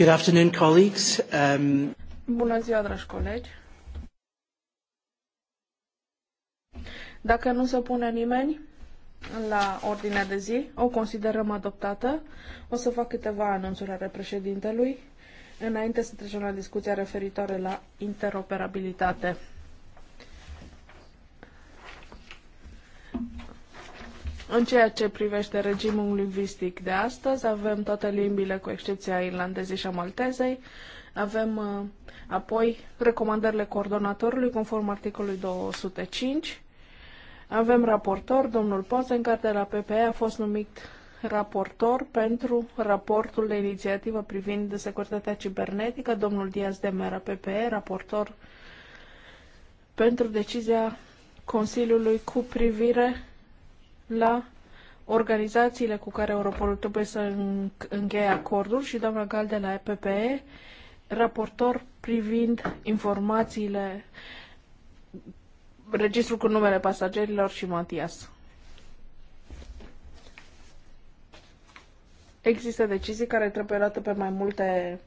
Good afternoon, colleagues. Um... Bună ziua, dragi colegi. Dacă nu se pune nimeni la ordinea de zi, o considerăm adoptată. O să fac câteva anunțuri ale președintelui, înainte să trecem la discuția referitoare la interoperabilitate. În ceea ce privește regimul lingvistic de astăzi, avem toate limbile cu excepția irlandezei și a maltezei. Avem uh, apoi recomandările coordonatorului conform articolului 205. Avem raportor, domnul Pozen, care de la PPE a fost numit raportor pentru raportul de inițiativă privind securitatea cibernetică, domnul Diaz de Mera PPE, raportor pentru decizia Consiliului cu privire la organizațiile cu care Europolul trebuie să încheie acorduri și doamna Gal de la EPPE, raportor privind informațiile, registru cu numele pasagerilor și Matias. Există decizii care trebuie luate pe mai multe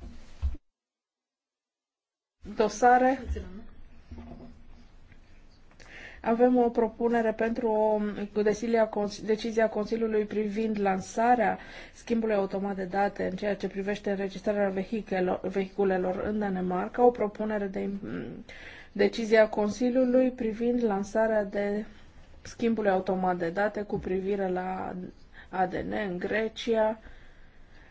dosare. Avem o propunere pentru o decizia Consiliului privind lansarea schimbului automat de date în ceea ce privește înregistrarea vehiculelor în Danemarca, o propunere de mm, decizia Consiliului privind lansarea de schimbului automat de date cu privire la ADN în Grecia,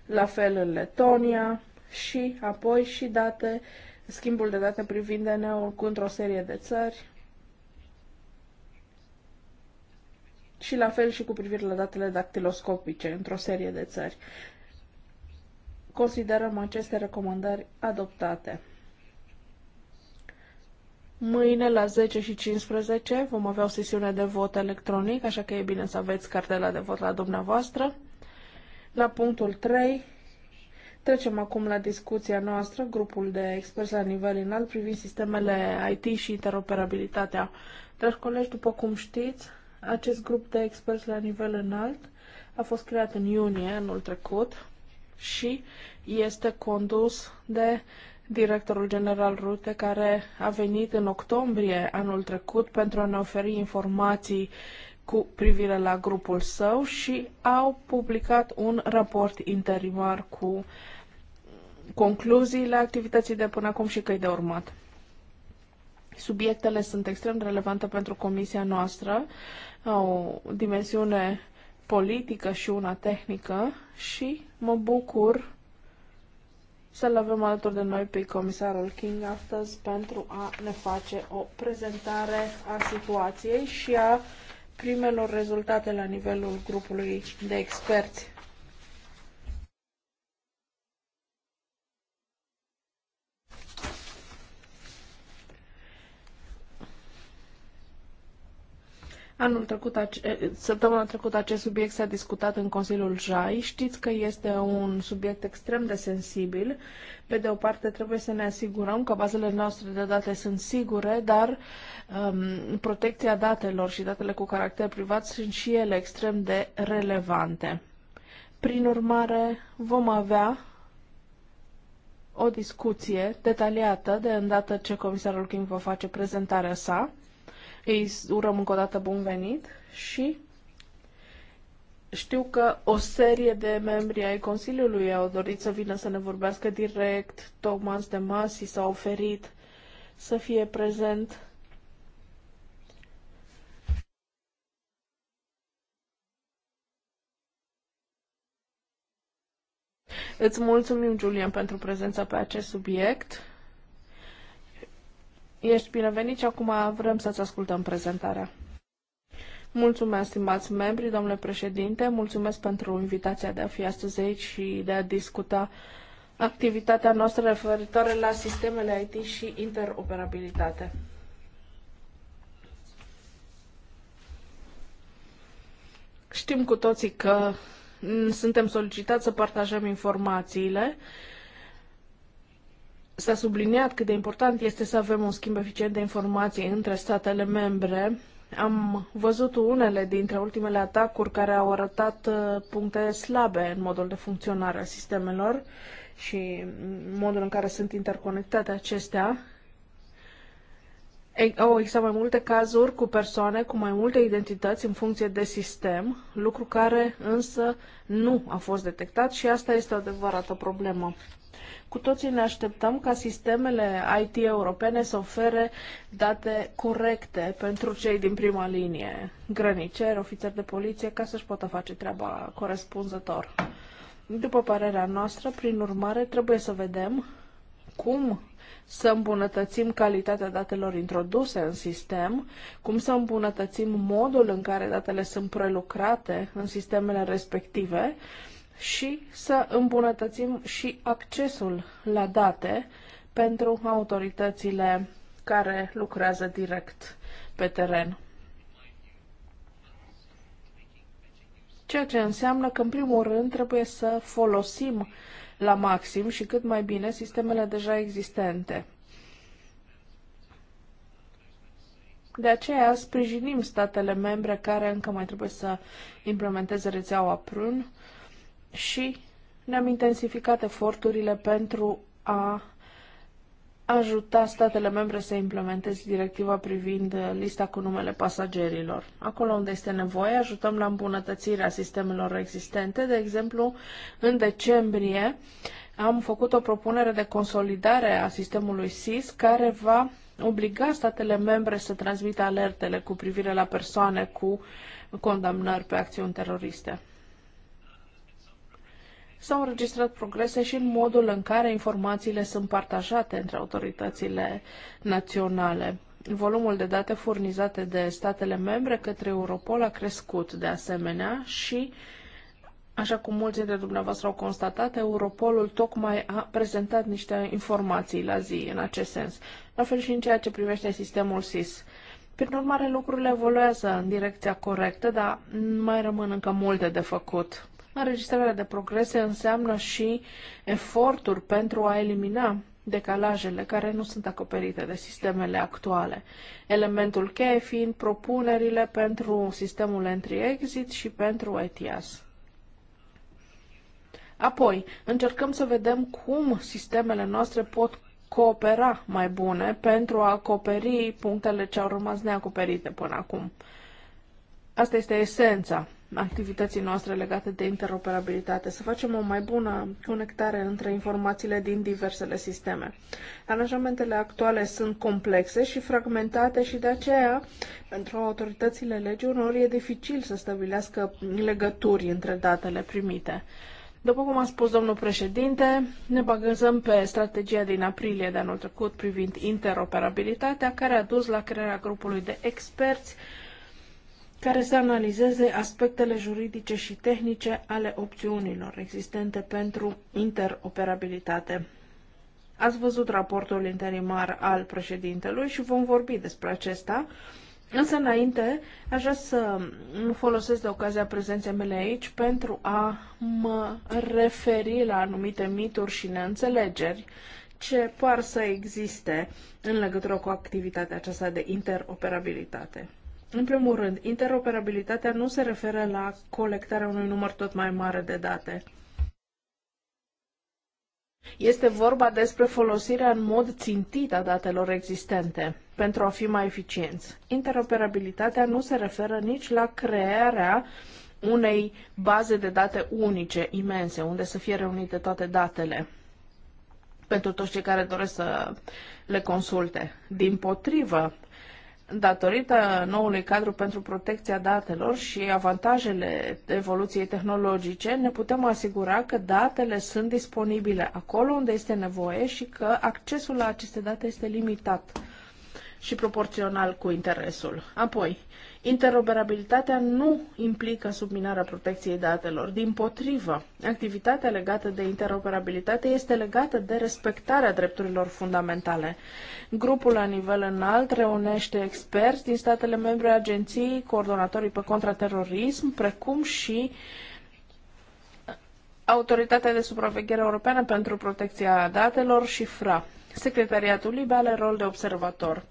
la fel în Letonia și apoi și date, schimbul de date privind dna ul într-o serie de țări, și la fel și cu privire la datele dactiloscopice într-o serie de țări. Considerăm aceste recomandări adoptate. Mâine la 10 și 15 vom avea o sesiune de vot electronic, așa că e bine să aveți cartela de vot la dumneavoastră. La punctul 3 trecem acum la discuția noastră, grupul de experți la nivel înalt privind sistemele IT și interoperabilitatea. Dragi colegi, după cum știți, acest grup de experți la nivel înalt a fost creat în iunie anul trecut și este condus de directorul general Rute, care a venit în octombrie anul trecut pentru a ne oferi informații cu privire la grupul său și au publicat un raport interimar cu concluziile activității de până acum și căi de urmat. Subiectele sunt extrem de relevante pentru comisia noastră, au o dimensiune politică și una tehnică și mă bucur să-l avem alături de noi pe comisarul King astăzi pentru a ne face o prezentare a situației și a primelor rezultate la nivelul grupului de experți Anul trecut, săptămâna trecută acest subiect s-a discutat în Consiliul JAI. Știți că este un subiect extrem de sensibil. Pe de o parte, trebuie să ne asigurăm că bazele noastre de date sunt sigure, dar um, protecția datelor și datele cu caracter privat sunt și ele extrem de relevante. Prin urmare, vom avea o discuție detaliată de îndată ce comisarul Kim va face prezentarea sa îi urăm încă o dată bun venit și știu că o serie de membri ai Consiliului au dorit să vină să ne vorbească direct. Thomas de Masi s-a oferit să fie prezent. Îți mulțumim, Julian, pentru prezența pe acest subiect. Ești binevenit și acum vrem să-ți ascultăm prezentarea. Mulțumesc, stimați membri, domnule președinte, mulțumesc pentru invitația de a fi astăzi aici și de a discuta activitatea noastră referitoare la sistemele IT și interoperabilitate. Știm cu toții că suntem solicitați să partajăm informațiile S-a subliniat cât de important este să avem un schimb eficient de informații între statele membre. Am văzut unele dintre ultimele atacuri care au arătat uh, puncte slabe în modul de funcționare a sistemelor și modul în care sunt interconectate acestea. Au existat mai multe cazuri cu persoane cu mai multe identități în funcție de sistem, lucru care însă nu a fost detectat și asta este o adevărată problemă. Cu toții ne așteptăm ca sistemele IT europene să ofere date corecte pentru cei din prima linie, grăniceri, ofițeri de poliție, ca să-și poată face treaba corespunzător. După părerea noastră, prin urmare, trebuie să vedem cum să îmbunătățim calitatea datelor introduse în sistem, cum să îmbunătățim modul în care datele sunt prelucrate în sistemele respective și să îmbunătățim și accesul la date pentru autoritățile care lucrează direct pe teren. Ceea ce înseamnă că, în primul rând, trebuie să folosim la maxim și cât mai bine sistemele deja existente. De aceea sprijinim statele membre care încă mai trebuie să implementeze rețeaua prun și ne-am intensificat eforturile pentru a ajuta statele membre să implementeze directiva privind uh, lista cu numele pasagerilor. Acolo unde este nevoie, ajutăm la îmbunătățirea sistemelor existente. De exemplu, în decembrie am făcut o propunere de consolidare a sistemului SIS care va obliga statele membre să transmită alertele cu privire la persoane cu condamnări pe acțiuni teroriste. S-au înregistrat progrese și în modul în care informațiile sunt partajate între autoritățile naționale. Volumul de date furnizate de statele membre către Europol a crescut de asemenea și Așa cum mulți dintre dumneavoastră au constatat, Europolul tocmai a prezentat niște informații la zi în acest sens, la fel și în ceea ce privește sistemul SIS. Prin urmare, lucrurile evoluează în direcția corectă, dar mai rămân încă multe de făcut. Înregistrarea de progrese înseamnă și eforturi pentru a elimina decalajele care nu sunt acoperite de sistemele actuale. Elementul cheie fiind propunerile pentru sistemul entry-exit și pentru ETIAS. Apoi, încercăm să vedem cum sistemele noastre pot coopera mai bune pentru a acoperi punctele ce au rămas neacoperite până acum. Asta este esența activității noastre legate de interoperabilitate, să facem o mai bună conectare între informațiile din diversele sisteme. Aranjamentele actuale sunt complexe și fragmentate și de aceea, pentru autoritățile legii, unor e dificil să stabilească legături între datele primite. După cum a spus domnul președinte, ne bagăzăm pe strategia din aprilie de anul trecut privind interoperabilitatea, care a dus la crearea grupului de experți care să analizeze aspectele juridice și tehnice ale opțiunilor existente pentru interoperabilitate. Ați văzut raportul interimar al președintelui și vom vorbi despre acesta. Însă, înainte, aș vrea să folosesc de ocazia prezenței mele aici pentru a mă referi la anumite mituri și neînțelegeri ce par să existe în legătură cu activitatea aceasta de interoperabilitate. În primul rând, interoperabilitatea nu se referă la colectarea unui număr tot mai mare de date. Este vorba despre folosirea în mod țintit a datelor existente pentru a fi mai eficienți. Interoperabilitatea nu se referă nici la crearea unei baze de date unice, imense, unde să fie reunite toate datele pentru toți cei care doresc să le consulte. Din potrivă, datorită noului cadru pentru protecția datelor și avantajele evoluției tehnologice, ne putem asigura că datele sunt disponibile acolo unde este nevoie și că accesul la aceste date este limitat și proporțional cu interesul. Apoi, Interoperabilitatea nu implică subminarea protecției datelor. Din potrivă, activitatea legată de interoperabilitate este legată de respectarea drepturilor fundamentale. Grupul la nivel înalt reunește experți din statele membre, agenții, coordonatorii pe contraterorism, precum și Autoritatea de Supraveghere Europeană pentru Protecția Datelor și FRA. Secretariatul Libe are rol de observator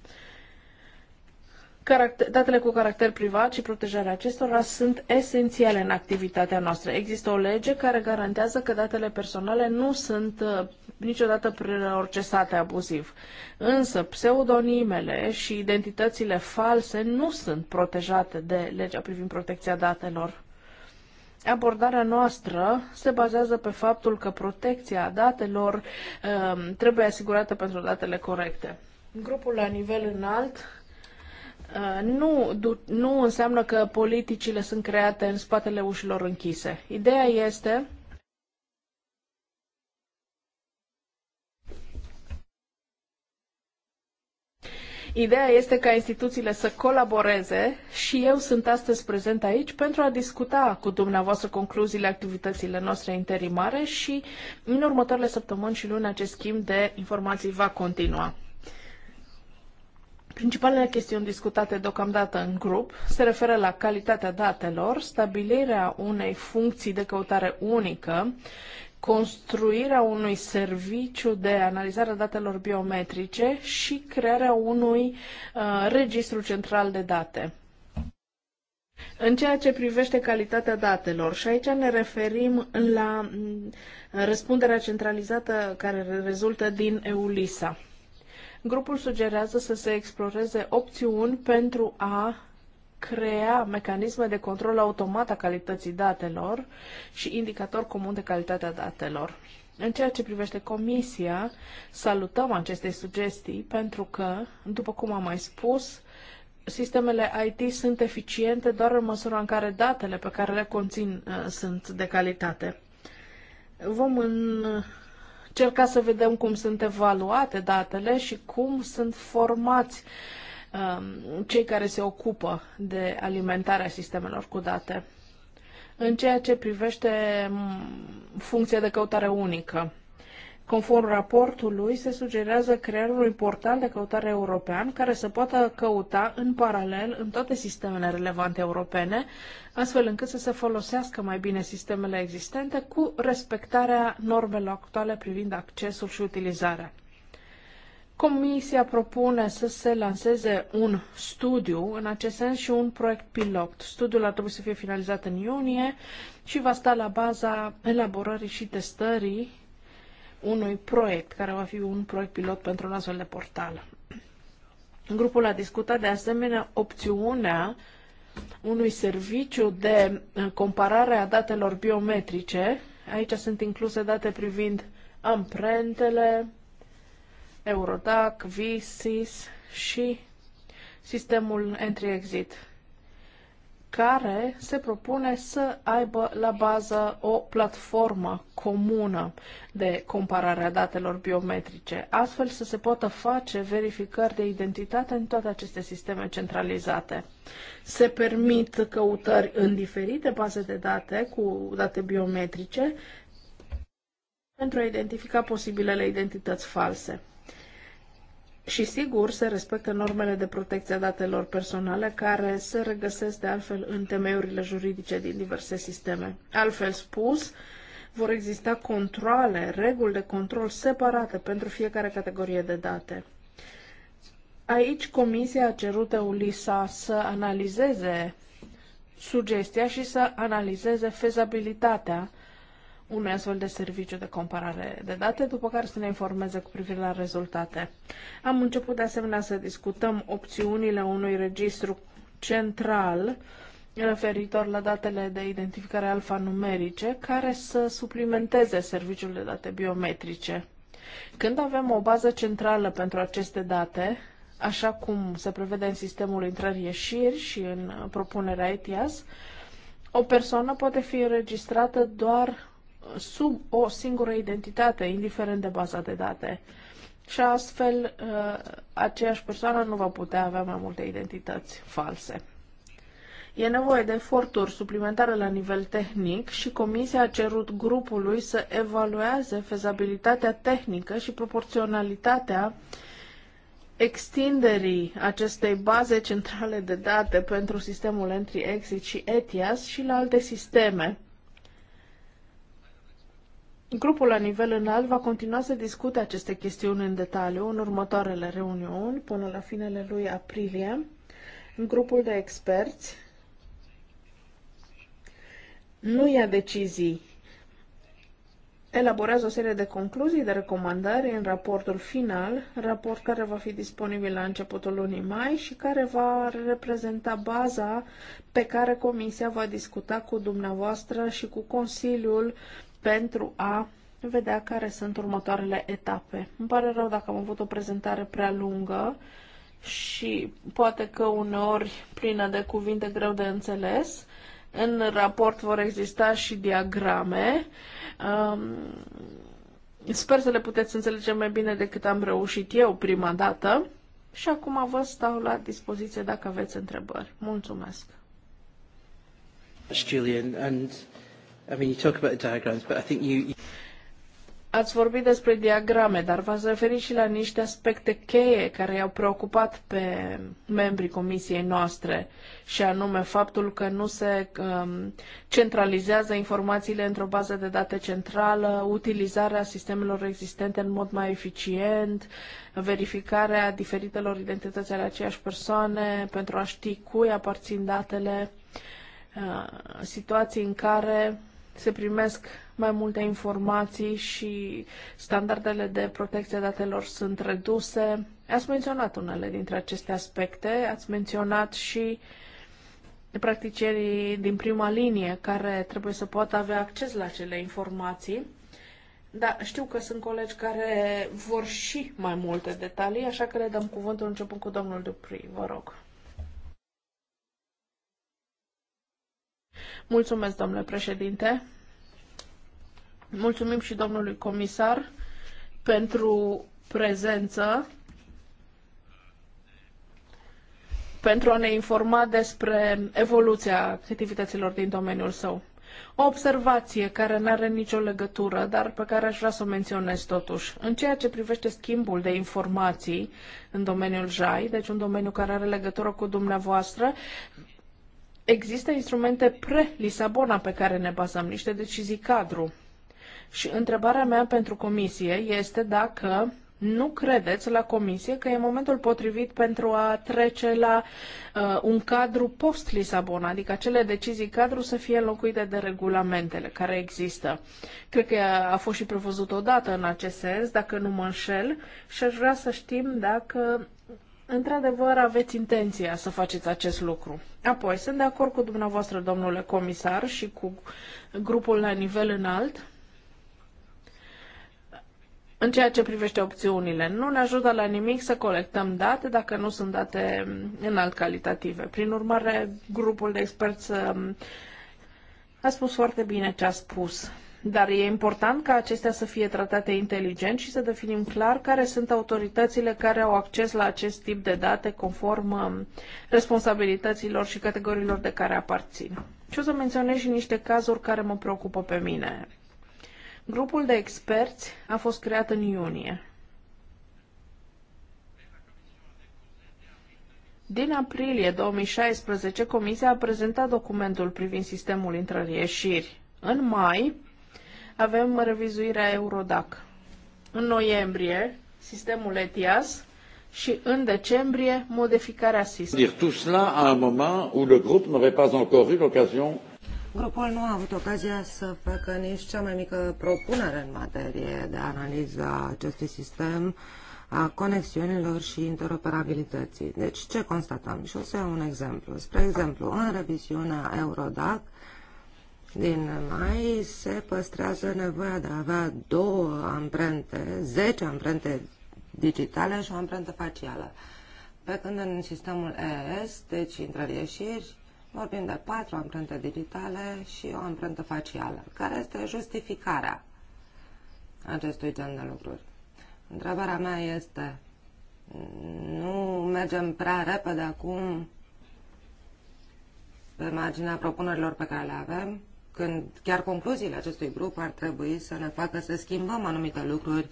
datele cu caracter privat și protejarea acestora sunt esențiale în activitatea noastră. Există o lege care garantează că datele personale nu sunt uh, niciodată procesate abuziv. Însă pseudonimele și identitățile false nu sunt protejate de legea privind protecția datelor. Abordarea noastră se bazează pe faptul că protecția datelor uh, trebuie asigurată pentru datele corecte. Grupul la nivel înalt Uh, nu, nu înseamnă că politicile sunt create în spatele ușilor închise. Ideea este Ideea este ca instituțiile să colaboreze și eu sunt astăzi prezent aici pentru a discuta cu dumneavoastră concluziile activităților noastre interimare și în următoarele săptămâni și luni acest schimb de informații va continua. Principalele chestiuni discutate deocamdată în grup se referă la calitatea datelor, stabilirea unei funcții de căutare unică, construirea unui serviciu de analizare a datelor biometrice și crearea unui uh, registru central de date. În ceea ce privește calitatea datelor, și aici ne referim la mm, răspunderea centralizată care rezultă din EULISA. Grupul sugerează să se exploreze opțiuni pentru a crea mecanisme de control automat a calității datelor și indicator comun de calitate a datelor. În ceea ce privește comisia, salutăm aceste sugestii pentru că, după cum am mai spus, sistemele IT sunt eficiente doar în măsura în care datele pe care le conțin uh, sunt de calitate. Vom în, cerca să vedem cum sunt evaluate datele și cum sunt formați um, cei care se ocupă de alimentarea sistemelor cu date. În ceea ce privește funcția de căutare unică, Conform raportului, se sugerează crearea unui portal de căutare european care să poată căuta în paralel în toate sistemele relevante europene, astfel încât să se folosească mai bine sistemele existente cu respectarea normelor actuale privind accesul și utilizarea. Comisia propune să se lanseze un studiu în acest sens și un proiect pilot. Studiul ar trebui să fie finalizat în iunie și va sta la baza elaborării și testării unui proiect, care va fi un proiect pilot pentru un astfel de portal. Grupul a discutat de asemenea opțiunea unui serviciu de uh, comparare a datelor biometrice. Aici sunt incluse date privind amprentele, Eurodac, VSIS și sistemul entry-exit care se propune să aibă la bază o platformă comună de comparare a datelor biometrice, astfel să se poată face verificări de identitate în toate aceste sisteme centralizate. Se permit căutări în diferite baze de date cu date biometrice pentru a identifica posibilele identități false și sigur se respectă normele de protecție a datelor personale care se regăsesc de altfel în temeiurile juridice din diverse sisteme. Altfel spus, vor exista controle, reguli de control separate pentru fiecare categorie de date. Aici Comisia a cerut EULISA să analizeze sugestia și să analizeze fezabilitatea unui astfel de serviciu de comparare de date, după care să ne informeze cu privire la rezultate. Am început de asemenea să discutăm opțiunile unui registru central referitor la datele de identificare alfanumerice care să suplimenteze serviciul de date biometrice. Când avem o bază centrală pentru aceste date, așa cum se prevede în sistemul intrări-ieșiri și în propunerea ETIAS, o persoană poate fi înregistrată doar sub o singură identitate, indiferent de baza de date. Și astfel, uh, aceeași persoană nu va putea avea mai multe identități false. E nevoie de eforturi suplimentare la nivel tehnic și Comisia a cerut grupului să evalueze fezabilitatea tehnică și proporționalitatea extinderii acestei baze centrale de date pentru sistemul Entry-Exit și ETIAS și la alte sisteme Grupul la nivel înalt va continua să discute aceste chestiuni în detaliu în următoarele reuniuni, până la finele lui aprilie. În grupul de experți nu ia decizii. Elaborează o serie de concluzii, de recomandări în raportul final, raport care va fi disponibil la începutul lunii mai și care va reprezenta baza pe care Comisia va discuta cu dumneavoastră și cu Consiliul uh, pentru a vedea care sunt următoarele etape. Îmi pare rău dacă am avut o prezentare prea lungă și poate că uneori plină de cuvinte greu de înțeles. În raport vor exista și diagrame. Um, sper să le puteți înțelege mai bine decât am reușit eu prima dată. Și acum vă stau la dispoziție dacă aveți întrebări. Mulțumesc! Julian, and I mean, you talk about the diagrams, but I think you... Ați vorbit despre diagrame, dar v-ați referit și la niște aspecte cheie care i-au preocupat pe membrii comisiei noastre, și anume faptul că nu se um, centralizează informațiile într-o bază de date centrală, utilizarea sistemelor existente în mod mai eficient, verificarea diferitelor identități ale aceiași persoane pentru a ști cui aparțin datele, uh, situații în care se primesc mai multe informații și standardele de protecție datelor sunt reduse. Ați menționat unele dintre aceste aspecte, ați menționat și practicierii din prima linie care trebuie să poată avea acces la acele informații. Da, știu că sunt colegi care vor și mai multe detalii, așa că le dăm cuvântul începând cu domnul Dupri, vă rog. Mulțumesc, domnule președinte. Mulțumim și domnului comisar pentru prezență, pentru a ne informa despre evoluția activităților din domeniul său. O observație care nu are nicio legătură, dar pe care aș vrea să o menționez totuși. În ceea ce privește schimbul de informații în domeniul JAI, deci un domeniu care are legătură cu dumneavoastră, Există instrumente pre-Lisabona pe care ne bazăm, niște decizii cadru. Și întrebarea mea pentru comisie este dacă nu credeți la comisie că e momentul potrivit pentru a trece la uh, un cadru post-Lisabona, adică acele decizii cadru să fie înlocuite de regulamentele care există. Cred că a fost și prevăzut odată în acest sens, dacă nu mă înșel, și aș vrea să știm dacă într-adevăr aveți intenția să faceți acest lucru. Apoi, sunt de acord cu dumneavoastră, domnule comisar, și cu grupul la nivel înalt în ceea ce privește opțiunile. Nu ne ajută la nimic să colectăm date dacă nu sunt date înalt calitative. Prin urmare, grupul de experți um, a spus foarte bine ce a spus. Dar e important ca acestea să fie tratate inteligent și să definim clar care sunt autoritățile care au acces la acest tip de date conform um, responsabilităților și categoriilor de care aparțin. Și o să menționez și niște cazuri care mă preocupă pe mine. Grupul de experți a fost creat în iunie. Din aprilie 2016, Comisia a prezentat documentul privind sistemul intrări-ieșiri. În mai, avem revizuirea Eurodac. În noiembrie, sistemul ETIAS și în decembrie, modificarea sistemului. un moment Grupul nu a avut ocazia să facă nici cea mai mică propunere în materie de analiză a acestui sistem, a conexiunilor și interoperabilității. Deci, ce constatăm? Și o să iau un exemplu. Spre exemplu, în revisiunea Eurodac, din mai se păstrează nevoia de a avea două amprente, zece amprente digitale și o amprentă facială. Pe când în sistemul ES, deci intrări-ieșiri, vorbim de patru amprente digitale și o amprentă facială, care este justificarea acestui gen de lucruri. Întrebarea mea este, nu mergem prea repede acum pe marginea propunerilor pe care le avem? când chiar concluziile acestui grup ar trebui să ne facă să schimbăm anumite lucruri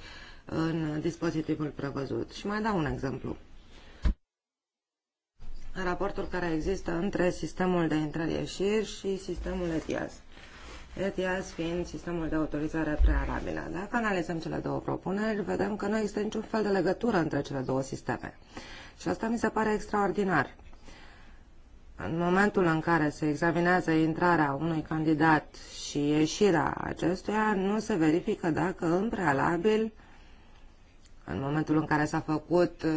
în dispozitivul prevăzut. Și mai dau un exemplu. Raportul care există între sistemul de intrare-ieșiri și sistemul ETIAS. ETIAS fiind sistemul de autorizare prearabilă. Dacă analizăm cele două propuneri, vedem că nu există niciun fel de legătură între cele două sisteme. Și asta mi se pare extraordinar. În momentul în care se examinează intrarea unui candidat și ieșirea acestuia, nu se verifică dacă în prealabil, în momentul în care s-a făcut uh,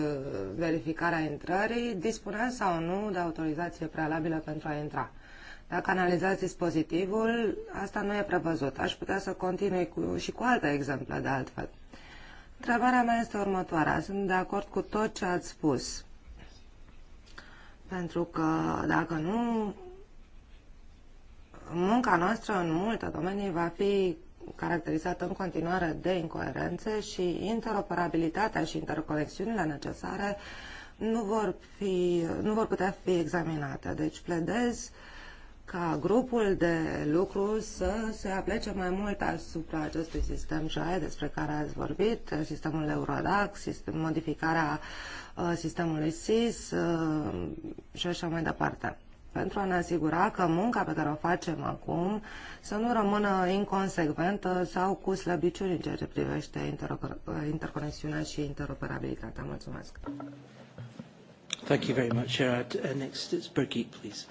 verificarea intrării, dispunea sau nu de autorizație prealabilă pentru a intra. Dacă analizați dispozitivul, asta nu e prevăzut. Aș putea să continui cu, și cu alte exemple de altfel. Întrebarea mea este următoarea. Sunt de acord cu tot ce ați spus pentru că dacă nu, munca noastră în multe domenii va fi caracterizată în continuare de incoerențe și interoperabilitatea și interconexiunile necesare nu vor, fi, nu vor putea fi examinate. Deci pledez uh, ca grupul de lucru să se aplece mai mult asupra acestui sistem JAE despre care ați vorbit, sistemul Eurodac, sistem, modificarea uh, sistemului SIS uh, și așa mai departe. Pentru a ne asigura că munca pe care o facem acum să nu rămână inconsecventă sau cu slăbiciuni în ceea ce privește uh, interconexiunea și interoperabilitatea. Mulțumesc! Thank you very much, Gerard. Uh, next, it's Birgit, please.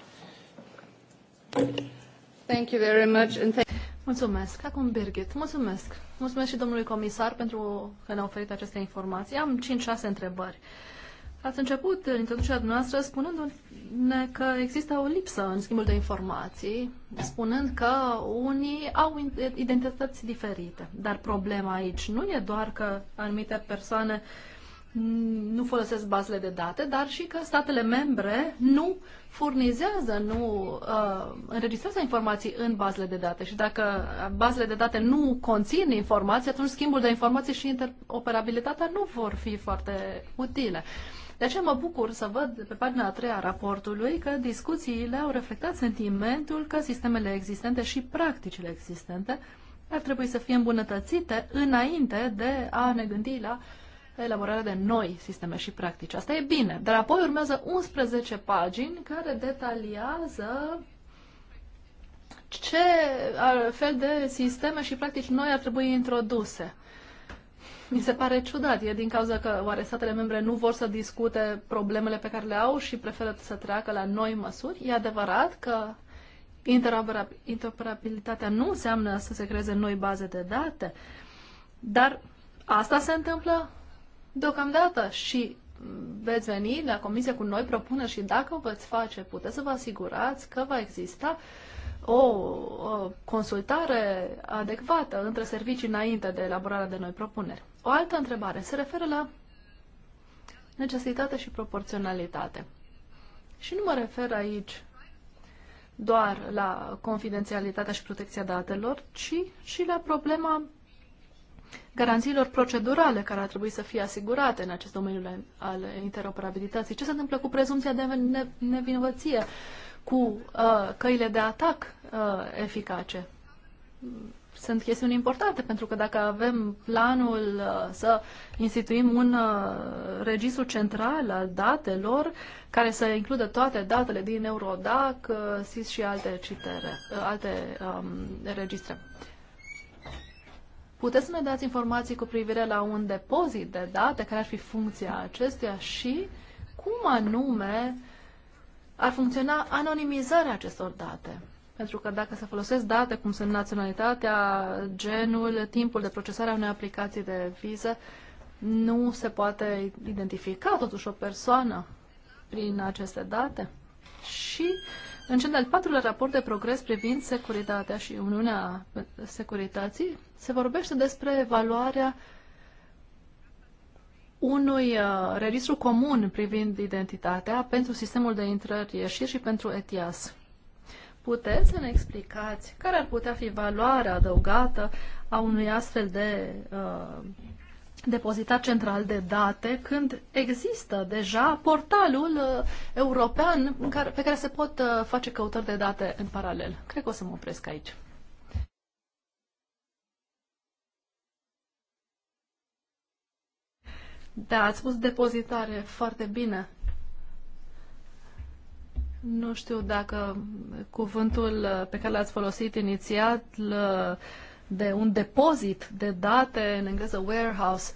Mulțumesc. Acum Birgit, mulțumesc. Mulțumesc și domnului comisar pentru că ne-a oferit aceste informații. Am 5-6 întrebări. Ați început introducerea noastră spunându-ne că există o lipsă în schimbul de informații, spunând că unii au identități diferite. Dar problema aici nu e doar că anumite persoane uh, nu folosesc bazele de date, dar și că statele membre nu furnizează, nu uh, înregistrează informații în bazele de date. Și dacă bazele de date nu conțin informații, atunci schimbul de informații și interoperabilitatea nu vor fi foarte utile. De aceea mă bucur să văd pe pagina a treia a raportului că discuțiile au reflectat sentimentul că sistemele existente și practicile existente ar trebui să fie îmbunătățite înainte de a ne gândi la uh, elaborarea de noi sisteme și practici. Asta e bine. Dar apoi urmează 11 pagini care detaliază ce fel de sisteme și practici noi ar trebui introduse. Mi se pare ciudat. E din cauza că oare statele membre nu vor să discute problemele pe care le au și preferă să treacă la noi măsuri? E adevărat că interoperabilitatea nu înseamnă să se creeze noi baze de date, dar asta se întâmplă deocamdată și veți veni la comisie cu noi propuneri și dacă o veți face, puteți să vă asigurați că va exista o, o consultare adecvată între servicii înainte de elaborarea de noi propuneri. O altă întrebare se referă la necesitate și proporționalitate. Și nu mă refer aici doar la confidențialitatea și protecția datelor, ci și la problema garanțiilor procedurale care ar trebui să fie asigurate în acest domeniu al interoperabilității? Ce se întâmplă cu prezumția de nevinovăție, cu uh, căile de atac uh, eficace? Sunt chestiuni importante, pentru că dacă avem planul uh, să instituim un uh, registru central al datelor, care să includă toate datele din Eurodac, uh, SIS și alte, citere, uh, alte um, registre. Uh, Puteți să ne dați informații cu privire la un depozit de date, care ar fi funcția acestuia și cum anume ar funcționa anonimizarea acestor date? Pentru că dacă se folosesc date cum sunt naționalitatea, genul, timpul de procesare a unei aplicații de viză, nu se poate identifica totuși o persoană prin aceste date. Și uh, în cel de-al patrulea raport de progres privind securitatea și Uniunea Securității, se vorbește despre evaluarea unui uh, registru comun privind identitatea pentru sistemul de intrări-ieșiri și pentru ETIAS. Puteți să ne explicați care ar putea fi valoarea adăugată a unui astfel de uh, depozitar central de date când există deja portalul uh, european pe care se pot uh, face căutări de date în paralel. Cred că o să mă opresc aici. Da, ați spus depozitare foarte bine. Nu știu dacă cuvântul uh, pe care l-ați folosit inițial de un depozit de date, în engleză warehouse,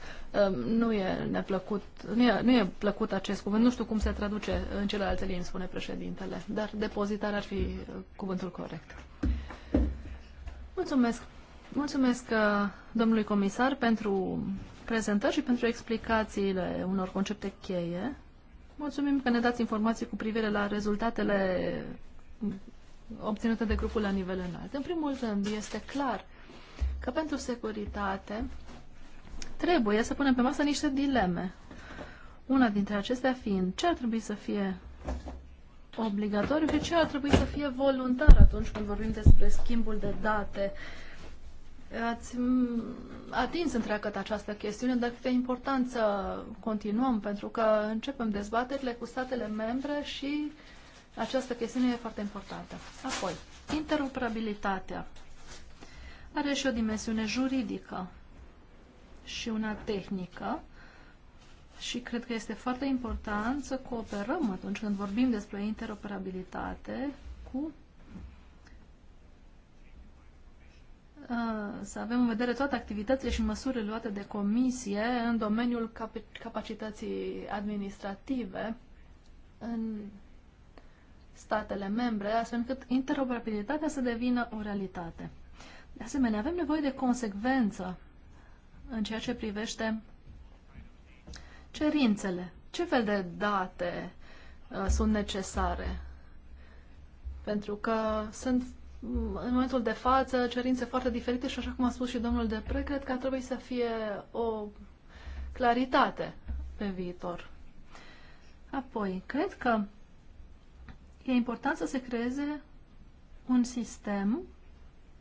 um, nu e neplăcut, nu e, nu e plăcut acest cuvânt, nu știu cum se traduce în celelalte limbi, spune președintele, dar depozitar ar fi uh, cuvântul corect. Mulțumesc! Mulțumesc uh, domnului comisar pentru prezentări și pentru explicațiile unor concepte cheie. Mulțumim că ne dați informații cu privire la rezultatele obținute de grupul la nivel înalt. În primul rând, este clar că pentru securitate trebuie să punem pe masă niște dileme. Una dintre acestea fiind ce ar trebui să fie obligatoriu și ce ar trebui să fie voluntar atunci când vorbim despre schimbul de date. Ați atins întreagăt această chestiune, dar cât de important să continuăm, pentru că începem dezbaterile cu statele membre și această chestiune e foarte importantă. Apoi, interoperabilitatea are și o dimensiune juridică și una tehnică și cred că este foarte important să cooperăm atunci când vorbim despre interoperabilitate cu uh, să avem în vedere toate activitățile și măsurile luate de comisie în domeniul cap capacității administrative în statele membre, astfel încât interoperabilitatea să devină o realitate. De asemenea, avem nevoie de consecvență în ceea ce privește cerințele. Ce fel de date uh, sunt necesare? Pentru că sunt mm, în momentul de față cerințe foarte diferite și așa cum a spus și domnul Depre, cred că ar trebui să fie o claritate pe viitor. Apoi, cred că e important să se creeze un sistem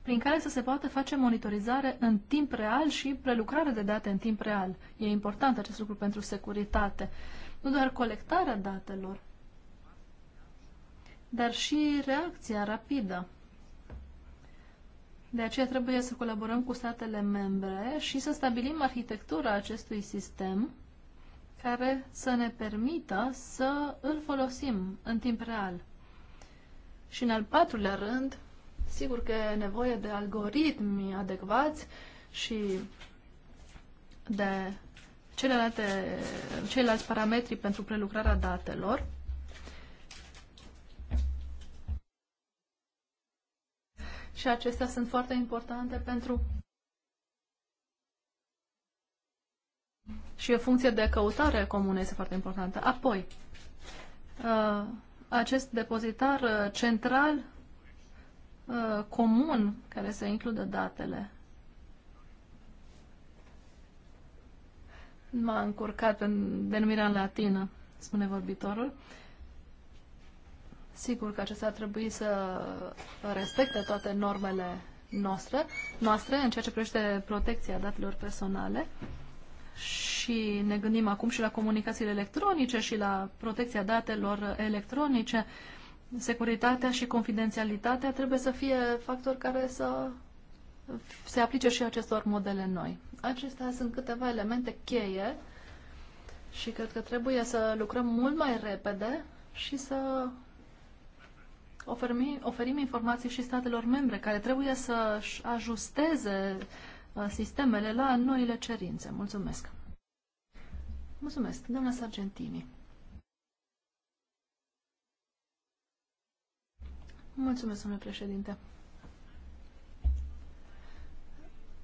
prin care să se poată face monitorizare în timp real și prelucrare de date în timp real. E important acest lucru pentru securitate. Nu doar colectarea datelor, dar și reacția rapidă. De aceea trebuie să colaborăm cu statele membre și să stabilim arhitectura acestui sistem care să ne permită să îl folosim în timp real. Și în al patrulea rând, Sigur că e nevoie de algoritmi adecvați și de celelalte, ceilalți parametri pentru prelucrarea datelor. Și acestea sunt foarte importante pentru și o funcție de căutare comună este foarte importantă. Apoi, uh, acest depozitar uh, central Uh, comun care să includă datele. M-a încurcat în denumirea în latină, spune vorbitorul. Sigur că acesta ar trebui să respecte toate normele noastre, noastre în ceea ce privește protecția datelor personale și ne gândim acum și la comunicațiile electronice și la protecția datelor electronice. Uh, securitatea și confidențialitatea trebuie să fie factori care să se aplice și acestor modele noi. Acestea sunt câteva elemente cheie și cred că trebuie să lucrăm mult mai repede și să oferim, oferim informații și statelor membre care trebuie să ajusteze uh, sistemele la noile cerințe. Mulțumesc! Mulțumesc, doamna Sargentini! Mulțumesc, domnule președinte.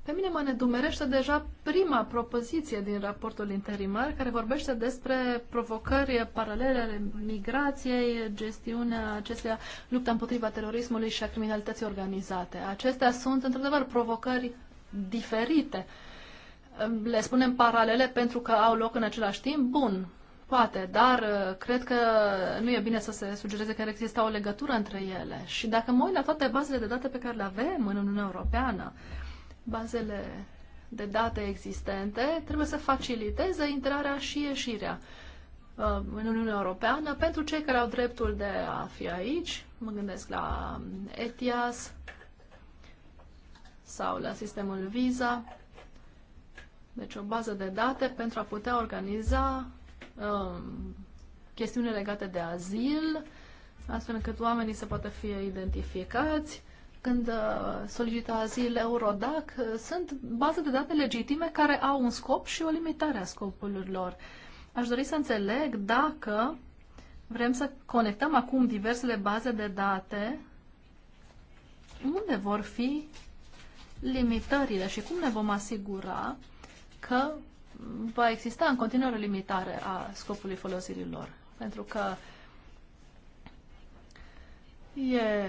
Pe mine mă nedumerește deja prima propoziție din raportul interimar care vorbește despre provocări paralele ale migrației, gestiunea acestea, lupta împotriva terorismului și a criminalității organizate. Acestea sunt, într-adevăr, provocări diferite. Le spunem paralele pentru că au loc în același timp? Bun. Poate, dar uh, cred că nu e bine să se sugereze că există o legătură între ele. Și dacă mă uit la toate bazele de date pe care le avem în Uniunea Europeană, bazele de date existente trebuie să faciliteze intrarea și ieșirea uh, în Uniunea Europeană pentru cei care au dreptul de a fi aici. Mă gândesc la ETIAS sau la sistemul Visa. Deci o bază de date pentru a putea organiza Um, chestiuni legate de azil, astfel încât oamenii să poată fi identificați. Când uh, solicită azil Eurodac, uh, sunt baze de date legitime care au un scop și o limitare a scopurilor. Aș dori să înțeleg dacă vrem să conectăm acum diversele baze de date, unde vor fi limitările și cum ne vom asigura că va exista în continuare o limitare a scopului folosirii lor. Pentru că e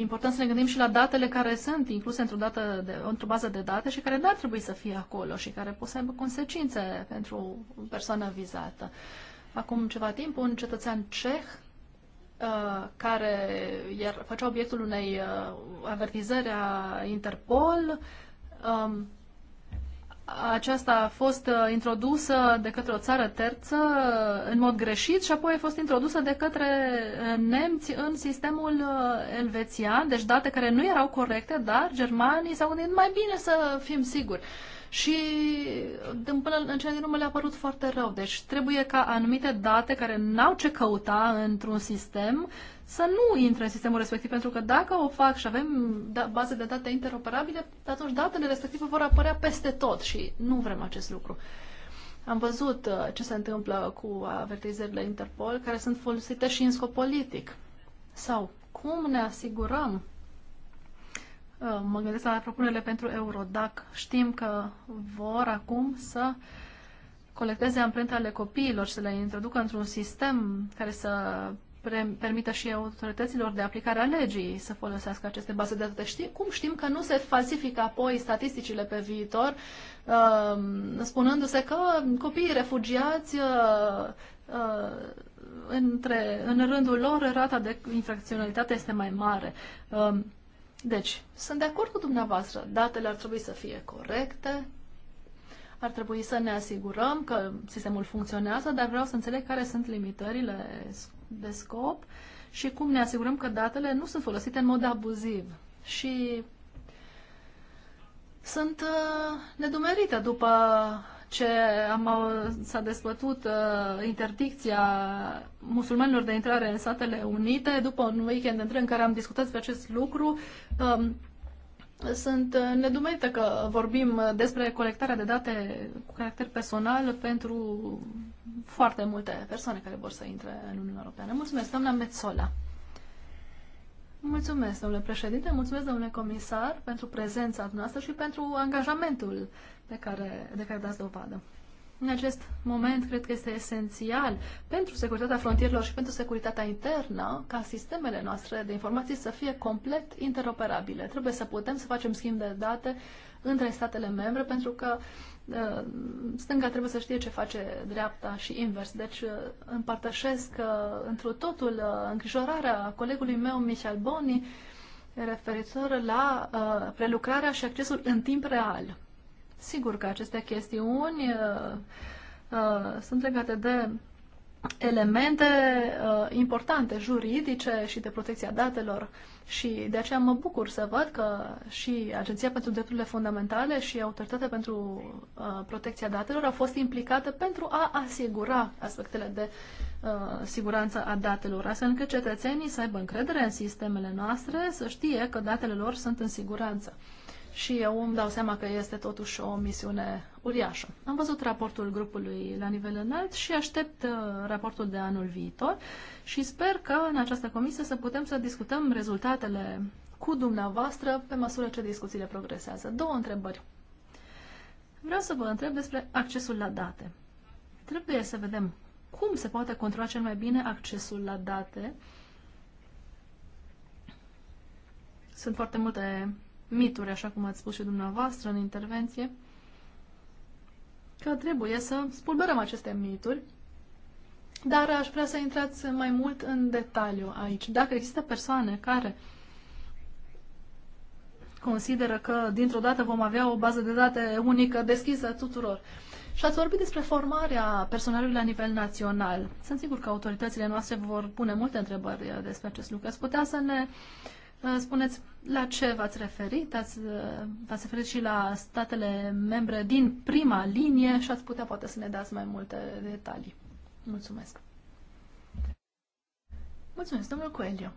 important să ne gândim și la datele care sunt incluse într-o, dată de, într bază de date și care nu ar trebui să fie acolo și care pot să aibă consecințe pentru persoana vizată. Acum ceva timp, un cetățean ceh uh, care iar, făcea obiectul unei uh, avertizări a Interpol um, aceasta a fost uh, introdusă de către o țară terță uh, în mod greșit și apoi a fost introdusă de către uh, nemți în sistemul elvețian, deci date care nu erau corecte, dar germanii s-au gândit mai bine să fim siguri. Și din până în cele din urmă le-a părut foarte rău. Deci trebuie ca anumite date care n-au ce căuta într-un sistem să nu intre în sistemul respectiv, pentru că dacă o fac și avem da, baze de date interoperabile, atunci datele respective vor apărea peste tot și nu vrem acest lucru. Am văzut uh, ce se întâmplă cu avertizările Interpol, care sunt folosite și în scop politic. Sau cum ne asigurăm uh, mă gândesc la propunerile pentru Eurodac. Știm că vor acum să colecteze amprente ale copiilor și să le introducă într-un sistem care să permită și autorităților de aplicare a legii să folosească aceste baze de date. Știi, cum știm că nu se falsifică apoi statisticile pe viitor, uh, spunându-se că copiii refugiați uh, uh, între, în rândul lor rata de infracționalitate este mai mare. Um, deci, sunt de acord cu dumneavoastră, datele ar trebui să fie corecte, ar trebui să ne asigurăm că sistemul funcționează, dar vreau să înțeleg care sunt limitările de scop și cum ne asigurăm că datele nu sunt folosite în mod abuziv. Și sunt uh, după ce am, s-a dezbătut uh, interdicția musulmanilor de intrare în Statele Unite, după un weekend întreg în care am discutat despre acest lucru, uh, sunt uh, nedumerită că vorbim uh, despre colectarea de date cu caracter personal pentru foarte multe persoane care vor să intre în Uniunea Europeană. Mulțumesc, doamna Metzola. Mulțumesc, domnule președinte, mulțumesc, domnule comisar, pentru prezența noastră și pentru angajamentul pe care, de care dați dovadă în acest moment cred că este esențial pentru securitatea frontierilor și pentru securitatea internă ca sistemele noastre de informații să fie complet interoperabile. Trebuie să putem să facem schimb de date între statele membre pentru că uh, stânga trebuie să știe ce face dreapta și invers. Deci uh, împărtășesc uh, întru totul îngrijorarea colegului meu, Michel Boni, referitor la prelucrarea și accesul în timp real Sigur că aceste chestiuni uh, uh, sunt legate de elemente uh, importante juridice și de protecția datelor și de aceea mă bucur să văd că și Agenția pentru Drepturile Fundamentale și Autoritatea pentru uh, Protecția Datelor au fost implicate pentru a asigura aspectele de uh, siguranță a datelor, astfel încât cetățenii să aibă încredere în sistemele noastre, să știe că datele lor sunt în siguranță și eu îmi dau seama că este totuși o misiune uriașă. Am văzut raportul grupului la nivel înalt și aștept uh, raportul de anul viitor și sper că în această comisie să putem să discutăm rezultatele cu dumneavoastră pe măsură ce discuțiile progresează. Două întrebări. Vreau să vă întreb despre accesul la date. Trebuie să vedem cum se poate controla cel mai bine accesul la date. Sunt foarte multe mituri, așa cum ați spus și dumneavoastră în intervenție, că trebuie să spulberăm aceste mituri, dar aș vrea să intrați mai mult în detaliu aici. Dacă există persoane care consideră că dintr-o dată vom avea o bază de date unică deschisă tuturor. Și ați vorbit despre formarea personalului la nivel național. Sunt sigur că autoritățile noastre vor pune multe întrebări despre acest lucru. Ați putea să ne uh, Uh, spuneți la ce v-ați referit? Ați, uh, v-ați referit și la statele membre din prima linie și ați putea poate să ne dați mai multe detalii. Mulțumesc. Mulțumesc, domnul Coelho.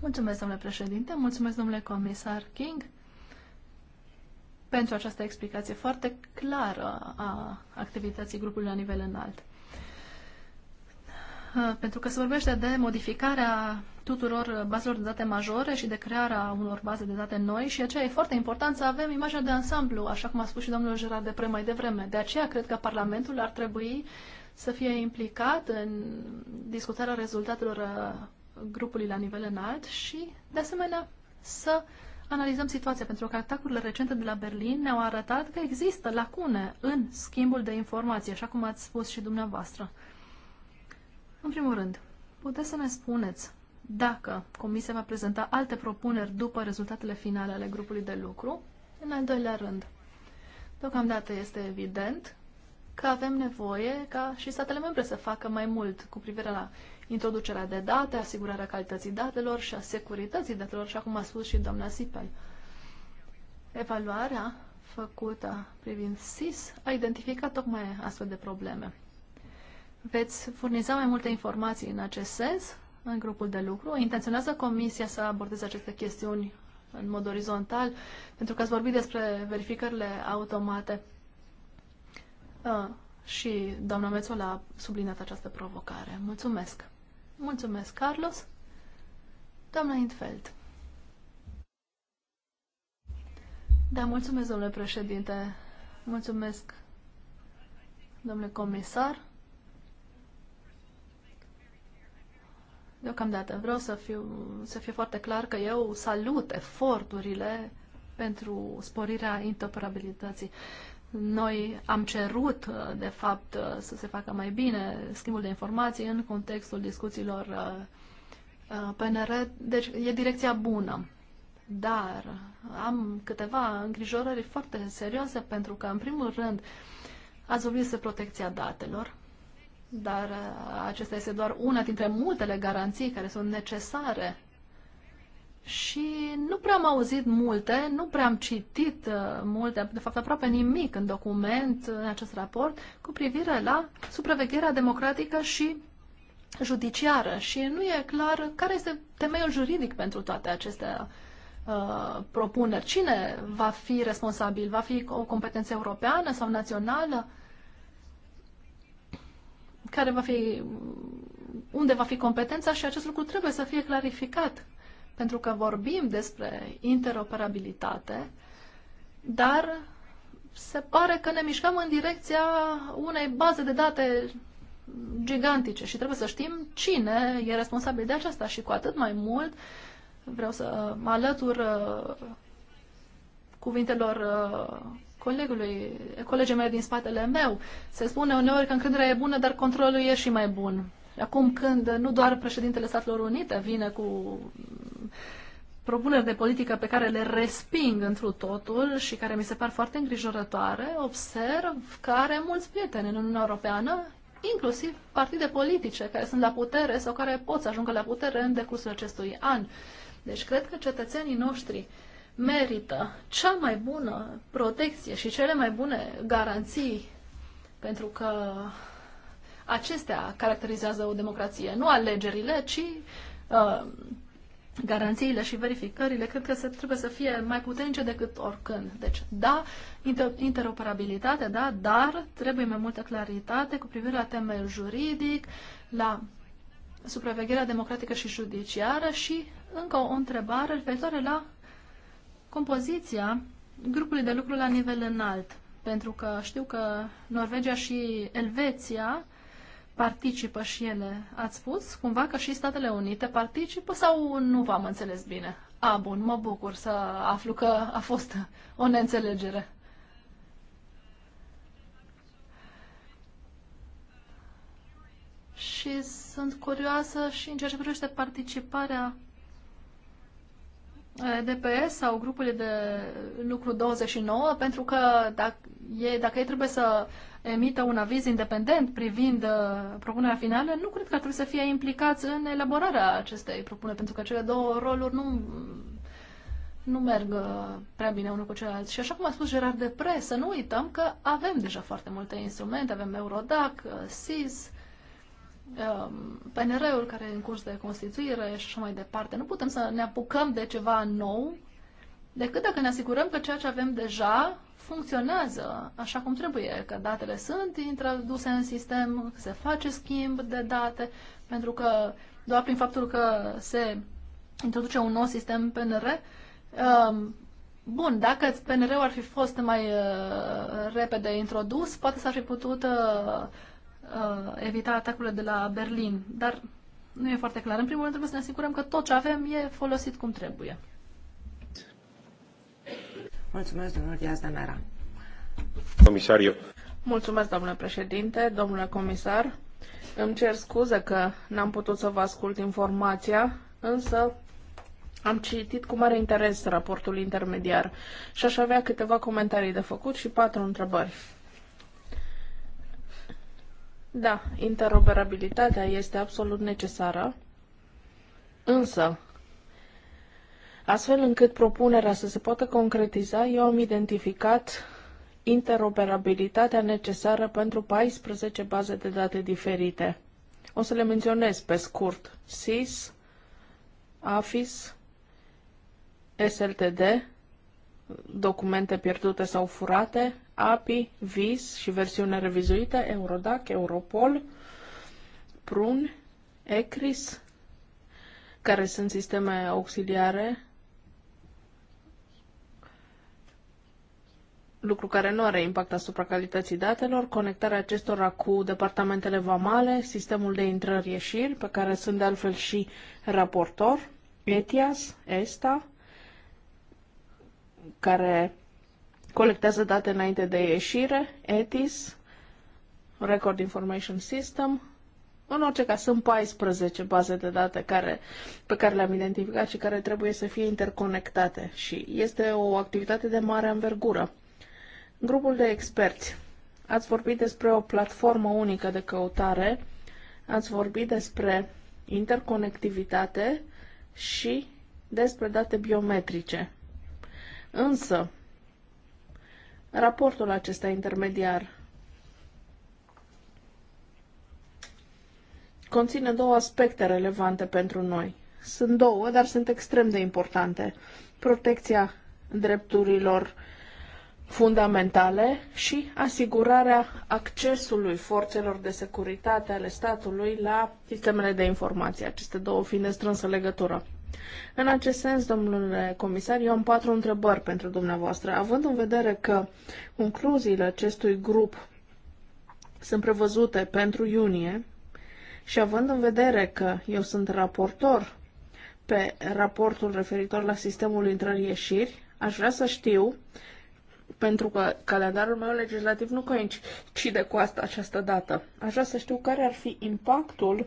Mulțumesc, domnule președinte, mulțumesc, domnule comisar King, pentru această explicație foarte clară a activității grupului la nivel înalt. Uh, pentru că se vorbește de modificarea tuturor uh, bazelor de date majore și de crearea unor baze de date noi și aceea e foarte important să avem imaginea de ansamblu, așa cum a spus și domnul Gerard de Pre mai devreme. De aceea cred că Parlamentul ar trebui să fie implicat în discutarea rezultatelor uh, grupului la nivel înalt și, de asemenea, să analizăm situația, pentru că atacurile recente de la Berlin ne-au arătat că există lacune în schimbul de informații, așa cum ați spus și dumneavoastră. În primul rând, puteți să ne spuneți dacă Comisia va prezenta alte propuneri după rezultatele finale ale grupului de lucru. În al doilea rând, deocamdată este evident că avem nevoie ca și statele membre să facă mai mult cu privire la introducerea de date, asigurarea calității datelor și a securității datelor, așa cum a spus și doamna Sipel. Evaluarea făcută privind SIS a identificat tocmai astfel de probleme. Veți furniza mai multe informații în acest sens în grupul de lucru. Intenționează Comisia să abordeze aceste chestiuni în mod orizontal? Pentru că ați vorbit despre verificările automate a, și doamna Mețola a subliniat această provocare. Mulțumesc! Mulțumesc, Carlos! Doamna Intfeld! Da, mulțumesc, domnule președinte! Mulțumesc, domnule comisar! Deocamdată vreau să fiu, să fiu foarte clar că eu salut eforturile pentru sporirea interoperabilității. Noi am cerut, de fapt, să se facă mai bine schimbul de informații în contextul discuțiilor uh, PNR, deci e direcția bună. Dar am câteva îngrijorări foarte serioase pentru că, în primul rând, ați vorbit despre protecția datelor dar uh, acesta este doar una dintre multele garanții care sunt necesare. Și nu prea am auzit multe, nu prea am citit uh, multe, de fapt aproape nimic în document, uh, în acest raport, cu privire la supravegherea democratică și judiciară. Și nu e clar care este temeiul juridic pentru toate aceste propuneri. Cine va fi responsabil? Va fi o competență europeană sau națională? care va fi, unde va fi competența și acest lucru trebuie să fie clarificat. Pentru că vorbim despre interoperabilitate, dar se pare că ne mișcăm în direcția unei baze de date gigantice și trebuie să știm cine e responsabil de aceasta și cu atât mai mult vreau să mă alătur uh, cuvintelor uh, colegului, colegii mei din spatele meu. Se spune uneori că încrederea e bună, dar controlul e și mai bun. Acum când nu doar președintele Statelor Unite vine cu propuneri de politică pe care le resping întru totul și care mi se par foarte îngrijorătoare, observ că are mulți prieteni în Uniunea Europeană, inclusiv partide politice care sunt la putere sau care pot să ajungă la putere în decursul acestui an. Deci cred că cetățenii noștri uh, merită cea mai bună protecție și cele mai bune garanții, pentru că acestea caracterizează o democrație, nu alegerile, ci uh, garanțiile și verificările, cred că se, trebuie să fie mai puternice decât oricând. Deci, da, inter, interoperabilitate, da, dar trebuie mai multă claritate cu privire la temel juridic, la supravegherea democratică și judiciară și încă o întrebare referitoare la compoziția grupului de lucru la nivel înalt, pentru că știu că Norvegia și Elveția participă și ele. Ați spus cumva că și Statele Unite participă sau nu v-am înțeles bine? A, bun, mă bucur să aflu că a fost o neînțelegere. Și sunt curioasă și în ceea ce privește participarea Eh, DPS sau grupul de lucru 29, pentru că dacă ei, dacă ei trebuie să emită un aviz independent privind eh, propunerea finală, nu cred că ar trebui să fie implicați în elaborarea acestei propuneri, pentru că cele două roluri nu, nu merg eh, prea bine unul cu celălalt. Și așa cum a spus Gerard Depre, să nu uităm că avem deja foarte multe instrumente, avem Eurodac, SIS, Um, PNR-ul care e în curs de constituire și așa mai departe. Nu putem să ne apucăm de ceva nou decât dacă ne asigurăm că ceea ce avem deja funcționează așa cum trebuie, că datele sunt introduse în sistem, că se face schimb de date, pentru că doar prin faptul că se introduce un nou sistem PNR, um, Bun, dacă PNR-ul ar fi fost mai uh, repede introdus, poate s-ar fi putut uh, uh, evita atacurile de la Berlin, dar nu e foarte clar. În primul rând trebuie să ne asigurăm că tot ce avem e folosit cum trebuie. Mulțumesc, domnul Diaz Danara. eu. Mulțumesc, domnule președinte, domnule comisar. Îmi cer scuze că n-am putut să vă ascult informația, însă am citit cu mare interes raportul intermediar și aș avea câteva comentarii de făcut și patru întrebări. Da, interoperabilitatea este absolut necesară, însă, astfel încât propunerea să se poată concretiza, eu am identificat interoperabilitatea necesară pentru 14 baze de date diferite. O să le menționez pe scurt. SIS, AFIS, SLTD, documente pierdute sau furate, API, VIS și versiune revizuită, Eurodac, Europol, PRUN, ECRIS, care sunt sisteme auxiliare, lucru care nu are impact asupra calității datelor, conectarea acestora cu departamentele vamale, sistemul de intrări-ieșiri, pe care sunt de altfel și raportor, ETIAS, ESTA, care colectează date înainte de ieșire, ETIS, Record Information System. În orice caz, sunt 14 baze de date care, pe care le-am identificat și care trebuie să fie interconectate și este o activitate de mare învergură. Grupul de experți. Ați vorbit despre o platformă unică de căutare, ați vorbit despre interconectivitate și despre date biometrice. Însă, raportul acesta intermediar conține două aspecte relevante pentru noi. Sunt două, dar sunt extrem de importante. Protecția drepturilor fundamentale și asigurarea accesului forțelor de securitate ale statului la sistemele de informație, aceste două fiind de strânsă legătură. În acest sens, domnule comisar, eu am patru întrebări pentru dumneavoastră. Având în vedere că concluziile acestui grup sunt prevăzute pentru iunie și având în vedere că eu sunt raportor pe raportul referitor la sistemul intrări-ieșiri, aș vrea să știu, pentru că calendarul meu legislativ nu coincide cu asta, această dată, aș vrea să știu care ar fi impactul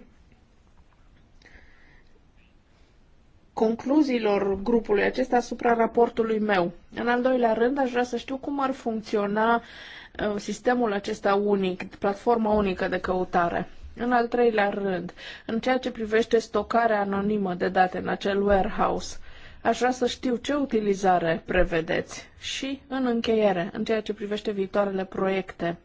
concluziilor grupului acesta asupra raportului meu. În al doilea rând, aș vrea să știu cum ar funcționa uh, sistemul acesta unic, platforma unică de căutare. În al treilea rând, în ceea ce privește stocarea anonimă de date în acel warehouse, aș vrea să știu ce utilizare prevedeți și, în încheiere, în ceea ce privește viitoarele proiecte.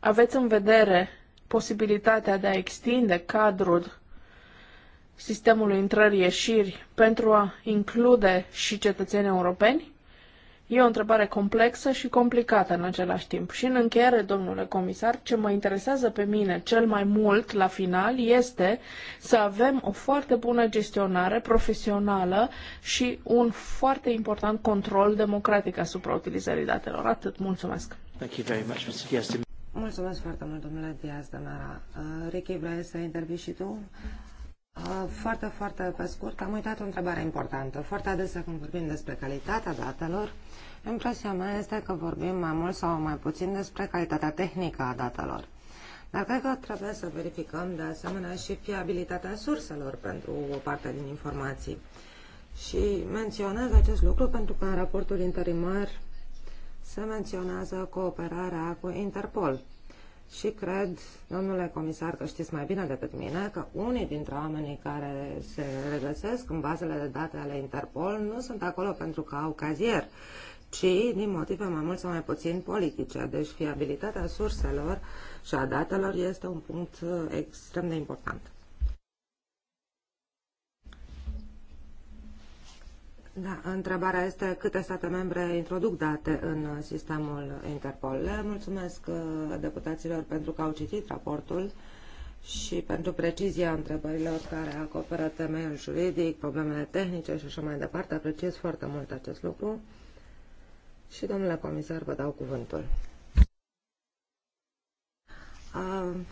Aveți în vedere posibilitatea de a extinde cadrul sistemului intrări-ieșiri pentru a include și cetățenii europeni? E o întrebare complexă și complicată în același timp. Și în încheiere, domnule comisar, ce mă interesează pe mine cel mai mult la final este să avem o foarte bună gestionare profesională și un foarte important control democratic asupra utilizării datelor. Atât. Mulțumesc. Thank you very much, Mr. Mulțumesc foarte mult, domnule Diaz de Mera. Uh, Ricky, vrei să intervii și tu? Ah, foarte, foarte pe scurt, am uitat o întrebare importantă. Foarte adesea când vorbim despre calitatea datelor, impresia mea este că vorbim mai mult sau mai puțin despre calitatea tehnică a datelor. Dar cred că trebuie să verificăm de asemenea și fiabilitatea surselor pentru o parte din informații. Și menționez acest lucru pentru că în raportul interimar se menționează cooperarea cu Interpol. Și cred, domnule comisar, că știți mai bine decât mine, că unii dintre oamenii care se regăsesc în bazele de date ale Interpol nu sunt acolo pentru că au cazier, ci din motive mai mult sau mai puțin politice. Deci fiabilitatea surselor și a datelor este un punct uh, extrem de important. Da, întrebarea este câte state membre introduc date în sistemul Interpol. Le mulțumesc uh, deputaților pentru că au citit raportul și pentru precizia întrebărilor care acoperă temeiul juridic, problemele tehnice și așa mai departe. Apreciez foarte mult acest lucru. Și, domnule comisar, vă dau cuvântul.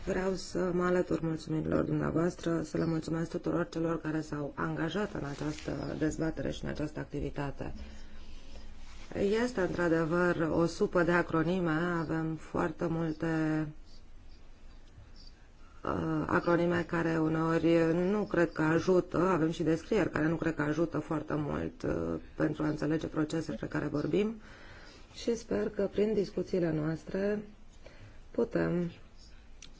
Vreau să mă alătur mulțumirilor dumneavoastră, să le mulțumesc tuturor celor care s-au angajat în această dezbatere și în această activitate. Este într-adevăr o supă de acronime, avem foarte multe acronime care uneori nu cred că ajută, avem și descrieri care nu cred că ajută foarte mult pentru a înțelege procesele pe care vorbim și sper că prin discuțiile noastre putem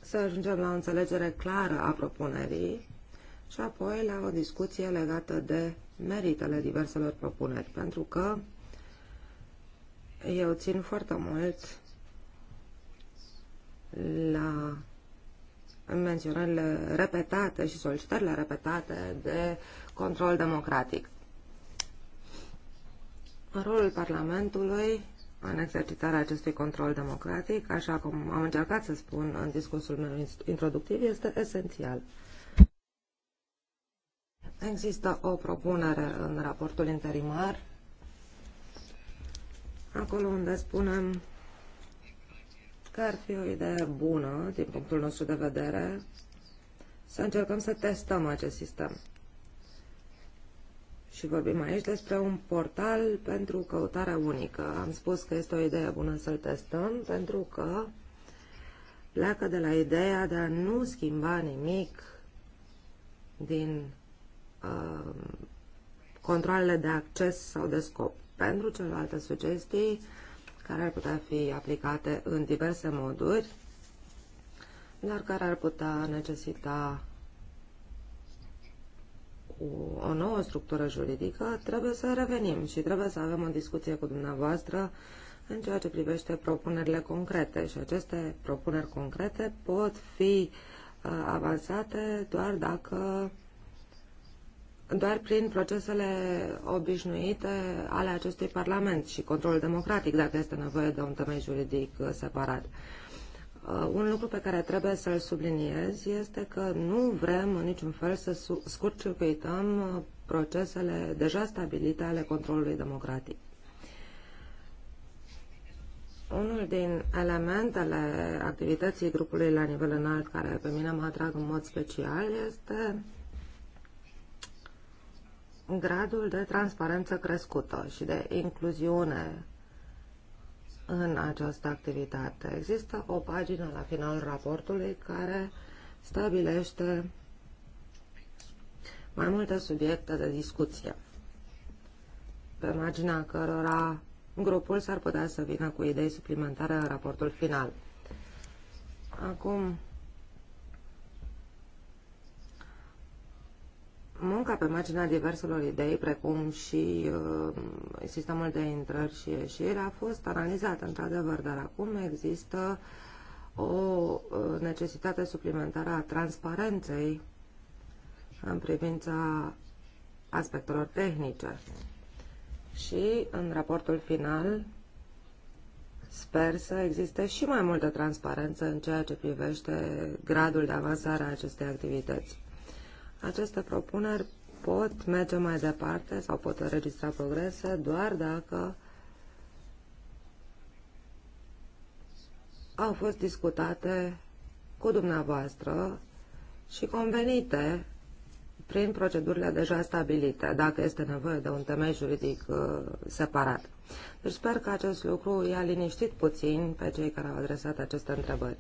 să ajungem la o înțelegere clară a propunerii și apoi la o discuție legată de meritele diverselor propuneri, pentru că eu țin foarte mult la menționările repetate și solicitările repetate de control democratic. Rolul Parlamentului în exercitarea acestui control democratic, așa cum am încercat să spun în discursul meu introductiv, este esențial. Există o propunere în raportul interimar, acolo unde spunem că ar fi o idee bună, din punctul nostru de vedere, să încercăm să testăm acest sistem. Și vorbim aici despre un portal pentru căutare unică. Am spus că este o idee bună să-l testăm pentru că pleacă de la ideea de a nu schimba nimic din uh, controlele de acces sau de scop. Pentru celelalte sugestii care ar putea fi aplicate în diverse moduri, dar care ar putea necesita cu o nouă structură juridică, trebuie să revenim și trebuie să avem o discuție cu dumneavoastră în ceea ce privește propunerile concrete. Și aceste propuneri concrete pot fi uh, avansate doar dacă doar prin procesele obișnuite ale acestui Parlament și controlul democratic, dacă este nevoie de un temei juridic separat. Uh, un lucru pe care trebuie să-l subliniez este că nu vrem în niciun fel să scurcircuităm uh, procesele deja stabilite ale controlului democratic. Unul din elementele activității grupului la nivel înalt, care pe mine mă atrag în mod special, este gradul de transparență crescută și de incluziune în această activitate. Există o pagină la finalul raportului care stabilește mai multe subiecte de discuție, pe marginea cărora grupul s-ar putea să vină cu idei suplimentare în raportul final. Acum, Munca pe marginea diverselor idei, precum și uh, sistemul de intrări și ieșiri, a fost analizată într-adevăr, dar acum există o uh, necesitate suplimentară a transparenței în privința aspectelor tehnice. Și în raportul final sper să existe și mai multă transparență în ceea ce privește gradul de avansare a acestei activități. Aceste propuneri pot merge mai departe sau pot înregistra progrese doar dacă au fost discutate cu dumneavoastră și convenite prin procedurile deja stabilite, dacă este nevoie de un temei juridic uh, separat. Deci sper că acest lucru i-a liniștit puțin pe cei care au adresat aceste întrebări.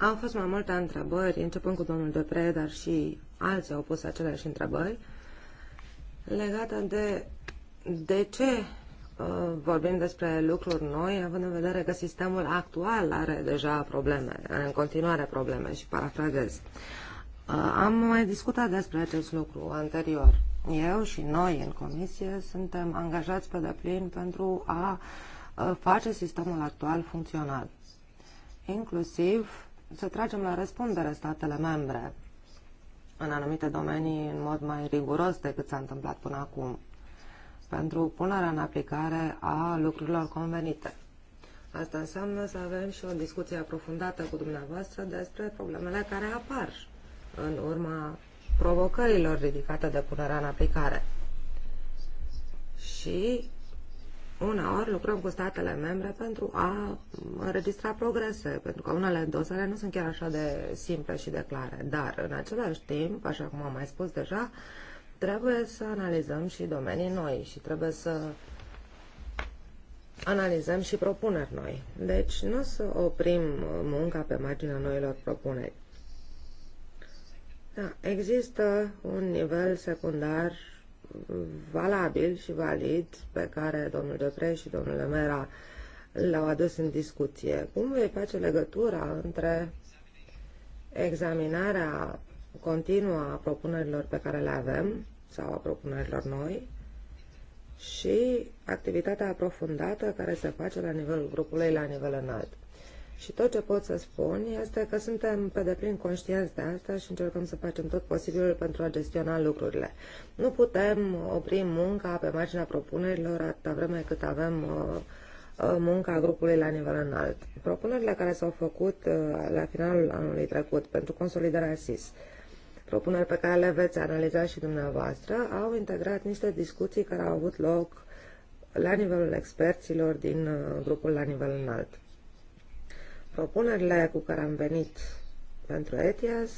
Au fost mai multe întrebări, începând cu domnul Depre, dar și alții au pus aceleași întrebări, legate de de ce uh, vorbim despre lucruri noi, având în vedere că sistemul actual are deja probleme, are în continuare probleme și parafrazez. Uh, am mai discutat despre acest lucru anterior. Eu și noi în comisie suntem angajați pe deplin pentru a uh, face sistemul actual funcțional inclusiv să tragem la răspundere statele membre în anumite domenii în mod mai riguros decât s-a întâmplat până acum pentru punerea în aplicare a lucrurilor convenite. Asta înseamnă să avem și o discuție aprofundată cu dumneavoastră despre problemele care apar în urma provocărilor ridicate de punerea în aplicare. Și uneori lucrăm cu statele membre pentru a înregistra progrese, pentru că unele dosare nu sunt chiar așa de simple și de clare. Dar, în același timp, așa cum am mai spus deja, trebuie să analizăm și domenii noi și trebuie să analizăm și propuneri noi. Deci nu să oprim munca pe marginea noilor propuneri. Da, există un nivel secundar valabil și valid pe care domnul Depre și domnul Mera l-au adus în discuție. Cum vei face legătura între examinarea continuă a propunerilor pe care le avem sau a propunerilor noi și activitatea aprofundată care se face la nivelul grupului la nivel înalt? Și tot ce pot să spun este că suntem pe deplin conștienți de asta și încercăm să facem tot posibilul pentru a gestiona lucrurile. Nu putem opri munca pe marginea propunerilor atâta vreme cât avem uh, uh, munca grupului la nivel înalt. Propunerile care s-au făcut uh, la finalul anului trecut pentru consolidarea SIS, propuneri pe care le veți analiza și dumneavoastră, au integrat niște discuții care au avut loc la nivelul experților din grupul la nivel înalt propunerile cu care am venit pentru ETIAS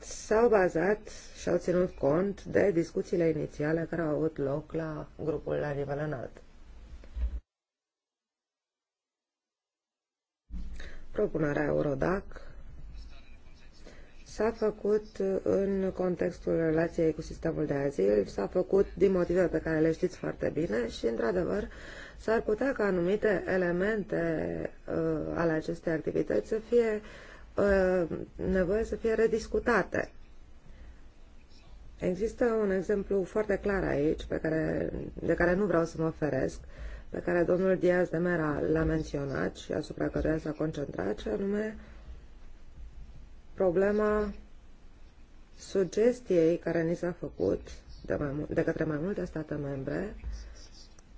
s-au bazat și au ținut cont de discuțiile inițiale care au avut loc la grupul la nivel înalt. Propunerea Eurodac s-a făcut în contextul relației cu sistemul de azil, s-a făcut din motive pe care le știți foarte bine și, într-adevăr, S-ar putea ca anumite elemente uh, ale acestei activități să fie uh, nevoie să fie rediscutate. Există un exemplu foarte clar aici, pe care, de care nu vreau să mă feresc, pe care domnul Diaz de Mera l-a menționat și asupra căruia s-a concentrat, și anume problema sugestiei care ni s-a făcut de, mai, de către mai multe state membre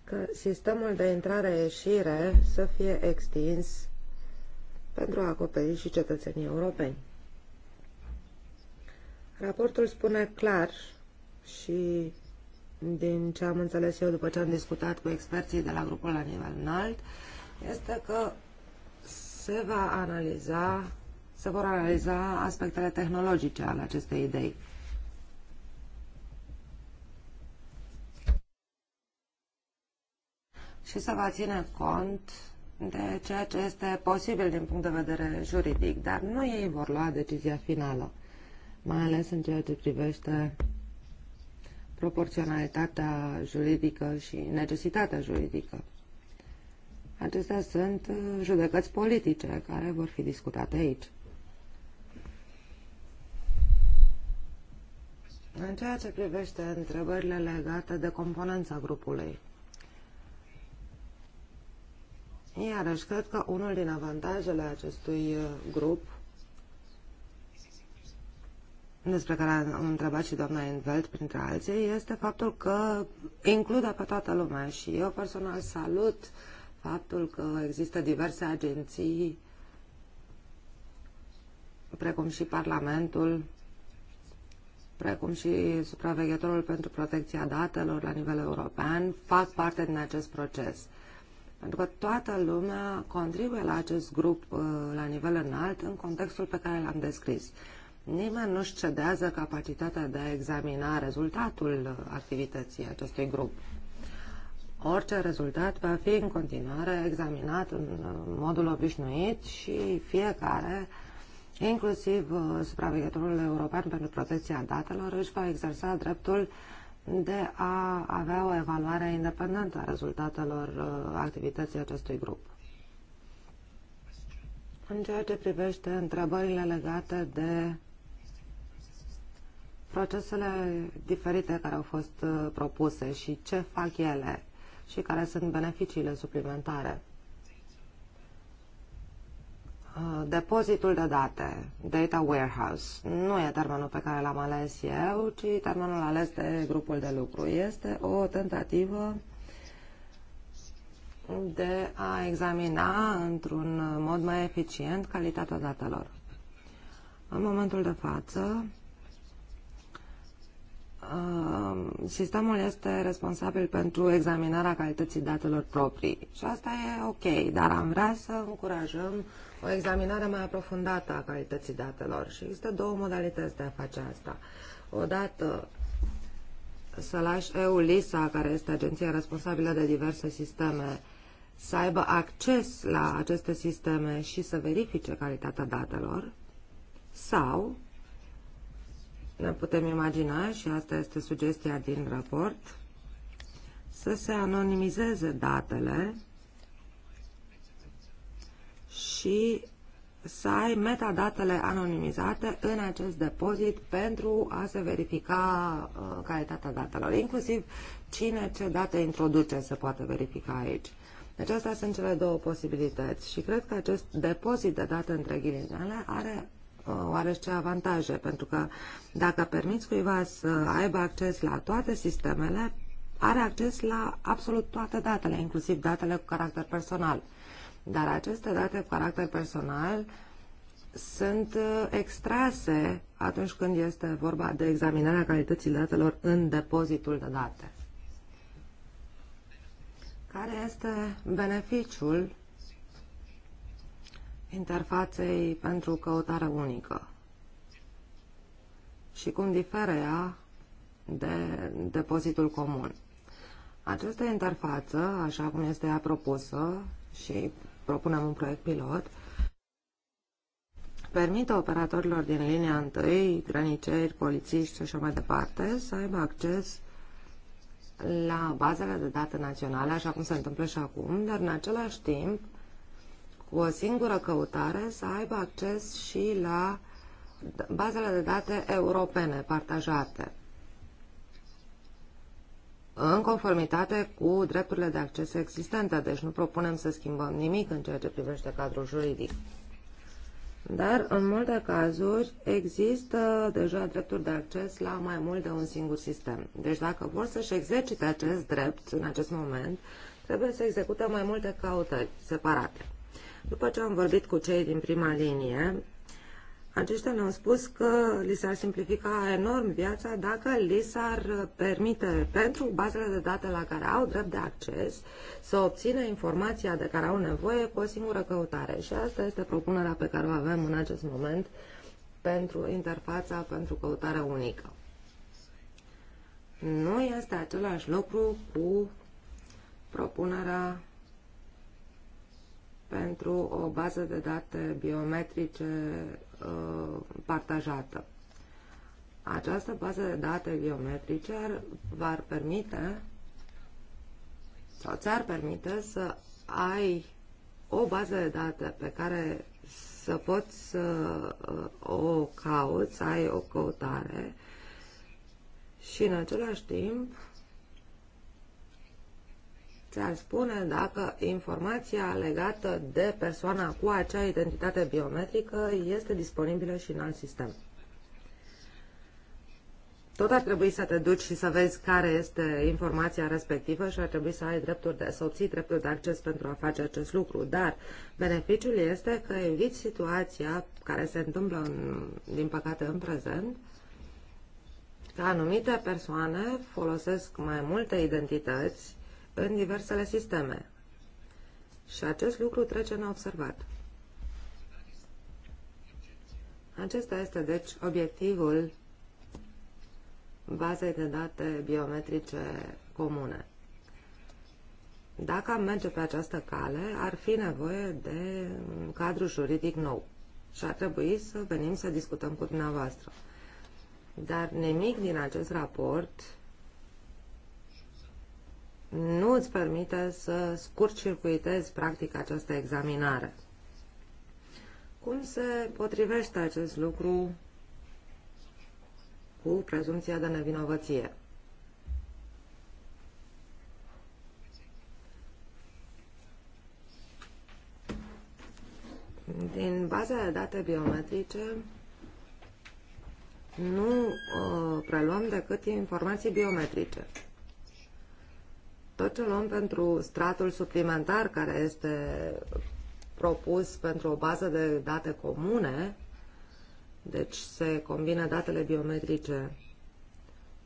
că sistemul de intrare-ieșire să fie extins pentru a acoperi și cetățenii europeni. Raportul spune clar și din ce am înțeles eu după ce am discutat cu experții de la grupul la nivel înalt, este că se va analiza, se vor analiza aspectele tehnologice ale acestei idei. și să va ține cont de ceea ce este posibil din punct de vedere juridic, dar nu ei vor lua decizia finală, mai ales în ceea ce privește proporționalitatea juridică și necesitatea juridică. Acestea sunt uh, judecăți politice care vor fi discutate aici. În ceea ce privește întrebările legate de componența grupului, Iarăși, cred că unul din avantajele acestui uh, grup despre care am întrebat și doamna Envelt, printre alții, este faptul că include pe toată lumea și eu personal salut faptul că există diverse agenții, precum și Parlamentul, precum și supraveghetorul pentru protecția datelor la nivel european, fac parte din acest proces. Pentru că toată lumea contribuie la acest grup uh, la nivel înalt în contextul pe care l-am descris. Nimeni nu-și cedează capacitatea de a examina rezultatul uh, activității acestui grup. Orice rezultat va fi în continuare examinat în uh, modul obișnuit și fiecare, inclusiv supraveghetorul european pentru protecția datelor, își va exersa dreptul uh, de a avea o evaluare independentă a rezultatelor uh, activității acestui grup. În ceea ce privește întrebările legate de procesele diferite care au fost uh, propuse și ce fac ele și care sunt beneficiile suplimentare. Uh, depozitul de date, data warehouse, nu e termenul pe care l-am ales eu, ci termenul ales de grupul de lucru. Este o tentativă de a examina într-un mod mai eficient calitatea datelor. În momentul de față, uh, sistemul este responsabil pentru examinarea calității datelor proprii și asta e ok, dar am vrea să încurajăm uh, o examinare mai aprofundată a calității datelor și există două modalități de a face asta. Odată să lași EULISA, care este agenția responsabilă de diverse sisteme, să aibă acces la aceste sisteme și să verifice calitatea datelor sau ne putem imagina, și asta este sugestia din raport, să se anonimizeze datele și să ai metadatele anonimizate în acest depozit pentru a se verifica uh, calitatea datelor. Inclusiv cine ce date introduce se poate verifica aici. Deci astea sunt cele două posibilități și cred că acest depozit de date între ghilimele are oarește uh, avantaje, pentru că dacă permiți cuiva să aibă acces la toate sistemele, are acces la absolut toate datele, inclusiv datele cu caracter personal. Dar aceste date cu caracter personal sunt uh, extrase atunci când este vorba de examinarea calității datelor în depozitul de date. Care este beneficiul interfaței pentru căutare unică? Și cum diferă ea de depozitul comun? Această interfață, așa cum este ea propusă și propunem un proiect pilot, permite operatorilor din linia întâi, graniceri, polițiști și așa mai departe, să aibă acces la bazele de date naționale, așa cum se întâmplă și acum, dar în același timp, cu o singură căutare, să aibă acces și la bazele de date europene partajate în conformitate cu drepturile de acces existente, deci nu propunem să schimbăm nimic în ceea ce privește cadrul juridic. Dar, în multe cazuri, există deja drepturi de acces la mai mult de un singur sistem. Deci, dacă vor să-și exercite acest drept în acest moment, trebuie să execute mai multe căutări separate. După ce am vorbit cu cei din prima linie, aceștia ne-au spus că li s-ar simplifica enorm viața dacă li s-ar permite pentru bazele de date la care au drept de acces să obțină informația de care au nevoie cu o singură căutare. Și asta este propunerea pe care o avem în acest moment pentru interfața pentru căutare unică. Nu este același lucru cu propunerea pentru o bază de date biometrice Uh, partajată. Această bază de date biometrice ar, ar permite sau ți-ar permite să ai o bază de date pe care să poți să uh, o cauți, să ai o căutare și în același timp spune dacă informația legată de persoana cu acea identitate biometrică este disponibilă și în alt sistem. Tot ar trebui să te duci și să vezi care este informația respectivă și ar trebui să ai drepturi de, să obții drepturi de acces pentru a face acest lucru. Dar beneficiul este că eviți situația care se întâmplă, în, din păcate, în prezent, că anumite persoane folosesc mai multe identități în diversele sisteme. Și acest lucru trece neobservat. Acesta este, deci, obiectivul bazei de date biometrice comune. Dacă am merge pe această cale, ar fi nevoie de un cadru juridic nou și ar trebui să venim să discutăm cu dumneavoastră. Dar nimic din acest raport nu îți permite să scurtcircuitezi practic această examinare. Cum se potrivește acest lucru cu prezumția de nevinovăție? Din baza de date biometrice, nu uh, preluăm decât informații biometrice. Tot ce luăm pentru stratul suplimentar care este propus pentru o bază de date comune, deci se combină datele biometrice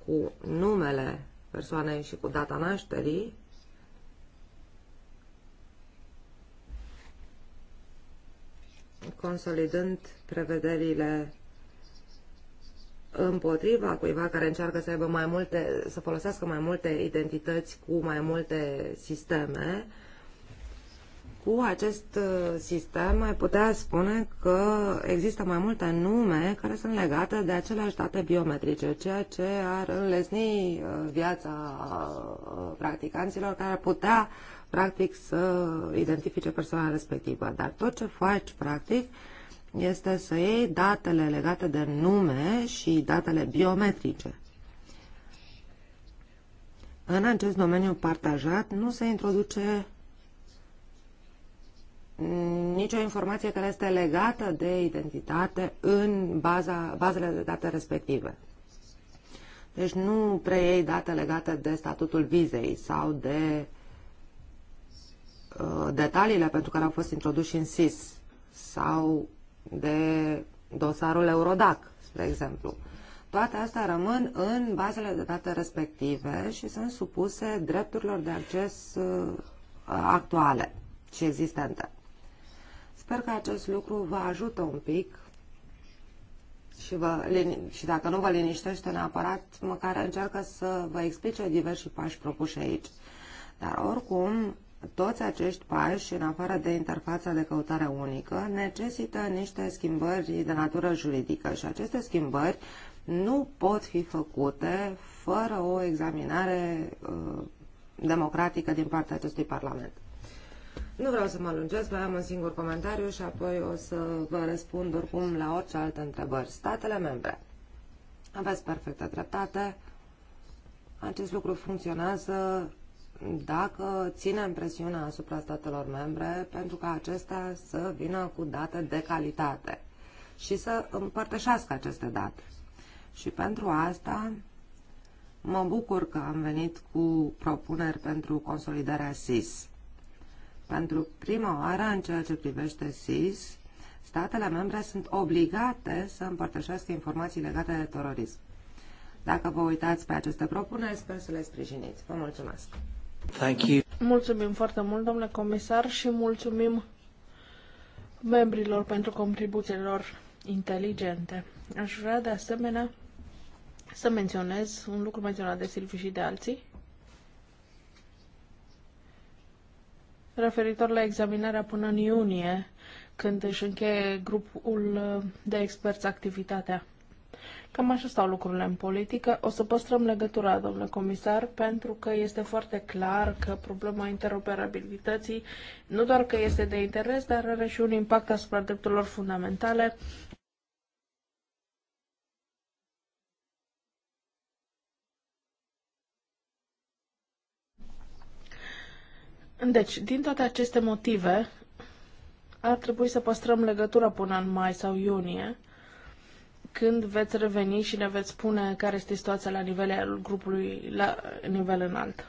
cu numele persoanei și cu data nașterii, consolidând prevederile împotriva cuiva care încearcă să aibă mai multe, să folosească mai multe identități cu mai multe sisteme, cu acest uh, sistem mai putea spune că există mai multe nume care sunt legate de aceleași date biometrice, ceea ce ar înlesni uh, viața uh, practicanților care ar putea practic să identifice persoana respectivă. Dar tot ce faci practic este să iei datele legate de nume și datele biometrice. În acest domeniu partajat nu se introduce nicio informație care este legată de identitate în baza, bazele de date respective. Deci nu preiei date legate de statutul vizei sau de uh, detaliile pentru care au fost introduși în SIS sau de dosarul Eurodac, spre exemplu. Toate astea rămân în bazele de date respective și sunt supuse drepturilor de acces uh, actuale și existente. Sper că acest lucru vă ajută un pic și, vă, și dacă nu vă liniștește neapărat, măcar încearcă să vă explice diversi pași propuși aici. Dar oricum, toți acești pași, în afară de interfața de căutare unică, necesită niște schimbări de natură juridică și aceste schimbări nu pot fi făcute fără o examinare uh, democratică din partea acestui Parlament. Nu vreau să mă lungesc, mai am un singur comentariu și apoi o să vă răspund oricum la orice alte întrebări. Statele membre. Aveți perfectă dreptate. Acest lucru funcționează dacă ținem presiunea asupra statelor membre pentru ca acestea să vină cu date de calitate și să împărtășească aceste date. Și pentru asta mă bucur că am venit cu propuneri pentru consolidarea SIS. Pentru prima oară, în ceea ce privește SIS, statele membre sunt obligate să împărtășească informații legate de terorism. Dacă vă uitați pe aceste propuneri, sper să le sprijiniți. Vă mulțumesc! Thank you. Mulțumim foarte mult, domnule comisar, și mulțumim membrilor pentru contribuțiile lor inteligente. Aș vrea de asemenea să menționez un lucru menționat de Silviu și de alții, referitor la examinarea până în iunie, când își încheie grupul de experți activitatea. Cam așa stau lucrurile în politică. O să păstrăm legătura, domnule comisar, pentru că este foarte clar că problema interoperabilității nu doar că este de interes, dar are și un impact asupra drepturilor fundamentale. Deci, din toate aceste motive, ar trebui să păstrăm legătura până în mai sau iunie când veți reveni și ne veți spune care este situația la nivelul grupului, la nivel înalt.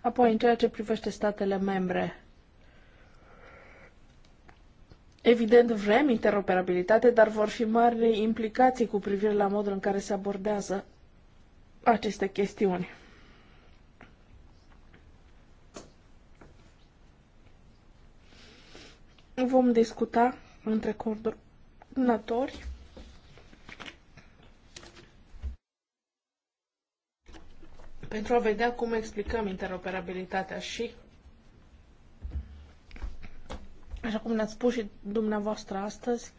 Apoi, în ceea ce privește statele membre, Evident, vrem interoperabilitate, dar vor fi mari implicații cu privire la modul în care se abordează aceste chestiuni. Vom discuta între coordonatori pentru a vedea cum explicăm interoperabilitatea și, așa cum ne-ați spus și dumneavoastră astăzi,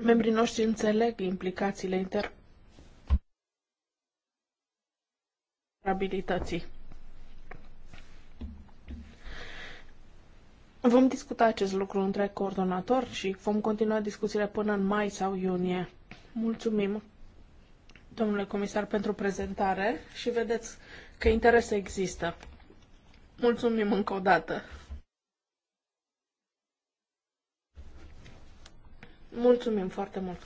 membrii noștri înțeleg implicațiile interoperabilității. Vom discuta acest lucru între coordonator și vom continua discuțiile până în mai sau iunie. Mulțumim! domnule comisar, pentru prezentare și vedeți că interese există. Mulțumim încă o dată. Mulțumim foarte mult.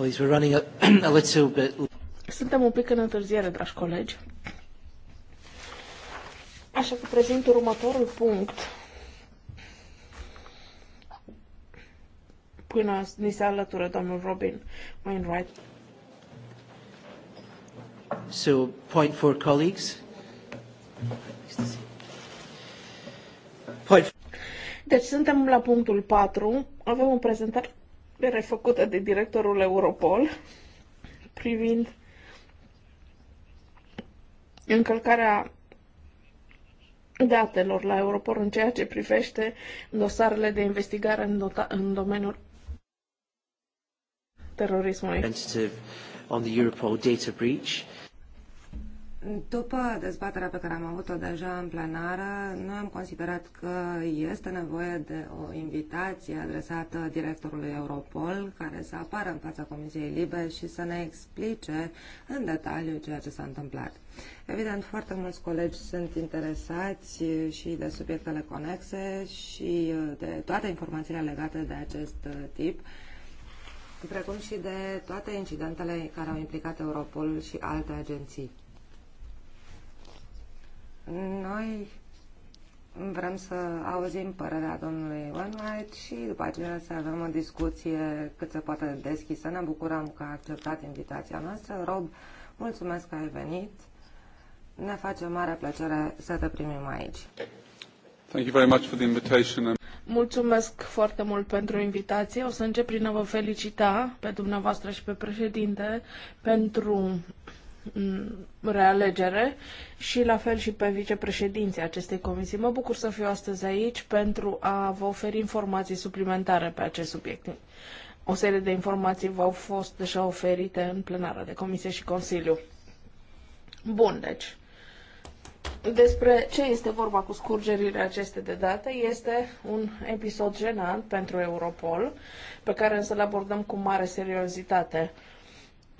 colleagues, we're running a, a little bit... Suntem un pic în întârziere, dragi colegi. Așa că prezint următorul punct. Până ni se alătură domnul Robin Wainwright. So, point four, colleagues. Point deci suntem la punctul 4. Avem o prezentare propunere făcută de directorul Europol privind încălcarea datelor la Europol în ceea ce privește dosarele de investigare în, în domeniul terorismului. On the Europol data breach. După dezbaterea pe care am avut-o deja în plenară, noi am considerat că este nevoie de o invitație adresată directorului Europol care să apară în fața Comisiei Libe și să ne explice în detaliu ceea ce s-a întâmplat. Evident, foarte mulți colegi sunt interesați și de subiectele conexe și de toate informațiile legate de acest tip precum și de toate incidentele care au implicat Europol și alte agenții. Noi vrem să auzim părerea domnului Wainwright și după aceea să avem o discuție cât se poate deschisă. Ne bucurăm că a acceptat invitația noastră. Rob, mulțumesc că ai venit. Ne face mare plăcere să te primim aici. Thank you very much for the invitation. Mulțumesc foarte mult pentru invitație. O să încep prin a vă felicita pe dumneavoastră și pe președinte pentru realegere și la fel și pe vicepreședinții acestei comisii. Mă bucur să fiu astăzi aici pentru a vă oferi informații suplimentare pe acest subiect. O serie de informații v-au fost deja oferite în plenară de comisie și Consiliu. Bun, deci, despre ce este vorba cu scurgerile aceste de date, este un episod jenant pentru Europol, pe care însă îl abordăm cu mare seriozitate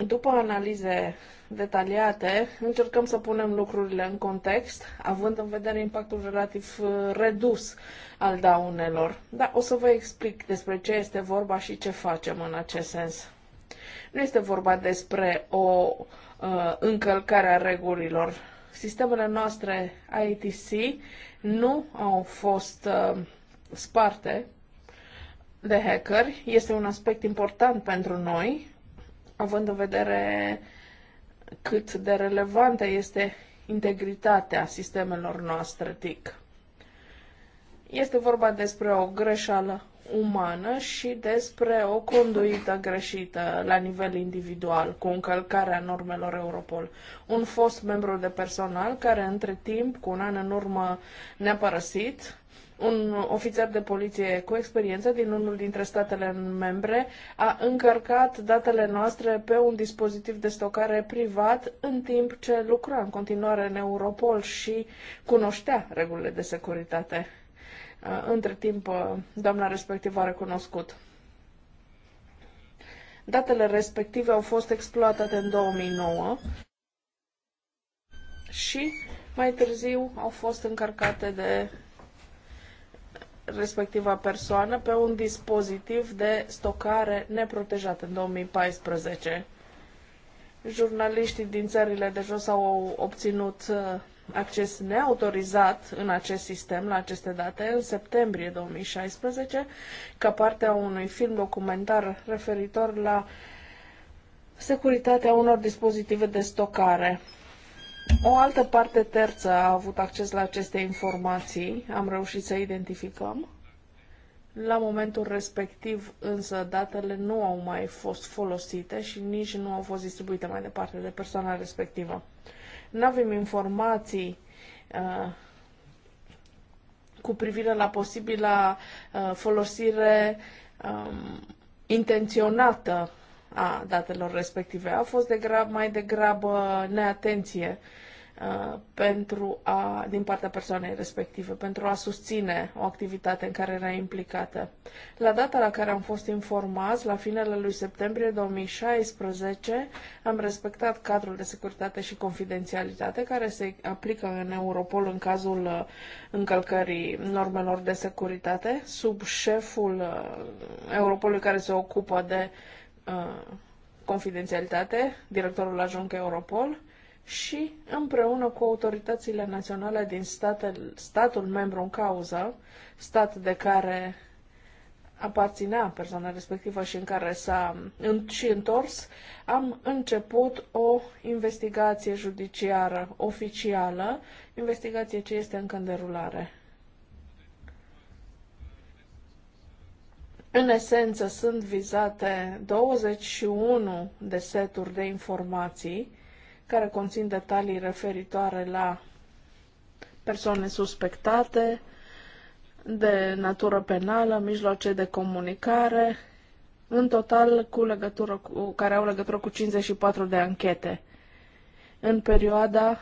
după analize detaliate, încercăm să punem lucrurile în context, având în vedere impactul relativ uh, redus al daunelor. Da, o să vă explic despre ce este vorba și ce facem în acest sens. Nu este vorba despre o uh, încălcare a regulilor. Sistemele noastre ITC nu au fost uh, sparte de hackeri. Este un aspect important pentru noi având în vedere cât de relevantă este integritatea sistemelor noastre TIC. Este vorba despre o greșeală umană și despre o conduită greșită la nivel individual cu încălcarea normelor Europol. Un fost membru de personal care între timp, cu un an în urmă, ne-a părăsit, un ofițer de poliție cu experiență din unul dintre statele membre a încărcat datele noastre pe un dispozitiv de stocare privat în timp ce lucra în continuare în Europol și cunoștea regulile de securitate. Între timp, doamna respectivă a recunoscut. Datele respective au fost exploatate în 2009 și mai târziu au fost încărcate de respectiva persoană pe un dispozitiv de stocare neprotejat în 2014. Jurnaliștii din țările de jos au obținut uh, acces neautorizat în acest sistem, la aceste date, în septembrie 2016, ca parte a unui film documentar referitor la securitatea unor dispozitive de stocare. O altă parte terță a avut acces la aceste informații, am reușit să identificăm. La momentul respectiv, însă, datele nu au mai fost folosite și nici nu au fost distribuite mai departe de persoana respectivă. Nu avem informații uh, cu privire la posibila uh, folosire um, intenționată a datelor respective. A fost degrab, mai degrabă neatenție uh, pentru a, din partea persoanei respective, pentru a susține o activitate în care era implicată. La data la care am fost informați, la finele lui septembrie 2016, am respectat cadrul de securitate și confidențialitate care se aplică în Europol în cazul uh, încălcării normelor de securitate sub șeful uh, Europolului care se ocupă de uh, Uh, confidențialitate, directorul ajung Europol, și împreună cu autoritățile naționale din statel, statul membru în cauză, stat de care aparținea persoana respectivă și în care s-a în, și întors, am început o investigație judiciară oficială, investigație ce este încă în derulare. În esență sunt vizate 21 de seturi de informații care conțin detalii referitoare la persoane suspectate de natură penală, mijloace de comunicare, în total cu legătură cu, care au legătură cu 54 de anchete. În perioada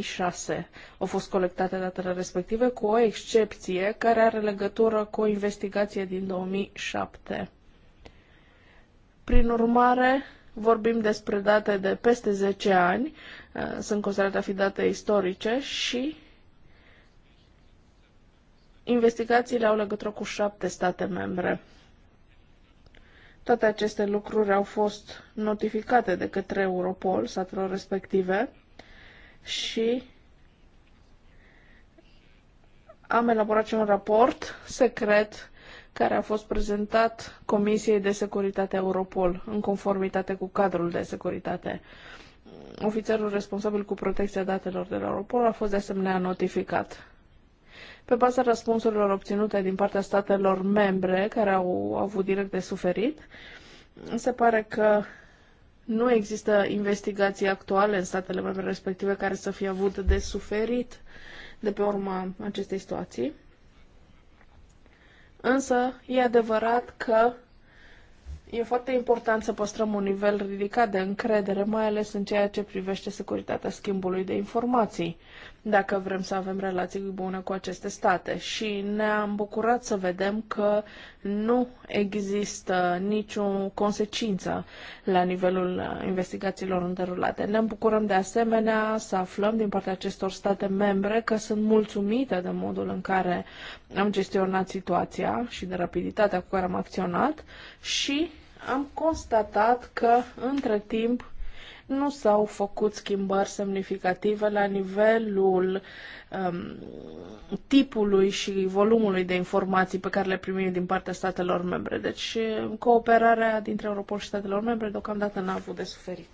2003-2006 au fost colectate datele respective, cu o excepție care are legătură cu o investigație din 2007. Prin urmare, vorbim despre date de peste 10 ani, uh, sunt considerate a fi date istorice și investigațiile au legătură cu șapte state membre. Toate aceste lucruri au fost notificate de către Europol, statelor respective, și am elaborat și un raport secret care a fost prezentat Comisiei de Securitate Europol în conformitate cu cadrul de securitate. Ofițerul responsabil cu protecția datelor de la Europol a fost de asemenea notificat pe baza răspunsurilor obținute din partea statelor membre care au avut direct de suferit, se pare că nu există investigații actuale în statele membre respective care să fie avut de suferit de pe urma acestei situații. Însă, e adevărat că e foarte important să păstrăm un nivel ridicat de încredere, mai ales în ceea ce privește securitatea schimbului de informații dacă vrem să avem relații bune cu aceste state. Și ne-am bucurat să vedem că nu există nicio consecință la nivelul investigațiilor înderulate. Ne bucurăm de asemenea să aflăm din partea acestor state membre că sunt mulțumite de modul în care am gestionat situația și de rapiditatea cu care am acționat și am constatat că, între timp, nu s-au făcut schimbări semnificative la nivelul um, tipului și volumului de informații pe care le primim din partea statelor membre. Deci cooperarea dintre Europol și statelor membre deocamdată n-a avut de suferit.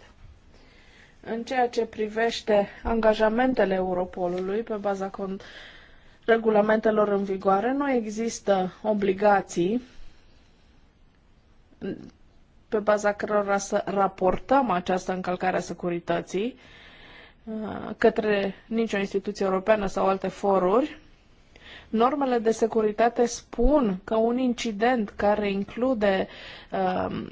În ceea ce privește angajamentele Europolului pe baza cont regulamentelor în vigoare, nu există obligații pe baza cărora să raportăm această încălcare a securității uh, către nicio instituție europeană sau alte foruri. Normele de securitate spun că un incident care include um,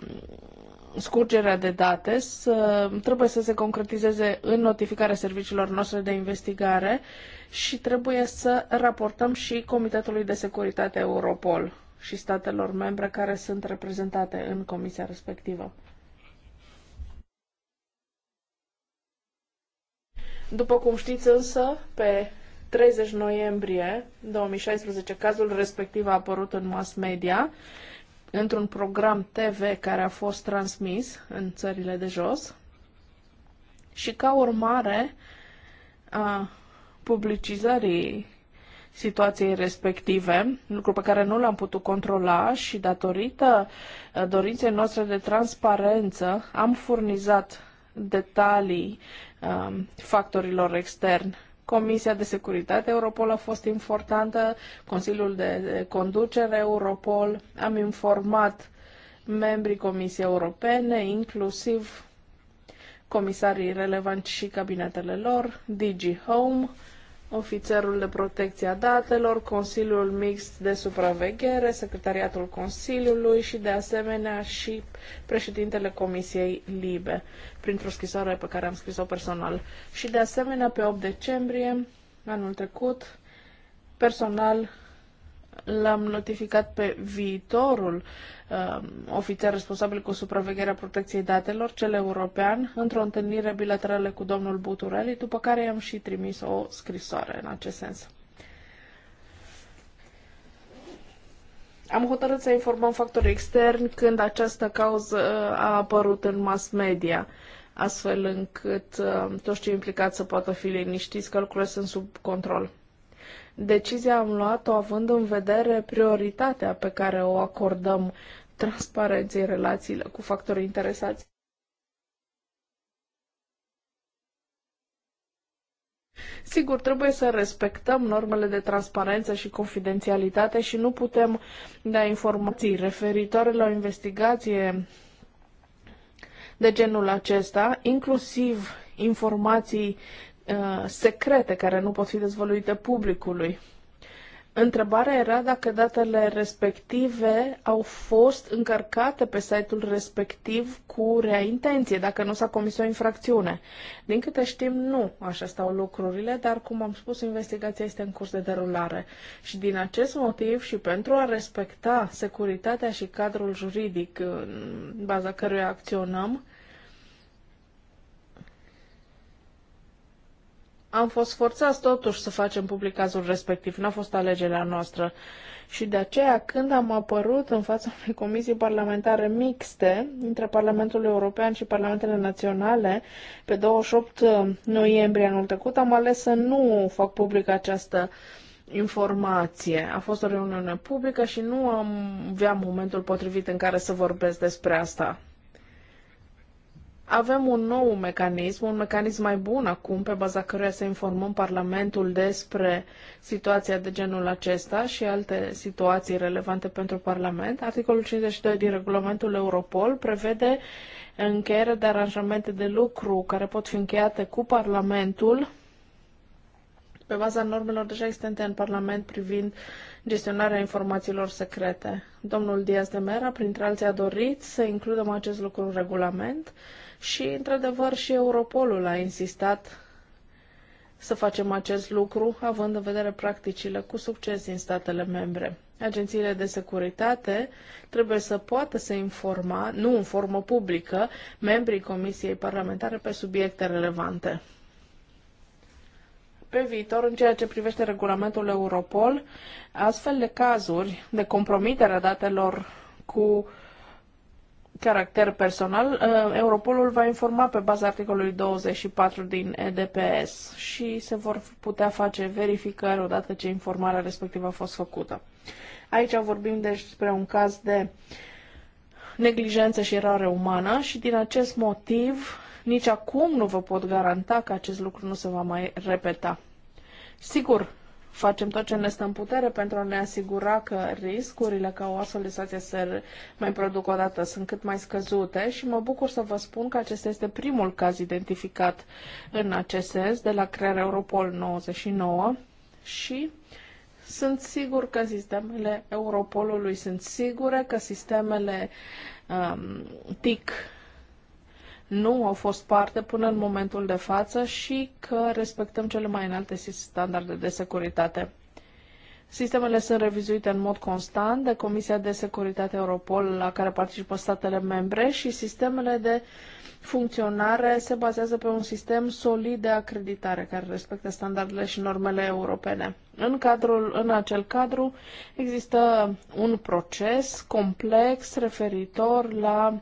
scurgerea de date să, uh, trebuie să se concretizeze în notificarea serviciilor noastre de investigare și trebuie să raportăm și Comitetului de Securitate Europol și statelor membre care sunt reprezentate în comisia respectivă. După cum știți însă, pe 30 noiembrie 2016, cazul respectiv a apărut în mass media, într-un program TV care a fost transmis în țările de jos și ca urmare a publicizării situației respective, lucru pe care nu l-am putut controla și datorită uh, dorinței noastre de transparență am furnizat detalii um, factorilor externi. Comisia de Securitate Europol a fost importantă, Consiliul de Conducere Europol, am informat membrii Comisiei Europene, inclusiv comisarii relevanți și cabinetele lor, DG Home, Ofițerul de Protecție a Datelor, Consiliul Mixt de Supraveghere, Secretariatul Consiliului și, de asemenea, și președintele Comisiei Libe, printr-o scrisoare pe care am scris-o personal. Și, de asemenea, pe 8 decembrie anul trecut, personal L-am notificat pe viitorul uh, ofițer responsabil cu supravegherea protecției datelor, cel european, într-o întâlnire bilaterală cu domnul Buturelli, după care i-am și trimis o scrisoare în acest sens. Am hotărât să informăm factorii externi când această cauză uh, a apărut în mass media, astfel încât uh, toți cei implicați să poată fi liniștiți că lucrurile sunt sub control. Decizia am luat-o având în vedere prioritatea pe care o acordăm transparenței relațiile cu factorii interesați. Sigur, trebuie să respectăm normele de transparență și confidențialitate și nu putem da informații referitoare la o investigație de genul acesta, inclusiv informații Uh, secrete care nu pot fi dezvăluite publicului. Întrebarea era dacă datele respective au fost încărcate pe site-ul respectiv cu rea intenție, dacă nu s-a comis o infracțiune. Din câte știm, nu așa stau lucrurile, dar, cum am spus, investigația este în curs de derulare. Și din acest motiv și pentru a respecta securitatea și cadrul juridic în baza căruia acționăm, am fost forțați totuși să facem public cazul respectiv, n-a fost alegerea noastră. Și de aceea, când am apărut în fața unei comisii parlamentare mixte între Parlamentul European și Parlamentele Naționale, pe 28 uh, noiembrie anul trecut, am ales să nu fac public această informație. A fost o reuniune publică și nu am, avea momentul potrivit în care să vorbesc despre asta. Avem un nou mecanism, un mecanism mai bun acum, pe baza căruia să informăm Parlamentul despre situația de genul acesta și alte situații relevante pentru Parlament. Articolul 52 din regulamentul Europol prevede încheierea de aranjamente de lucru care pot fi încheiate cu Parlamentul pe baza normelor deja existente în Parlament privind gestionarea informațiilor secrete. Domnul Diaz de Mera, printre alții, a dorit să includem acest lucru în regulament și, într-adevăr, și Europolul a insistat să facem acest lucru, având în vedere practicile cu succes din statele membre. Agențiile de securitate trebuie să poată să informa, nu în formă publică, membrii Comisiei Parlamentare pe subiecte relevante. Pe viitor, în ceea ce privește regulamentul Europol, astfel de cazuri de compromitere a datelor cu caracter personal, uh, Europolul va informa pe baza articolului 24 din EDPS și se vor putea face verificări odată ce informarea respectivă a fost făcută. Aici vorbim despre un caz de neglijență și eroare umană și din acest motiv nici acum nu vă pot garanta că acest lucru nu se va mai repeta. Sigur, facem tot ce ne stă în putere pentru a ne asigura că riscurile ca o astfel de situație să mai produc o dată sunt cât mai scăzute și mă bucur să vă spun că acesta este primul caz identificat în acest sens de la crearea Europol 99 și sunt sigur că sistemele Europolului sunt sigure, că sistemele um, TIC nu au fost parte până în momentul de față și că respectăm cele mai înalte standarde de securitate. Sistemele sunt revizuite în mod constant de Comisia de Securitate Europol, la care participă statele membre, și sistemele de funcționare se bazează pe un sistem solid de acreditare care respectă standardele și normele europene. În, cadrul, în acel cadru există un proces complex referitor la uh,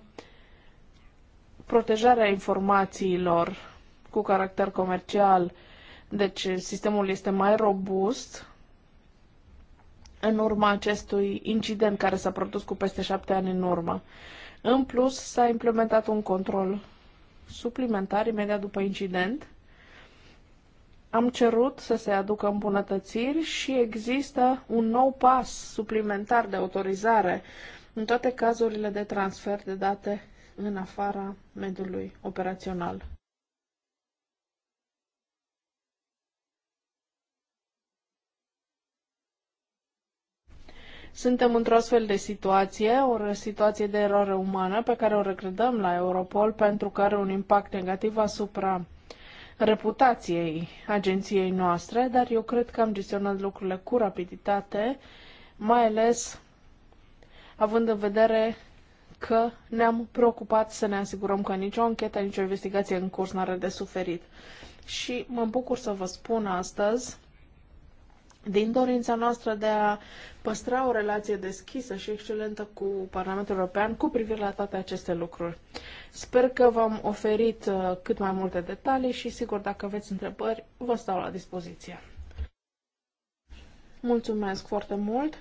protejarea informațiilor cu caracter comercial, deci sistemul este mai robust în urma acestui incident care s-a produs cu peste șapte ani în urmă. În plus, s-a implementat un control suplimentar imediat după incident. Am cerut să se aducă îmbunătățiri și există un nou pas suplimentar de autorizare în toate cazurile de transfer de date în afara mediului operațional. Suntem într-o astfel de situație, o situație de eroare umană pe care o regredăm la Europol pentru că are un impact negativ asupra reputației agenției noastre, dar eu cred că am gestionat lucrurile cu rapiditate, mai ales având în vedere că ne-am preocupat să ne asigurăm că nicio anchetă, nicio investigație în curs n-are de suferit. Și mă bucur să vă spun astăzi, din dorința noastră de a păstra o relație deschisă și excelentă cu Parlamentul European cu privire la toate aceste lucruri. Sper că v-am oferit uh, cât mai multe detalii și, sigur, dacă aveți întrebări, vă stau la dispoziție. Mulțumesc foarte mult!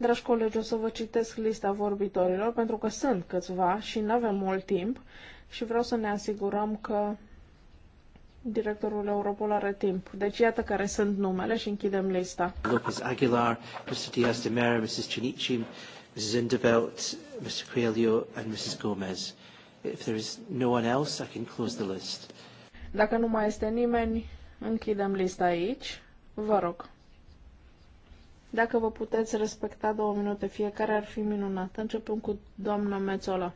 Dragi colegi, o să vă citesc lista vorbitorilor, pentru că sunt câțiva și nu avem mult timp și vreau să ne asigurăm că directorul Europol are timp. Deci iată care sunt numele și închidem lista. Lopez Aguilar, Mr. Diaz de Mera, Mrs. Cinici, Mrs. Indevelt, Mr. Coelho and Mrs. Gomez. If there is no one else, I can close the list. Dacă nu mai este nimeni, închidem lista aici. Vă rog. Dacă vă puteți respecta două minute fiecare, ar fi minunat. Începem cu doamna Mețola.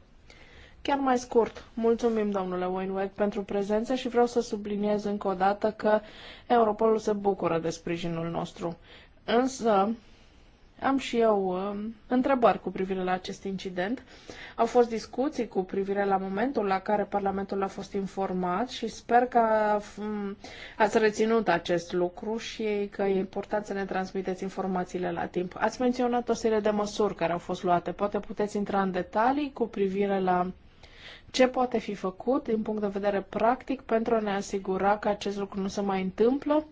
Chiar mai scurt, mulțumim domnule Wainwright pentru prezență și vreau să subliniez încă o dată că Europolul se bucură de sprijinul nostru. Însă, am și eu um, întrebări cu privire la acest incident. Au fost discuții cu privire la momentul la care Parlamentul a fost informat și sper că um, ați reținut acest lucru și că e important să ne transmiteți informațiile la timp. Ați menționat o serie de măsuri care au fost luate. Poate puteți intra în detalii cu privire la ce poate fi făcut din punct de vedere practic pentru a ne asigura că acest lucru nu se mai întâmplă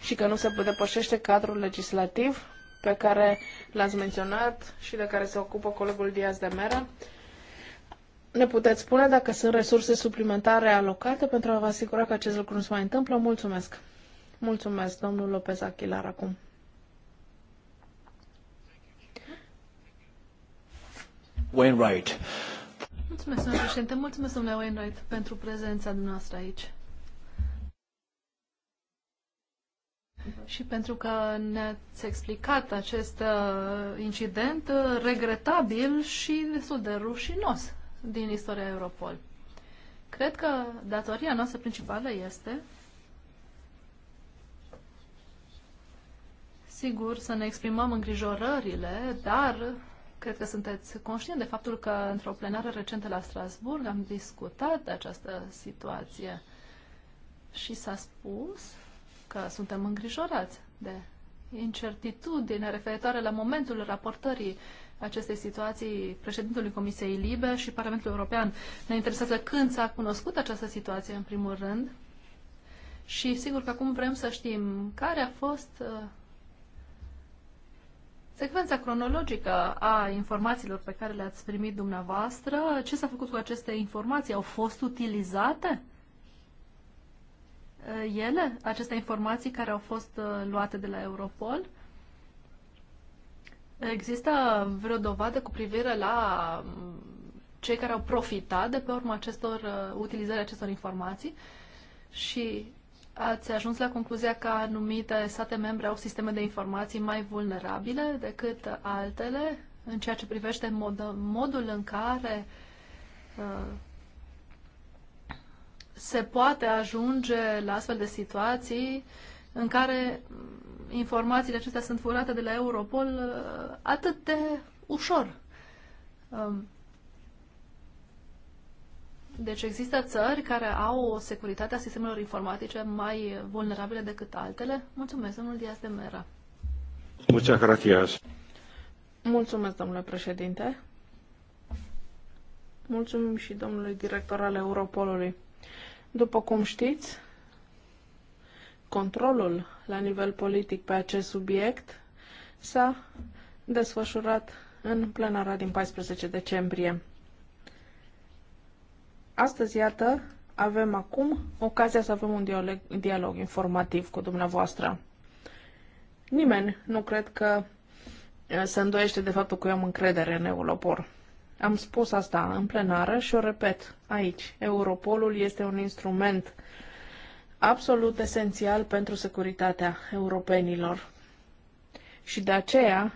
și că nu se depășește cadrul legislativ pe care l-ați menționat și de care se ocupă colegul Diaz de Mera. Ne puteți spune dacă sunt resurse suplimentare alocate pentru a vă asigura că acest lucru nu se mai întâmplă? Mulțumesc! Mulțumesc, domnul Lopez Achilar, acum. Wainwright. Mulțumesc, domnule președinte. Mulțumesc, domnule Wainwright, pentru prezența dumneavoastră aici. și pentru că ne-ați explicat acest uh, incident uh, regretabil și destul de rușinos din istoria Europol. Cred că datoria noastră principală este sigur să ne exprimăm îngrijorările, dar cred că sunteți conștient de faptul că într-o plenară recentă la Strasburg am discutat această situație și s-a spus că suntem îngrijorați de incertitudine referitoare la momentul raportării acestei situații președintului Comisiei Libe și Parlamentul European. Ne interesează când s-a cunoscut această situație, în primul rând, și sigur că acum vrem să știm care a fost uh, secvența cronologică a informațiilor pe care le-ați primit dumneavoastră, ce s-a făcut cu aceste informații, au fost utilizate? Uh, Uh, ele, aceste informații care au fost uh, luate de la Europol? Există vreo dovadă cu privire la um, cei care au profitat de pe urma acestor uh, utilizări acestor informații și ați ajuns la concluzia că anumite state membre au sisteme de informații mai vulnerabile decât altele în ceea ce privește mod, modul în care uh, se poate ajunge la astfel de situații în care informațiile acestea sunt furate de la Europol uh, atât de ușor. Um, deci există țări care au o securitate a sistemelor informatice mai vulnerabile decât altele? Mulțumesc, domnul Diaz de Mera. Muchas gracias. Mulțumesc, domnule președinte. Mulțumim și domnului director al Europolului. După cum știți, controlul la nivel politic pe acest subiect s-a desfășurat în plenara din 14 decembrie. Astăzi, iată, avem acum ocazia să avem un dialog, dialog informativ cu dumneavoastră. Nimeni nu cred că eh, se îndoiește de faptul că eu am încredere în Eulopor. Am spus asta în plenară și o repet aici. Europolul este un instrument absolut esențial pentru securitatea europenilor. Și de aceea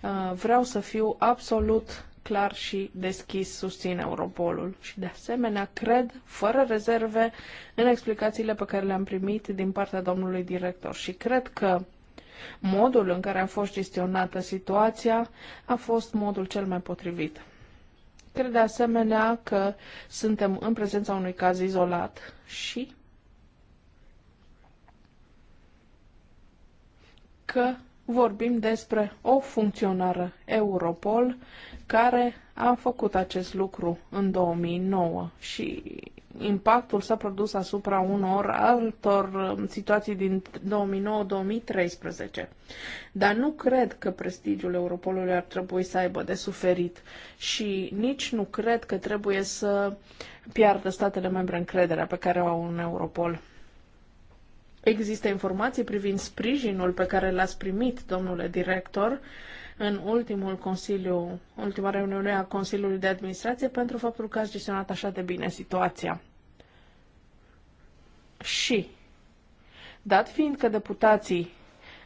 uh, vreau să fiu absolut clar și deschis susțin Europolul. Și de asemenea cred, fără rezerve, în explicațiile pe care le-am primit din partea domnului director. Și cred că modul în care a fost gestionată situația a fost modul cel mai potrivit. Cred de asemenea că suntem în prezența unui caz izolat și că vorbim despre o funcționară Europol care a făcut acest lucru în 2009 și impactul s-a produs asupra unor altor um, situații din 2009-2013. Dar nu cred că prestigiul Europolului ar trebui să aibă de suferit și nici nu cred că trebuie să piardă statele membre încrederea pe care o au în Europol. Există informații privind sprijinul pe care l-ați primit, domnule director, uh, în ultimul consiliu, ultima reuniune a Consiliului de Administrație pentru faptul că ați gestionat așa de bine situația. Și, dat fiind că deputații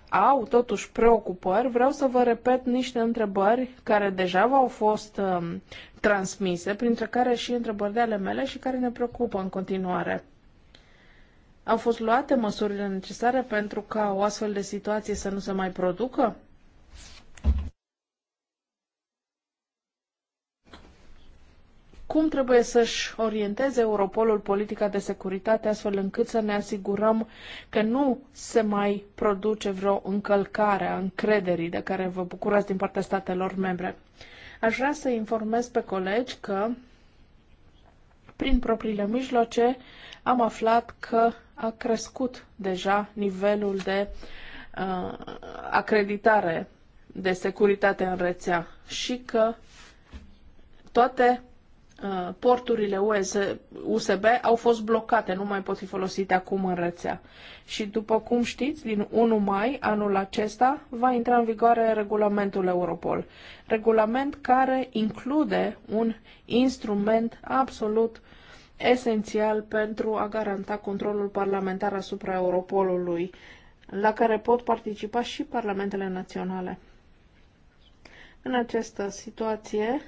au totuși preocupări, vreau să vă repet niște întrebări care deja v-au fost uh, transmise, printre care și întrebări de ale mele și care ne preocupă în continuare. Au fost luate măsurile necesare pentru ca o astfel de situație să nu se mai producă? cum trebuie să-și orienteze Europolul politica de securitate astfel încât să ne asigurăm că nu se mai produce vreo încălcare a încrederii de care vă bucurați din partea statelor membre. Aș vrea să informez pe colegi că prin propriile mijloace am aflat că a crescut deja nivelul de uh, acreditare de securitate în rețea și că toate Uh, porturile USB au fost blocate, nu mai pot fi folosite acum în rețea. Și după cum știți, din 1 mai anul acesta va intra în vigoare regulamentul Europol, regulament care include un instrument absolut esențial pentru a garanta controlul parlamentar asupra Europolului, la care pot participa și parlamentele naționale. În această situație,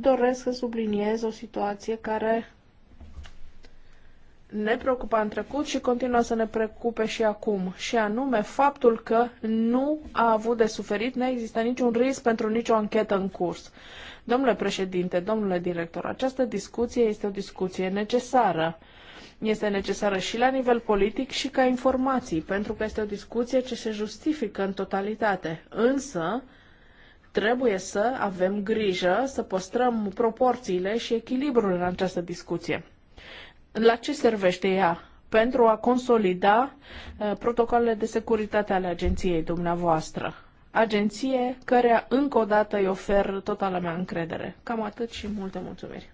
doresc să subliniez o situație care ne preocupa în trecut și continuă să ne preocupe și acum, și anume faptul că nu a avut de suferit, nu există niciun risc pentru nicio anchetă în curs. Domnule președinte, domnule director, această discuție este o discuție necesară. Este necesară și la nivel politic și ca informații, pentru că este o discuție ce se justifică în totalitate. Însă, Trebuie să avem grijă să păstrăm proporțiile și echilibrul în această discuție. La ce servește ea? Pentru a consolida uh, protocolele de securitate ale agenției dumneavoastră. Agenție care încă o dată îi ofer totala mea încredere. Cam atât și multe mulțumiri.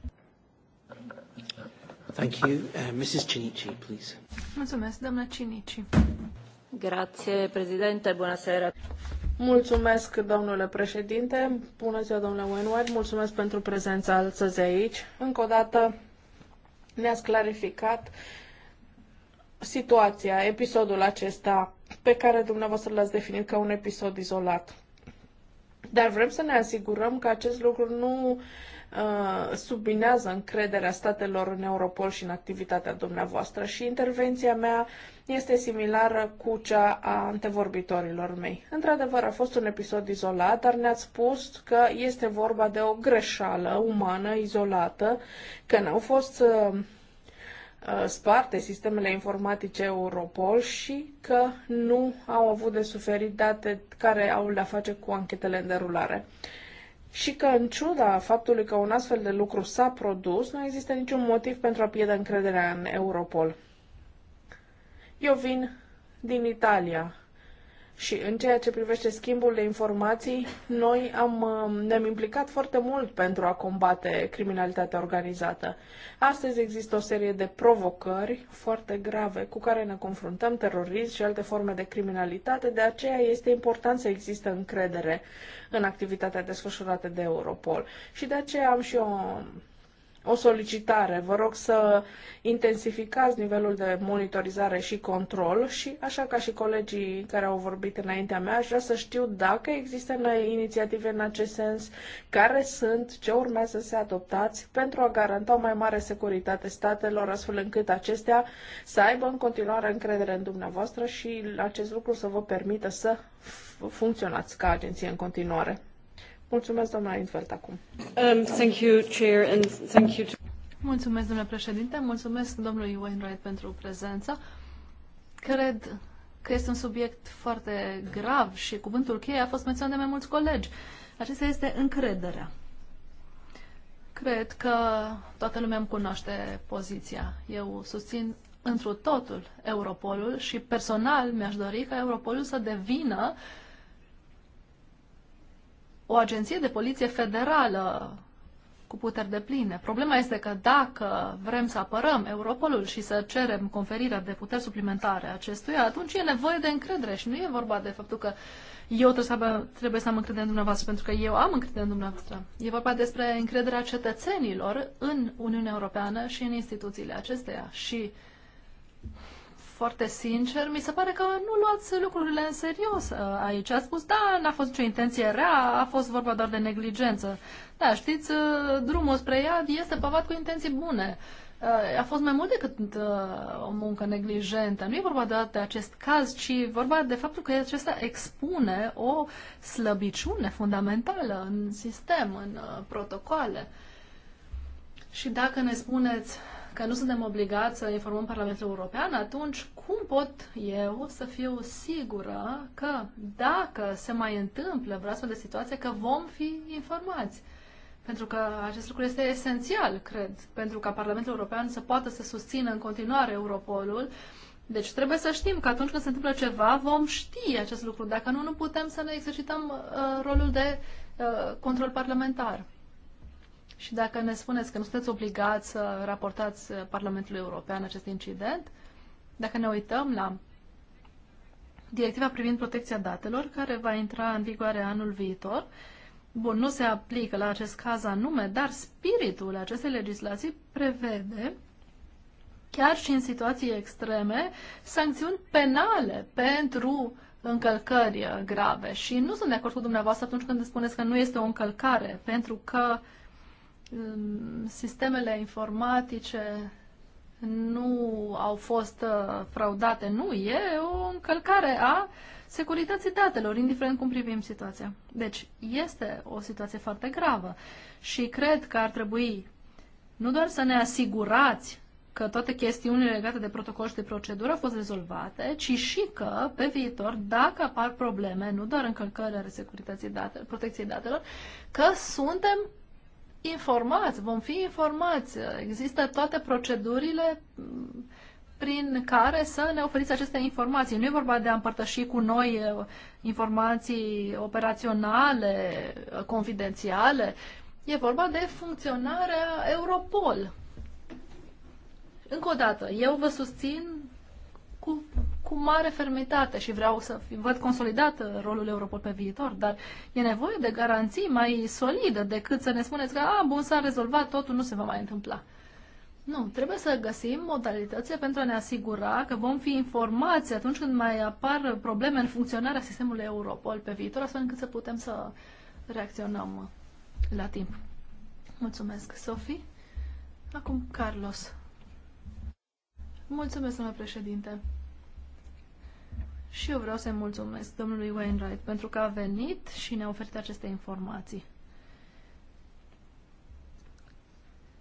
Thank you. Uh, Mrs. Cinici, please. Mulțumesc, doamna Cinici. Grazie, președinte. Bună seara. Mulțumesc, domnule președinte. Bună ziua, domnule Wainwright. Mulțumesc pentru prezența astăzi aici. Încă o dată ne-ați clarificat situația, episodul acesta pe care dumneavoastră l-ați definit ca un episod izolat. Dar vrem să ne asigurăm că acest lucru nu uh, Uh, subminează încrederea statelor în Europol și în activitatea dumneavoastră și intervenția mea este similară cu cea a antevorbitorilor mei. Într-adevăr, a fost un episod izolat, dar ne-ați spus că este vorba de o greșeală umană izolată, că n-au fost uh, uh, sparte sistemele informatice Europol și că nu au avut de suferit date care au le a face cu anchetele în derulare și că, în ciuda faptului că un astfel de lucru s-a produs, nu există niciun motiv pentru a pierde încrederea în Europol. Eu vin din Italia, și în ceea ce privește schimbul de informații, noi am, um, ne-am implicat foarte mult pentru a combate criminalitatea organizată. Astăzi există o serie de provocări foarte grave cu care ne confruntăm, terorism și alte forme de criminalitate, de aceea este important să există încredere în activitatea desfășurată de Europol. Și de aceea am și o o solicitare. Vă rog să intensificați nivelul de monitorizare și control și, așa ca și colegii care au vorbit înaintea mea, aș vrea să știu dacă există inițiative în acest sens, care sunt, ce urmează să se adoptați pentru a garanta o mai mare securitate statelor, astfel încât acestea să aibă în continuare încredere în dumneavoastră și acest lucru să vă permită să funcționați ca agenție în continuare. Mulțumesc, doamna Infert, acum. Um, thank you, Chair, and thank you to... Mulțumesc, domnule președinte, mulțumesc domnului Wainwright pentru prezența. Cred că este un subiect foarte grav și cuvântul cheie a fost menționat de mai mulți colegi. Acesta este încrederea. Cred că toată lumea îmi cunoaște poziția. Eu susțin întru totul Europolul și personal mi-aș dori ca Europolul să devină uh, o agenție de poliție federală cu puteri de pline. Problema este că dacă vrem să apărăm Europolul și să cerem conferirea de puteri suplimentare acestuia, atunci e nevoie de încredere și nu e vorba de faptul că eu trebuie să, am, trebuie să am încredere în dumneavoastră, pentru că eu am încredere în dumneavoastră. E vorba despre încrederea cetățenilor în Uniunea Europeană și în instituțiile acesteia. Și foarte sincer, mi se pare că nu luați lucrurile în serios uh, aici. A spus, da, n-a fost nicio intenție rea, a fost vorba doar de negligență. Da, știți, uh, drumul spre iad este pavat cu intenții bune. Uh, a fost mai mult decât o muncă neglijentă. Nu e vorba doar de acest caz, ci vorba de faptul că acesta expune o slăbiciune fundamentală în sistem, în protocoale. Și dacă ne spuneți, că nu suntem obligați să informăm Parlamentul European, atunci cum pot eu să fiu sigură că dacă se mai întâmplă vreo astfel de situație, că vom fi informați? Pentru că acest lucru este esențial, cred, pentru ca Parlamentul European să poată să susțină în continuare Europolul. Deci trebuie să știm că atunci când se întâmplă ceva, vom ști acest lucru. Dacă nu, nu putem să ne exercităm uh, rolul de uh, control parlamentar. Și dacă ne spuneți că nu sunteți obligați să raportați Parlamentului European acest incident, dacă ne uităm la directiva privind protecția datelor, care va intra în vigoare anul viitor, bun, nu se aplică la acest caz anume, dar spiritul acestei legislații prevede chiar și în situații extreme, sancțiuni penale pentru încălcări grave. Și nu sunt de acord cu dumneavoastră atunci când spuneți că nu este o încălcare, pentru că uh, sistemele informatice nu au fost uh, fraudate, nu, e o încălcare a securității datelor, indiferent cum privim situația. Deci, este o situație foarte gravă și cred că ar trebui nu doar să ne asigurați că toate chestiunile legate de protocol și de procedură au fost rezolvate, ci și că, pe viitor, dacă apar probleme, nu doar încălcări ale securității datelor, protecției datelor, că suntem informați, vom fi informați. Există toate procedurile mm, prin care să ne oferiți aceste informații. Nu e vorba de a împărtăși cu noi uh, informații operaționale, uh, confidențiale. E vorba de funcționarea Europol. Încă o dată, eu vă susțin cu mare fermitate și vreau să văd consolidat uh, rolul Europol pe viitor, dar e nevoie de garanții mai solide decât să ne spuneți că, a, ah, bun, s-a rezolvat, totul nu se va mai întâmpla. Nu, trebuie să găsim modalități pentru a ne asigura că vom fi informați atunci când mai apar probleme în funcționarea sistemului Europol pe viitor, astfel încât să putem să reacționăm la timp. Mulțumesc, Sofie. Acum, Carlos. Mulțumesc, domnule președinte. Și eu vreau să-i mulțumesc domnului Wainwright pentru că a venit și ne-a oferit aceste informații.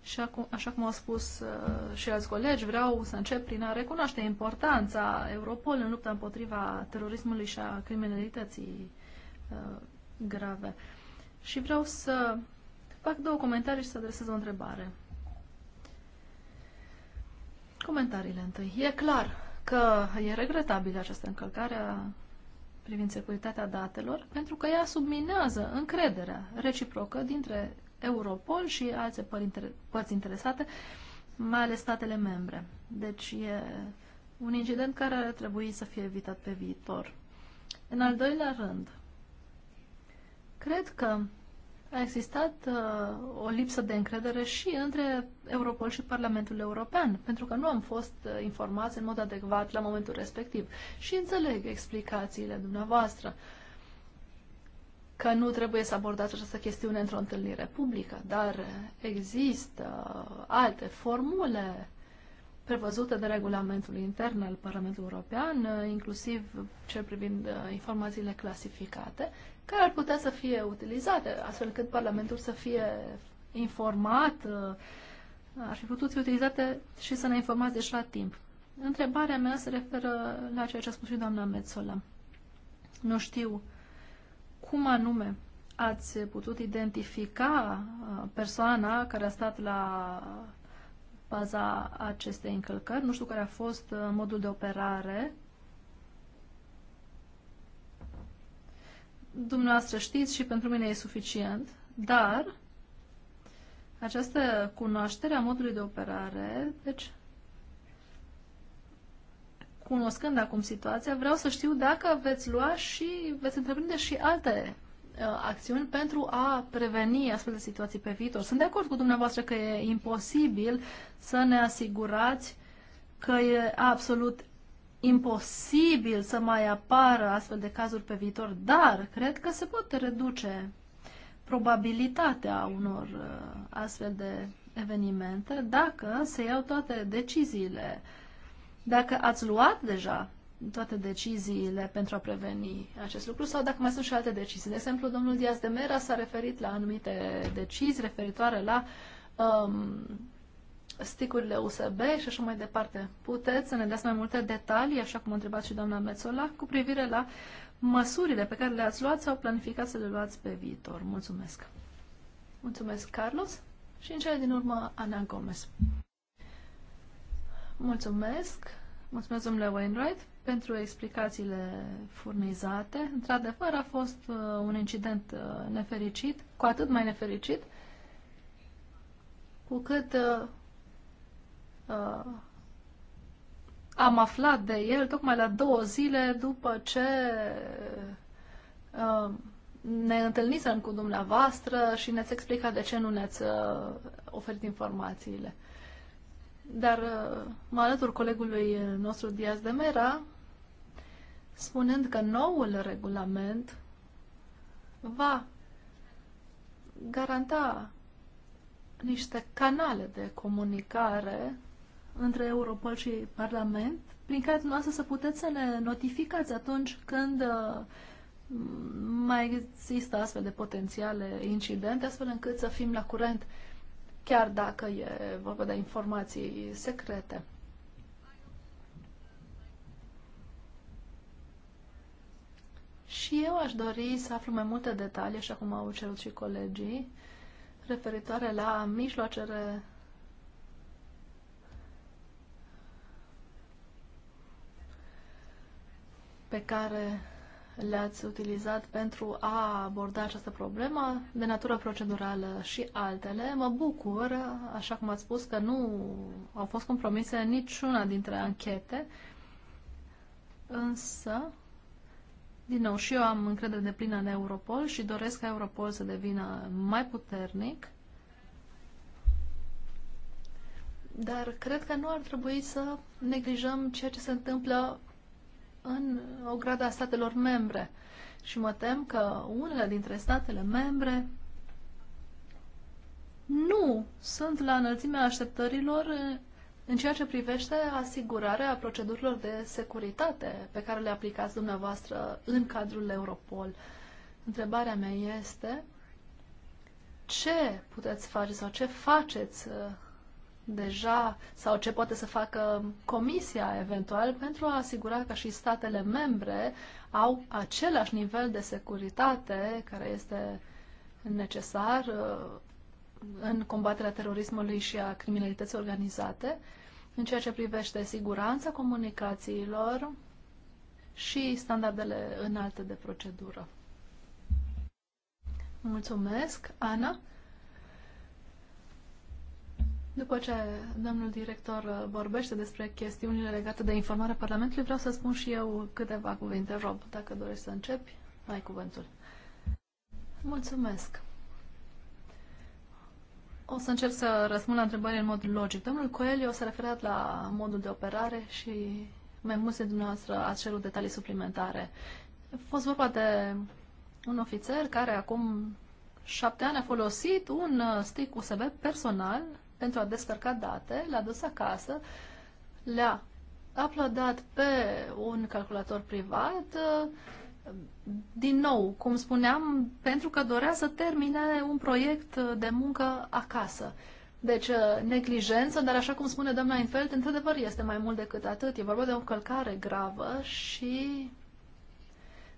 Și acum, așa cum au spus uh, și alți colegi, vreau să încep prin a recunoaște importanța Europol în lupta împotriva terorismului și a criminalității uh, grave. Și vreau să fac două comentarii și să adresez o întrebare. Comentariile întâi. E clar că e regretabilă această încălcare a privind securitatea datelor, pentru că ea subminează încrederea reciprocă dintre Europol și alte părți interesate, mai ales statele membre. Deci e un incident care ar trebui să fie evitat pe viitor. În al doilea rând, cred că a existat uh, o lipsă de încredere și între Europol și Parlamentul European, pentru că nu am fost uh, informați în mod adecvat la momentul respectiv. Și înțeleg explicațiile dumneavoastră că nu trebuie să abordați această chestiune într-o întâlnire publică, dar există uh, alte formule prevăzute de regulamentul intern al Parlamentului European, uh, inclusiv cel privind uh, informațiile clasificate, care ar putea să fie utilizate, astfel încât Parlamentul să fie informat, uh, ar fi putut fi utilizate și să ne informați deci la timp. Întrebarea mea se referă la ceea ce a spus și doamna Metzola. Nu știu cum anume ați putut identifica uh, persoana care a stat la baza acestei încălcări. Nu știu care a fost uh, modul de operare dumneavoastră știți și pentru mine e suficient, dar această cunoaștere a modului de operare, deci cunoscând acum situația, vreau să știu dacă veți lua și veți întreprinde și alte uh, acțiuni pentru a preveni astfel de situații pe viitor. Sunt de acord cu dumneavoastră că e imposibil să ne asigurați că e absolut imposibil să mai apară astfel de cazuri pe viitor, dar cred că se poate reduce probabilitatea unor uh, astfel de evenimente dacă se iau toate deciziile. Dacă ați luat deja toate deciziile pentru a preveni acest lucru sau dacă mai sunt și alte decizii. De exemplu, domnul Diaz de Mera s-a referit la anumite decizii referitoare la um, sticurile USB și așa mai departe. Puteți să ne dați mai multe detalii, așa cum a întrebat și doamna Mețola, cu privire la măsurile pe care le-ați luat sau planificați să le luați pe viitor. Mulțumesc! Mulțumesc, Carlos! Și în cele din urmă, Ana Gomez. Mulțumesc! Mulțumesc, domnule Wainwright, pentru explicațiile furnizate. Într-adevăr, a fost uh, un incident uh, nefericit, cu atât mai nefericit, cu cât uh, uh, am aflat de el tocmai la două zile după ce uh, ne întâlnisem cu dumneavoastră și ne-ați explicat de ce nu ne-ați uh, oferit informațiile. Dar uh, mă alătur colegului nostru Diaz de Mera, spunând că noul regulament va garanta niște canale de comunicare între Europol și Parlament, prin care dumneavoastră să puteți să ne notificați atunci când uh, mai există astfel de potențiale incidente, astfel încât să fim la curent, chiar dacă e vorba de informații secrete. Și eu aș dori să aflu mai multe detalii, așa cum au cerut și colegii, referitoare la mijloacele pe care le-ați utilizat pentru a aborda această problemă de natură procedurală și altele. Mă bucur, așa cum ați spus, că nu au fost compromise niciuna dintre anchete, însă, din nou, și eu am încredere de plină în Europol și doresc ca Europol să devină mai puternic, dar cred că nu ar trebui să neglijăm ceea ce se întâmplă în o grada statelor membre. Și mă tem că unele dintre statele membre nu sunt la înălțimea așteptărilor eh, în ceea ce privește asigurarea procedurilor de securitate pe care le aplicați dumneavoastră în cadrul Europol. Întrebarea mea este ce puteți face sau ce faceți eh, deja sau ce poate să facă Comisia eventual pentru a asigura că și statele membre au același nivel de securitate care este necesar uh, în combaterea terorismului și a criminalității organizate, în ceea ce privește siguranța comunicațiilor și standardele înalte de procedură. Mulțumesc, Ana. După ce domnul director uh, vorbește despre chestiunile legate de informarea Parlamentului, vreau să spun și eu câteva cuvinte. Rob, dacă dorești să începi, ai cuvântul. Mulțumesc. O să încerc să răspund la întrebări în mod logic. Domnul Coelho s-a referat la modul de operare și mai mulți din dumneavoastră ați cerut detalii suplimentare. A fost vorba de un ofițer care acum șapte ani a folosit un uh, stick USB personal pentru a descărca date, le-a dus acasă, le-a uploadat pe un calculator privat, din nou, cum spuneam, pentru că dorea să termine un proiect de muncă acasă. Deci, neglijență, dar așa cum spune doamna Infeld, într-adevăr este mai mult decât atât. E vorba de o călcare gravă și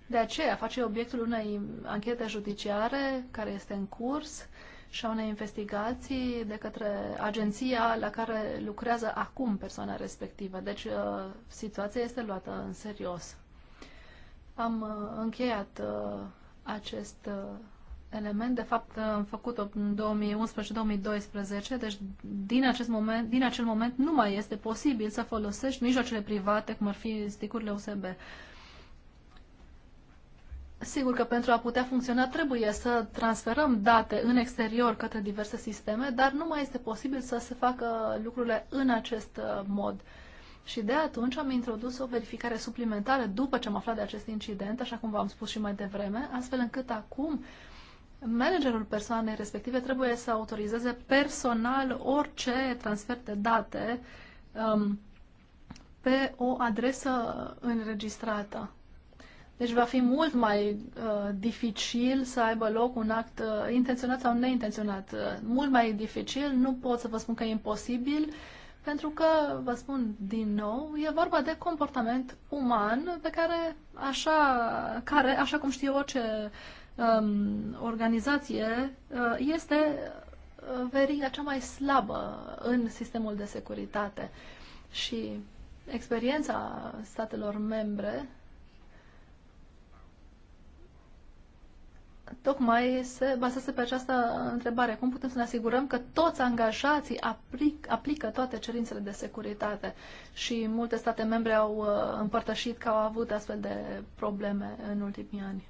de aceea face obiectul unei anchete judiciare care este în curs și a unei investigații de către agenția la care lucrează acum persoana respectivă. Deci uh, situația este luată în serios. Am uh, încheiat uh, acest element. De fapt, am făcut-o în 2011-2012, deci din, acest moment, din acel moment nu mai este posibil să folosești mijloacele private, cum ar fi sticurile USB. Sigur că pentru a putea funcționa trebuie să transferăm date în exterior către diverse sisteme, dar nu mai este posibil să se facă lucrurile în acest uh, mod. Și de atunci am introdus o verificare suplimentară după ce am aflat de acest incident, așa cum v-am spus și mai devreme, astfel încât acum managerul persoanei respective trebuie să autorizeze personal orice transfer de date um, pe o adresă înregistrată. Deci va fi mult mai uh, dificil să aibă loc un act uh, intenționat sau neintenționat. Uh, mult mai dificil, nu pot să vă spun că e imposibil, pentru că, vă spun din nou, e vorba de comportament uman pe care, așa, care, așa cum știe orice um, organizație, uh, este uh, veriga cea mai slabă în sistemul de securitate. Și experiența statelor membre tocmai se bazează pe această întrebare. Cum putem să ne asigurăm că toți angajații aplic, aplică toate cerințele de securitate? Și multe state membre au uh, împărtășit că au avut astfel de probleme în ultimii ani.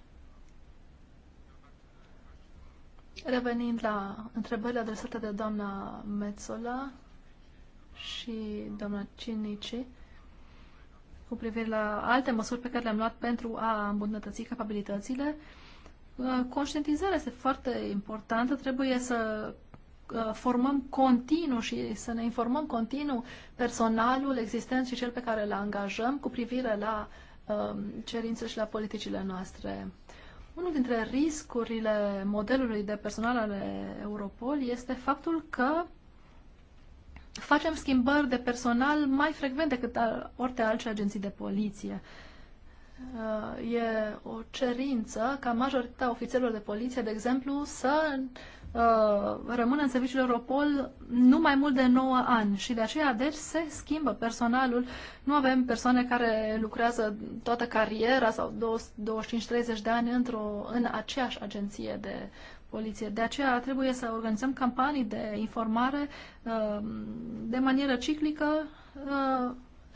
Revenind la întrebările adresate de doamna Metzola și doamna Cinici, cu privire la alte măsuri pe care le-am luat pentru a îmbunătăți capabilitățile, uh, Ă, conștientizarea este foarte importantă, trebuie să ă, formăm continuu și să ne informăm continuu personalul existent și cel pe care îl angajăm cu privire la ă, cerințe și la politicile noastre. Unul dintre riscurile modelului de personal al Europol este faptul că facem schimbări de personal mai frecvent decât orice alte agenții de poliție. Uh, e o cerință ca majoritatea ofițerilor de poliție, de exemplu, să uh, rămână în serviciul Europol nu mai mult de 9 ani și de aceea, deci, se schimbă personalul. Nu avem persoane care lucrează toată cariera sau 25-30 de ani într-o, în aceeași agenție de poliție. De aceea trebuie să organizăm campanii de informare uh, de manieră ciclică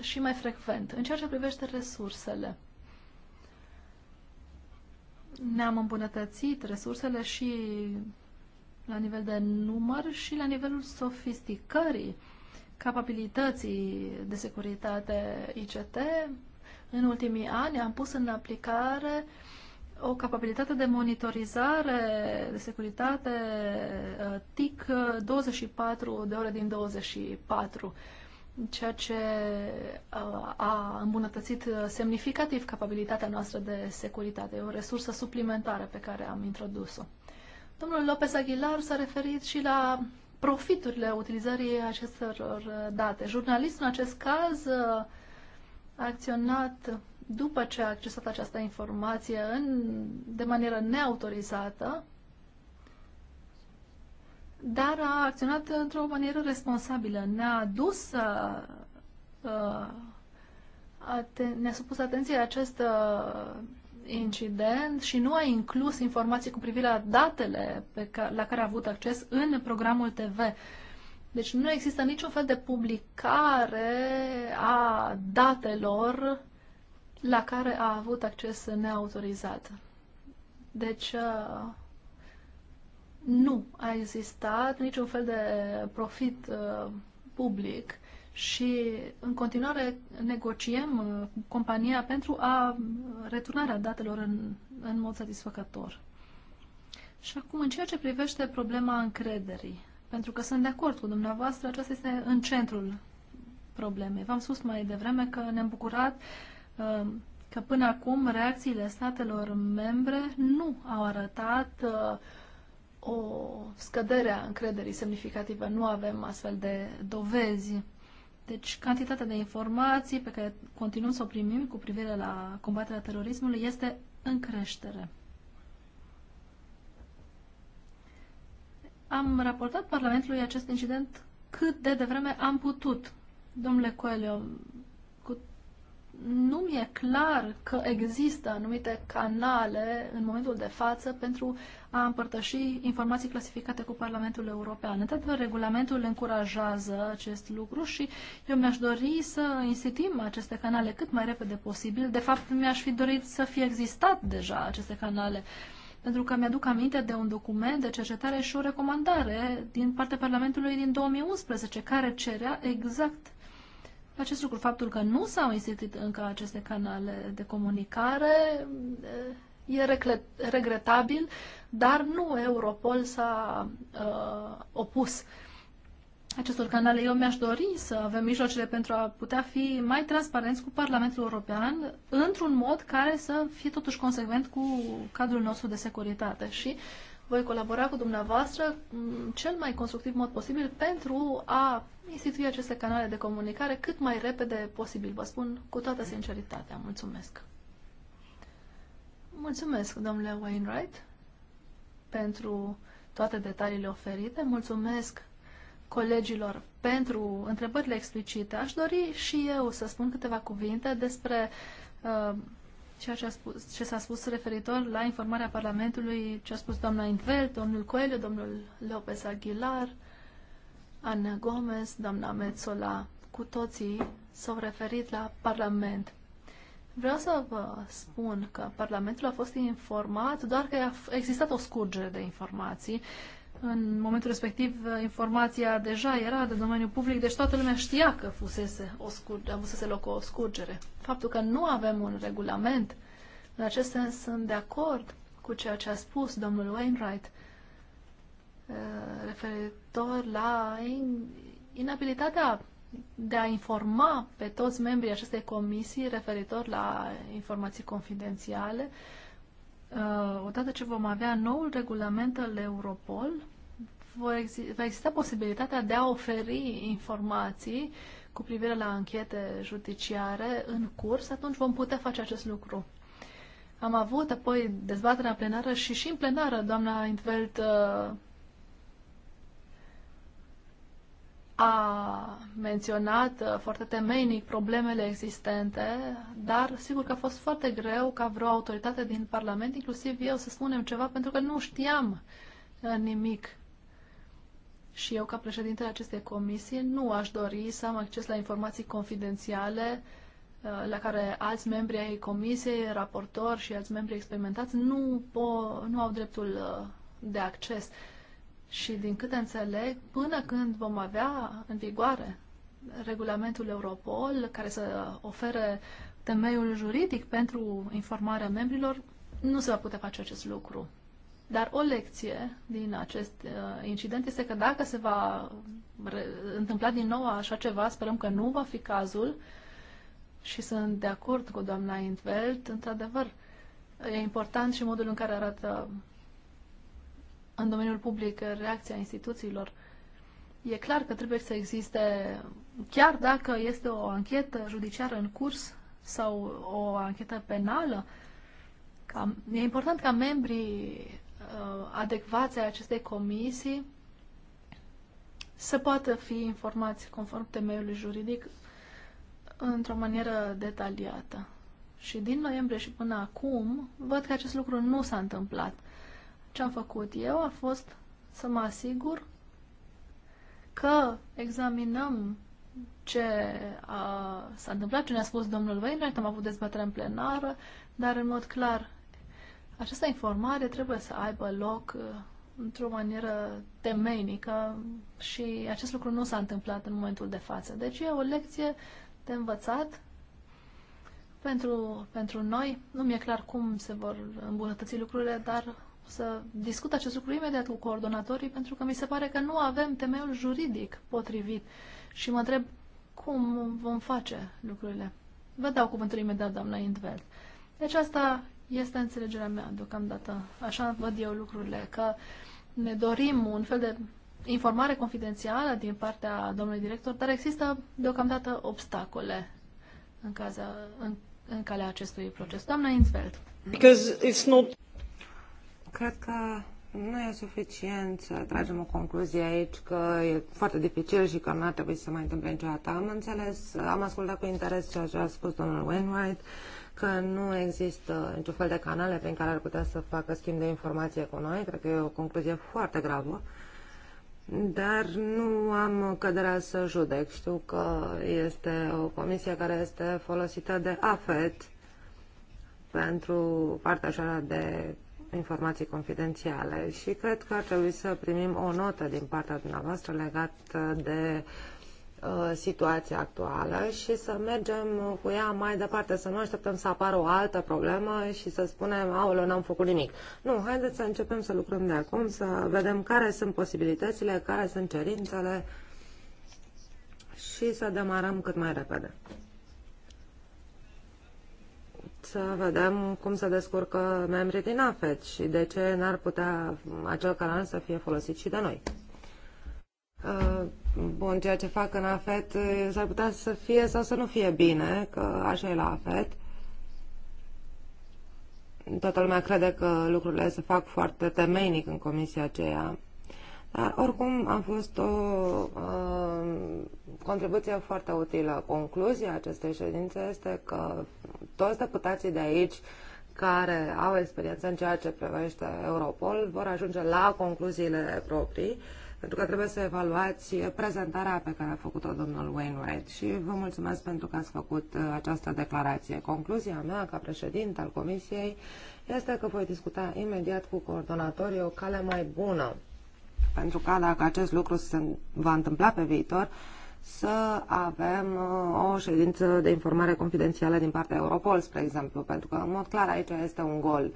și mai frecvent. În ceea ce privește resursele, ne-am îmbunătățit resursele și la nivel de număr și la nivelul sofisticării capabilității de securitate ICT. În ultimii ani am pus în aplicare o capabilitate de monitorizare de securitate uh, TIC 24 uh, de ore din 24 ceea ce uh, a îmbunătățit semnificativ capabilitatea noastră de securitate. E o resursă suplimentară pe care am introdus-o. Domnul Lopez Aguilar s-a referit și la profiturile utilizării acestor uh, date. Jurnalistul, în acest caz, uh, a acționat după ce a accesat această informație în, de manieră neautorizată, dar a acționat într-o manieră responsabilă. Ne-a dus uh, uh ne-a supus atenție acest uh, incident și nu a inclus informații cu privire la datele pe care, la care a avut acces în programul TV. Deci nu există niciun fel de publicare a datelor la care a avut acces neautorizat. Deci uh, nu a existat niciun fel de profit uh, public și în continuare negociem uh, compania pentru a returnarea datelor în, în mod satisfăcător. Și acum, în ceea ce privește problema încrederii, pentru că sunt de acord cu dumneavoastră, aceasta este în centrul problemei. V-am spus mai devreme că ne-am bucurat uh, că până acum reacțiile statelor membre nu au arătat uh, o scădere a încrederii semnificativă. Nu avem astfel de dovezi. Deci, cantitatea de informații pe care continuăm să o primim cu privire la combaterea terorismului este în creștere. Am raportat Parlamentului acest incident cât de devreme am putut. Domnule Coelho, nu mi-e clar că există anumite canale în momentul de față pentru a împărtăși informații clasificate cu Parlamentul European. Într-adevăr, regulamentul încurajează acest lucru și eu mi-aș dori să instituim aceste canale cât mai repede posibil. De fapt, mi-aș fi dorit să fie existat deja aceste canale pentru că mi-aduc aminte de un document de cercetare și o recomandare din partea Parlamentului din 2011 care cerea exact acest lucru, faptul că nu s-au instituit încă aceste canale de comunicare, e regretabil, dar nu Europol s-a uh, opus acestor canale. Eu mi-aș dori să avem mijloacele pentru a putea fi mai transparenți cu Parlamentul European într-un mod care să fie totuși consecvent cu cadrul nostru de securitate. Și voi colabora cu dumneavoastră în cel mai constructiv mod posibil pentru a institui aceste canale de comunicare cât mai repede posibil. Vă spun cu toată sinceritatea. Mulțumesc! Mulțumesc, domnule Wainwright, pentru toate detaliile oferite. Mulțumesc colegilor pentru întrebările explicite. Aș dori și eu să spun câteva cuvinte despre uh, ceea ce, a spus, ce s-a spus referitor la informarea Parlamentului, ce a spus doamna Invel, domnul Coelho, domnul Lopez Aguilar, Ana Gomez, doamna Metzola, cu toții s-au referit la Parlament. Vreau să vă spun că Parlamentul a fost informat, doar că a existat o scurgere de informații în momentul respectiv, informația deja era de domeniul public, deci toată lumea știa că fusese o scurgere, avusese loc o scurgere. Faptul că nu avem un regulament, în acest sens sunt de acord cu ceea ce a spus domnul Wainwright uh, referitor la inabilitatea de a informa pe toți membrii acestei comisii referitor la informații confidențiale, uh, Uh, odată ce vom avea noul regulament al Europol, va exista posibilitatea de a oferi informații cu privire la anchete judiciare în curs, atunci vom putea face acest lucru. Am avut apoi dezbaterea plenară și și în plenară doamna Intveld uh, a menționat uh, foarte temeinic problemele existente, dar sigur că a fost foarte greu ca vreo autoritate din Parlament, inclusiv eu, să spunem ceva, pentru că nu știam uh, nimic. Și eu, ca președintele acestei comisii, nu aș dori să am acces la informații confidențiale uh, la care alți membri ai comisiei, raportori și alți membri experimentați nu, po- nu au dreptul de acces. Și din câte înțeleg, până când vom avea în vigoare regulamentul Europol care să ofere temeiul juridic pentru informarea membrilor, nu se va putea face acest lucru. Dar o lecție din acest uh, incident este că dacă se va întâmpla din nou așa ceva, sperăm că nu va fi cazul și sunt de acord cu doamna Intveld, într-adevăr, e important și modul în care arată în domeniul public reacția instituțiilor. E clar că trebuie să existe, chiar dacă este o anchetă judiciară în curs sau o anchetă penală, ca, e important ca membrii uh, adecvați ai acestei comisii să poată fi informați conform temeiului juridic într-o manieră detaliată. Și din noiembrie și până acum, văd că acest lucru nu s-a întâmplat. Ce am făcut eu a fost să mă asigur că examinăm ce s-a întâmplat, ce ne-a spus domnul Weinreich, am avut dezbatere în plenară, dar în mod clar această informare trebuie să aibă loc uh, într-o manieră temeinică și acest lucru nu s-a întâmplat în momentul de față. Deci e o lecție de învățat pentru, pentru noi. Nu mi-e clar cum se vor îmbunătăți lucrurile, dar să discut acest lucru imediat cu coordonatorii, pentru că mi se pare că nu avem temeiul juridic potrivit și mă întreb cum vom face lucrurile. Vă dau cuvântul imediat, doamna Intveld. Deci asta este înțelegerea mea deocamdată. Așa văd eu lucrurile, că ne dorim un fel de informare confidențială din partea domnului director, dar există deocamdată obstacole în, caza, în, în calea acestui proces. Doamna intveld. Because it's not... Cred că nu e suficient să tragem o concluzie aici că e foarte dificil și că nu ar trebui să se mai întâmple niciodată. Am înțeles, am ascultat cu interes ceea ce a spus domnul Wainwright, că nu există niciun fel de canale prin care ar putea să facă schimb de informație cu noi. Cred că e o concluzie foarte gravă. Dar nu am căderea să judec. Știu că este o comisie care este folosită de AFET pentru partajarea de informații confidențiale și cred că ar trebui să primim o notă din partea dumneavoastră legată de uh, situația actuală și să mergem cu ea mai departe, să nu așteptăm să apară o altă problemă și să spunem, aolo, n-am făcut nimic. Nu, haideți să începem să lucrăm de acum, să vedem care sunt posibilitățile, care sunt cerințele și să demarăm cât mai repede să vedem cum se descurcă membrii din AFET și de ce n-ar putea acel canal să fie folosit și de noi. Uh, bun, ceea ce fac în AFET uh, s-ar putea să fie sau să nu fie bine, că așa e la AFET. Toată lumea crede că lucrurile se fac foarte temeinic în comisia aceea dar oricum a fost o uh, contribuție foarte utilă. Concluzia acestei ședințe este că toți deputații de aici care au experiență în ceea ce privește Europol vor ajunge la concluziile proprii, pentru că trebuie să evaluați prezentarea pe care a făcut-o domnul Wainwright și vă mulțumesc pentru că ați făcut uh, această declarație. Concluzia mea ca președinte al Comisiei este că voi discuta imediat cu coordonatorii o cale mai bună pentru ca dacă acest lucru se va întâmpla pe viitor, să avem uh, o ședință de informare confidențială din partea Europol, spre exemplu, pentru că, în mod clar, aici este un gol.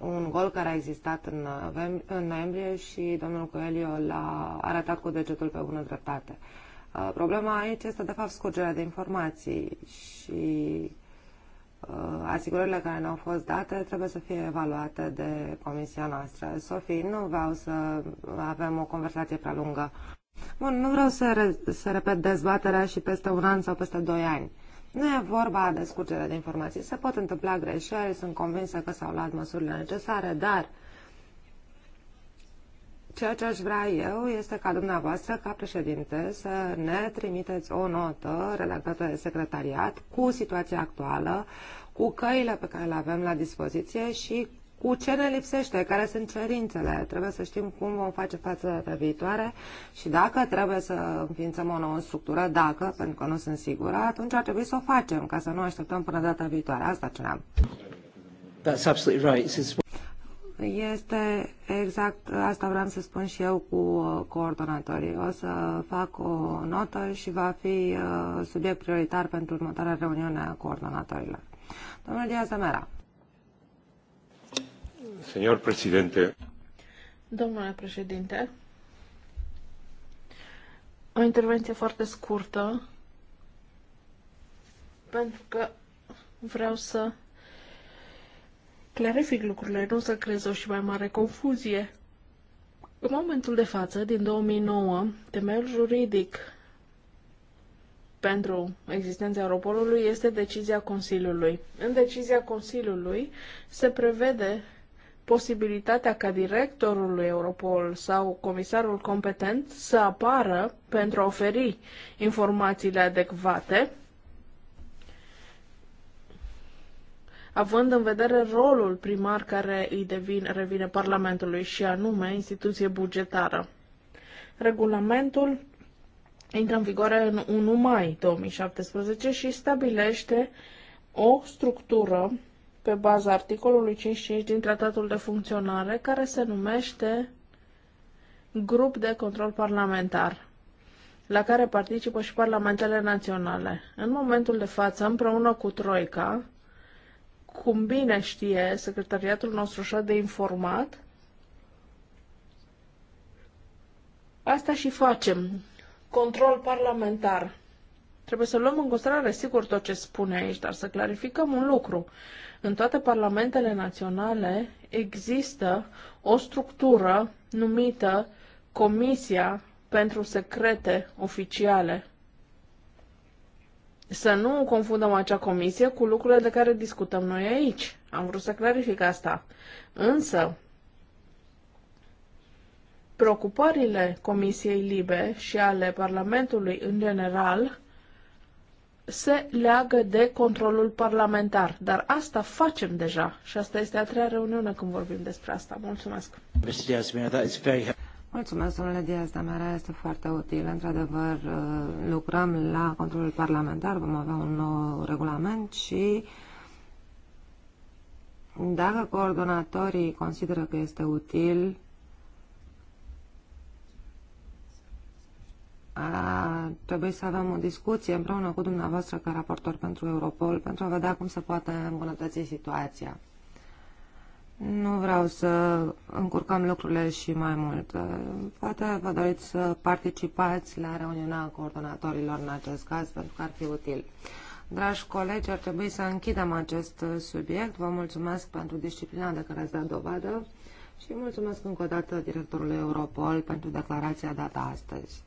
Un gol care a existat în, în noiembrie și domnul Coelio l-a arătat cu degetul pe bună dreptate. Uh, problema aici este, de fapt, scurgerea de informații și Uh, asigurările care ne-au fost date trebuie să fie evaluate de comisia noastră. Sofie, nu vreau să avem o conversație prea lungă. Bun, nu vreau să, re- să repet dezbaterea și peste un an sau peste doi ani. Nu e vorba de scurgere de informații. Se pot întâmpla greșeli, sunt convinsă că s-au luat măsurile necesare, dar Ceea ce aș vrea eu este ca dumneavoastră, ca președinte, să ne trimiteți o notă redactată de secretariat cu situația actuală, cu căile pe care le avem la dispoziție și cu ce ne lipsește, care sunt cerințele. Trebuie să știm cum vom face față data viitoare și dacă trebuie să înființăm o nouă structură, dacă, pentru că nu sunt sigură, atunci ar trebui să o facem, ca să nu așteptăm până data viitoare. Asta ceream. That's absolutely right. Este exact asta vreau să spun și eu cu uh, coordonatorii. O să fac o notă și va fi uh, subiect prioritar pentru următoarea reuniune a coordonatorilor. Domnul Diaz de Mera. Señor președinte. Domnule președinte, o intervenție foarte scurtă, pentru că vreau să clarific lucrurile, nu să creez o și mai mare confuzie. În momentul de față, din 2009, temeiul juridic pentru existența aeroportului este decizia Consiliului. În decizia Consiliului se prevede posibilitatea ca directorul Europol sau comisarul competent să apară pentru a oferi informațiile adecvate având în vedere rolul primar care îi devin, revine Parlamentului și anume instituție bugetară. Regulamentul intră în vigoare în 1 mai 2017 și stabilește o structură pe baza articolului 55 din Tratatul de Funcționare care se numește Grup de Control Parlamentar la care participă și parlamentele naționale. În momentul de față, împreună cu Troica, cum bine știe secretariatul nostru așa de informat, asta și facem. Control parlamentar. Trebuie să luăm în considerare, sigur, tot ce spune aici, dar să clarificăm un lucru. În toate parlamentele naționale există o structură numită Comisia pentru Secrete Oficiale să nu confundăm acea comisie cu lucrurile de care discutăm noi aici. Am vrut să clarific asta. Însă, preocupările Comisiei Libe și ale Parlamentului în general se leagă de controlul parlamentar. Dar asta facem deja și asta este a treia reuniune când vorbim despre asta. Mulțumesc! Mulțumesc, domnule Diaz de este foarte util. Într-adevăr, uh, lucrăm la controlul parlamentar, vom avea un nou regulament și dacă coordonatorii consideră că este util, a trebuit să avem o discuție împreună cu dumneavoastră ca raportor pentru Europol pentru a vedea cum se poate îmbunătăți situația. Nu vreau să încurcăm lucrurile și mai mult. Poate vă doriți să participați la reuniunea coordonatorilor în acest caz, pentru că ar fi util. Dragi colegi, ar trebui să închidem acest subiect. Vă mulțumesc pentru disciplina de care ați dat dovadă și mulțumesc încă o dată directorului Europol pentru declarația dată astăzi.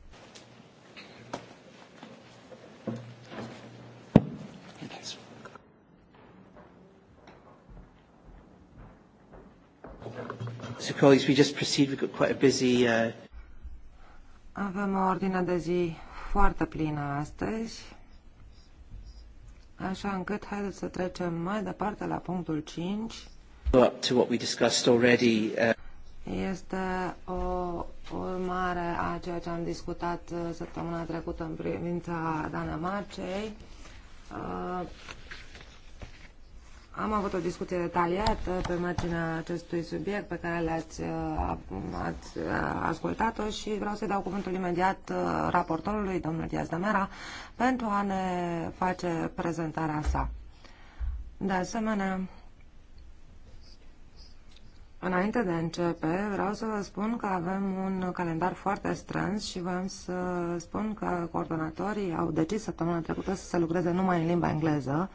So colleagues, we just proceed. We've got quite a busy... Uh... Avem o ordine de zi foarte plină astăzi, așa încât haideți să trecem mai departe la punctul 5. Up to what we discussed already, uh... Este o urmare a ceea ce am discutat uh, săptămâna trecută în privința Danemarcei. Uh, am avut o discuție detaliată pe marginea acestui subiect pe care l-ați uh, ați uh, ascultat o și vreau să-i dau cuvântul imediat uh, raportorului, domnul Diaz de Mera, pentru a ne face prezentarea sa. De asemenea, Înainte de a începe, vreau să vă spun că avem un calendar foarte strâns și vreau să spun că coordonatorii au decis săptămâna trecută să se lucreze numai în limba engleză,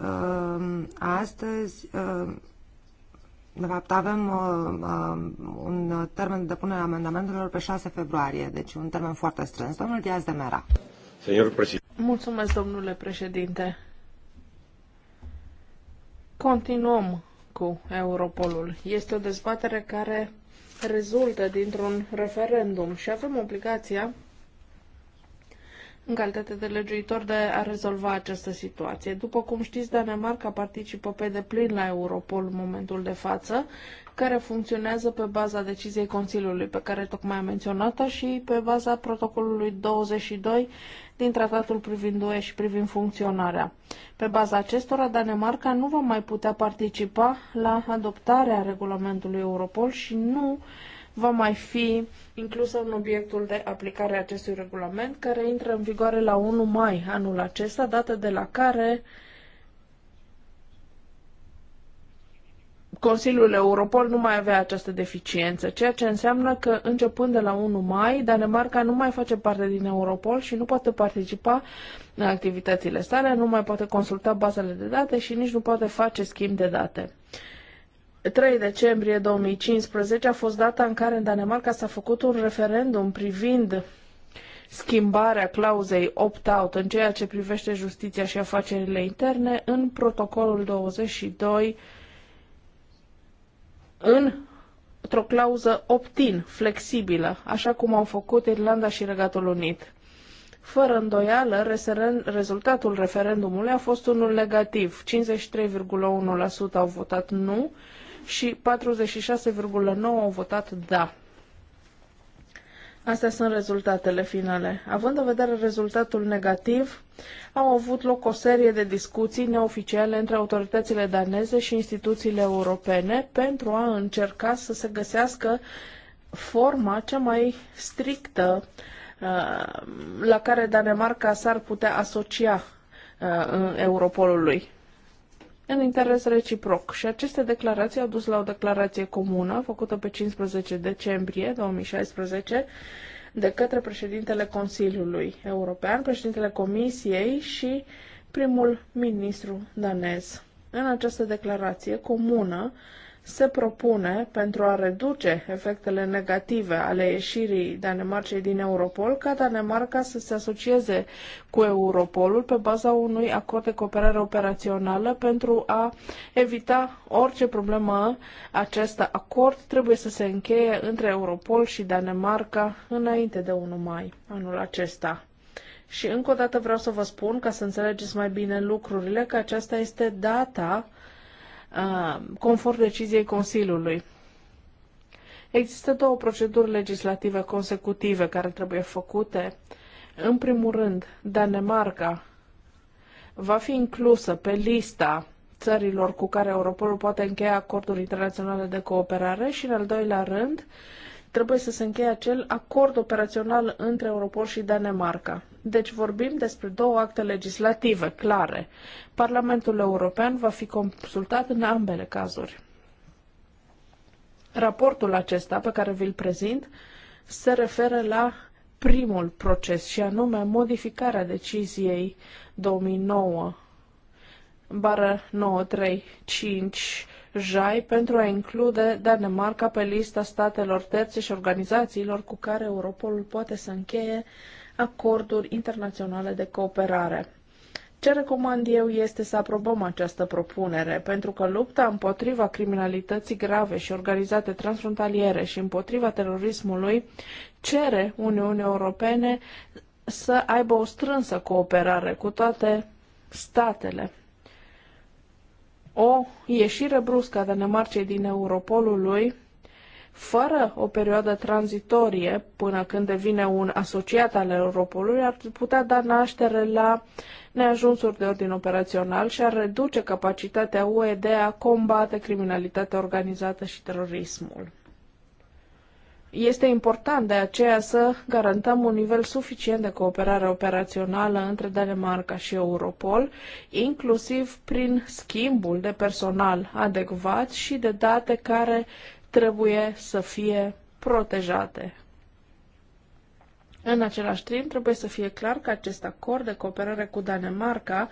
Ehm, astăzi, ehm, de fapt, avem ehm, un termen de depunere a amendamentelor pe 6 februarie, deci un termen foarte strâns. Domnul Diaz de Mera. Mulțumesc, domnule președinte. Continuăm cu Europolul. Este o dezbatere care rezultă dintr-un referendum și avem obligația în calitate de legiuitor de a rezolva această situație. După cum știți, Danemarca participă pe deplin la Europol în momentul de față, care funcționează pe baza deciziei Consiliului pe care tocmai am menționat-o și pe baza protocolului 22 din tratatul privind UE și privind funcționarea. Pe baza acestora, Danemarca nu va mai putea participa la adoptarea regulamentului Europol și nu va mai fi inclusă în obiectul de aplicare a acestui regulament, care intră în vigoare la 1 mai anul acesta, dată de la care Consiliul Europol nu mai avea această deficiență, ceea ce înseamnă că începând de la 1 mai, Danemarca nu mai face parte din Europol și nu poate participa în activitățile sale, nu mai poate consulta bazele de date și nici nu poate face schimb de date. 3 decembrie 2015 a fost data în care în Danemarca s-a făcut un referendum privind schimbarea clauzei opt-out în ceea ce privește justiția și afacerile interne în protocolul 22 în într-o clauză opt-in, flexibilă, așa cum au făcut Irlanda și Regatul Unit. Fără îndoială, rezultatul referendumului a fost unul negativ. 53,1% au votat nu și 46,9 au votat da. Astea sunt rezultatele finale. Având în vedere rezultatul negativ, au avut loc o serie de discuții neoficiale între autoritățile daneze și instituțiile europene pentru a încerca să se găsească forma cea mai strictă uh, la care Danemarca s-ar putea asocia uh, în Europolului în interes reciproc și aceste declarații au dus la o declarație comună făcută pe 15 decembrie 2016 de către președintele Consiliului European, președintele Comisiei și primul ministru danez. În această declarație comună se propune pentru a reduce efectele negative ale ieșirii Danemarcei din Europol ca Danemarca să se asocieze cu Europolul pe baza unui acord de cooperare operațională pentru a evita orice problemă. Acest acord trebuie să se încheie între Europol și Danemarca înainte de 1 mai anul acesta. Și încă o dată vreau să vă spun, ca să înțelegeți mai bine lucrurile, că aceasta este data uh, Uh, conform deciziei Consiliului. Există două proceduri legislative consecutive care trebuie făcute. În primul rând, Danemarca va fi inclusă pe lista țărilor cu care Europolul poate încheia acorduri internaționale de cooperare și, în al doilea rând, trebuie să se încheie acel acord operațional între Europol și Danemarca. Deci vorbim despre două acte legislative clare. Parlamentul European va fi consultat în ambele cazuri. Raportul acesta pe care vi-l prezint se referă la primul proces și anume modificarea deciziei 2009 bară 935 JAI pentru a include Danemarca pe lista statelor terțe și organizațiilor cu care Europolul poate să încheie acorduri internaționale de cooperare. Ce recomand eu este să aprobăm această propunere, pentru că lupta împotriva criminalității grave și organizate transfrontaliere și împotriva terorismului cere Uniunii Europene să aibă o strânsă cooperare cu toate statele. O ieșire bruscă a Danemarcei din Europolului fără o perioadă tranzitorie până când devine un asociat al Europolului, ar putea da naștere la neajunsuri de ordin operațional și ar reduce capacitatea UE de a combate criminalitatea organizată și terorismul. Este important de aceea să garantăm un nivel suficient de cooperare operațională între Danemarca și Europol, inclusiv prin schimbul de personal adecvat și de date care trebuie să fie protejate. În același timp, trebuie să fie clar că acest acord de cooperare cu Danemarca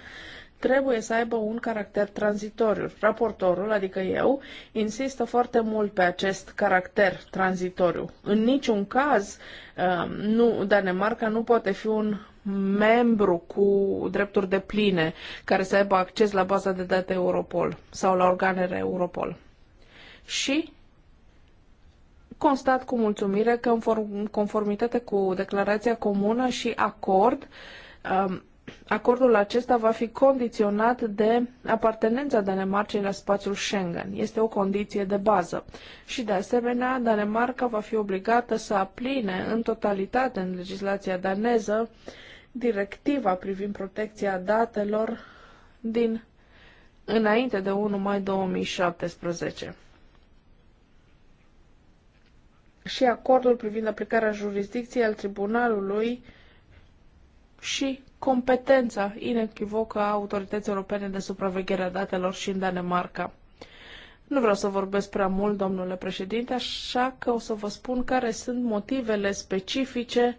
trebuie să aibă un caracter tranzitoriu. Raportorul, adică eu, insistă foarte mult pe acest caracter tranzitoriu. În niciun caz, um, nu, Danemarca nu poate fi un membru cu drepturi de pline care să aibă acces la baza de date Europol sau la organele Europol. Și constat cu mulțumire că în conformitate cu declarația comună și acord, um, acordul acesta va fi condiționat de apartenența Danemarcei la spațiul Schengen. Este o condiție de bază. Și de asemenea, Danemarca va fi obligată să apline în totalitate în legislația daneză directiva privind protecția datelor din înainte de 1 mai 2017 și acordul privind aplicarea jurisdicției al tribunalului și competența inechivocă a autorității europene de supraveghere a datelor și în Danemarca. Nu vreau să vorbesc prea mult, domnule președinte, așa că o să vă spun care sunt motivele specifice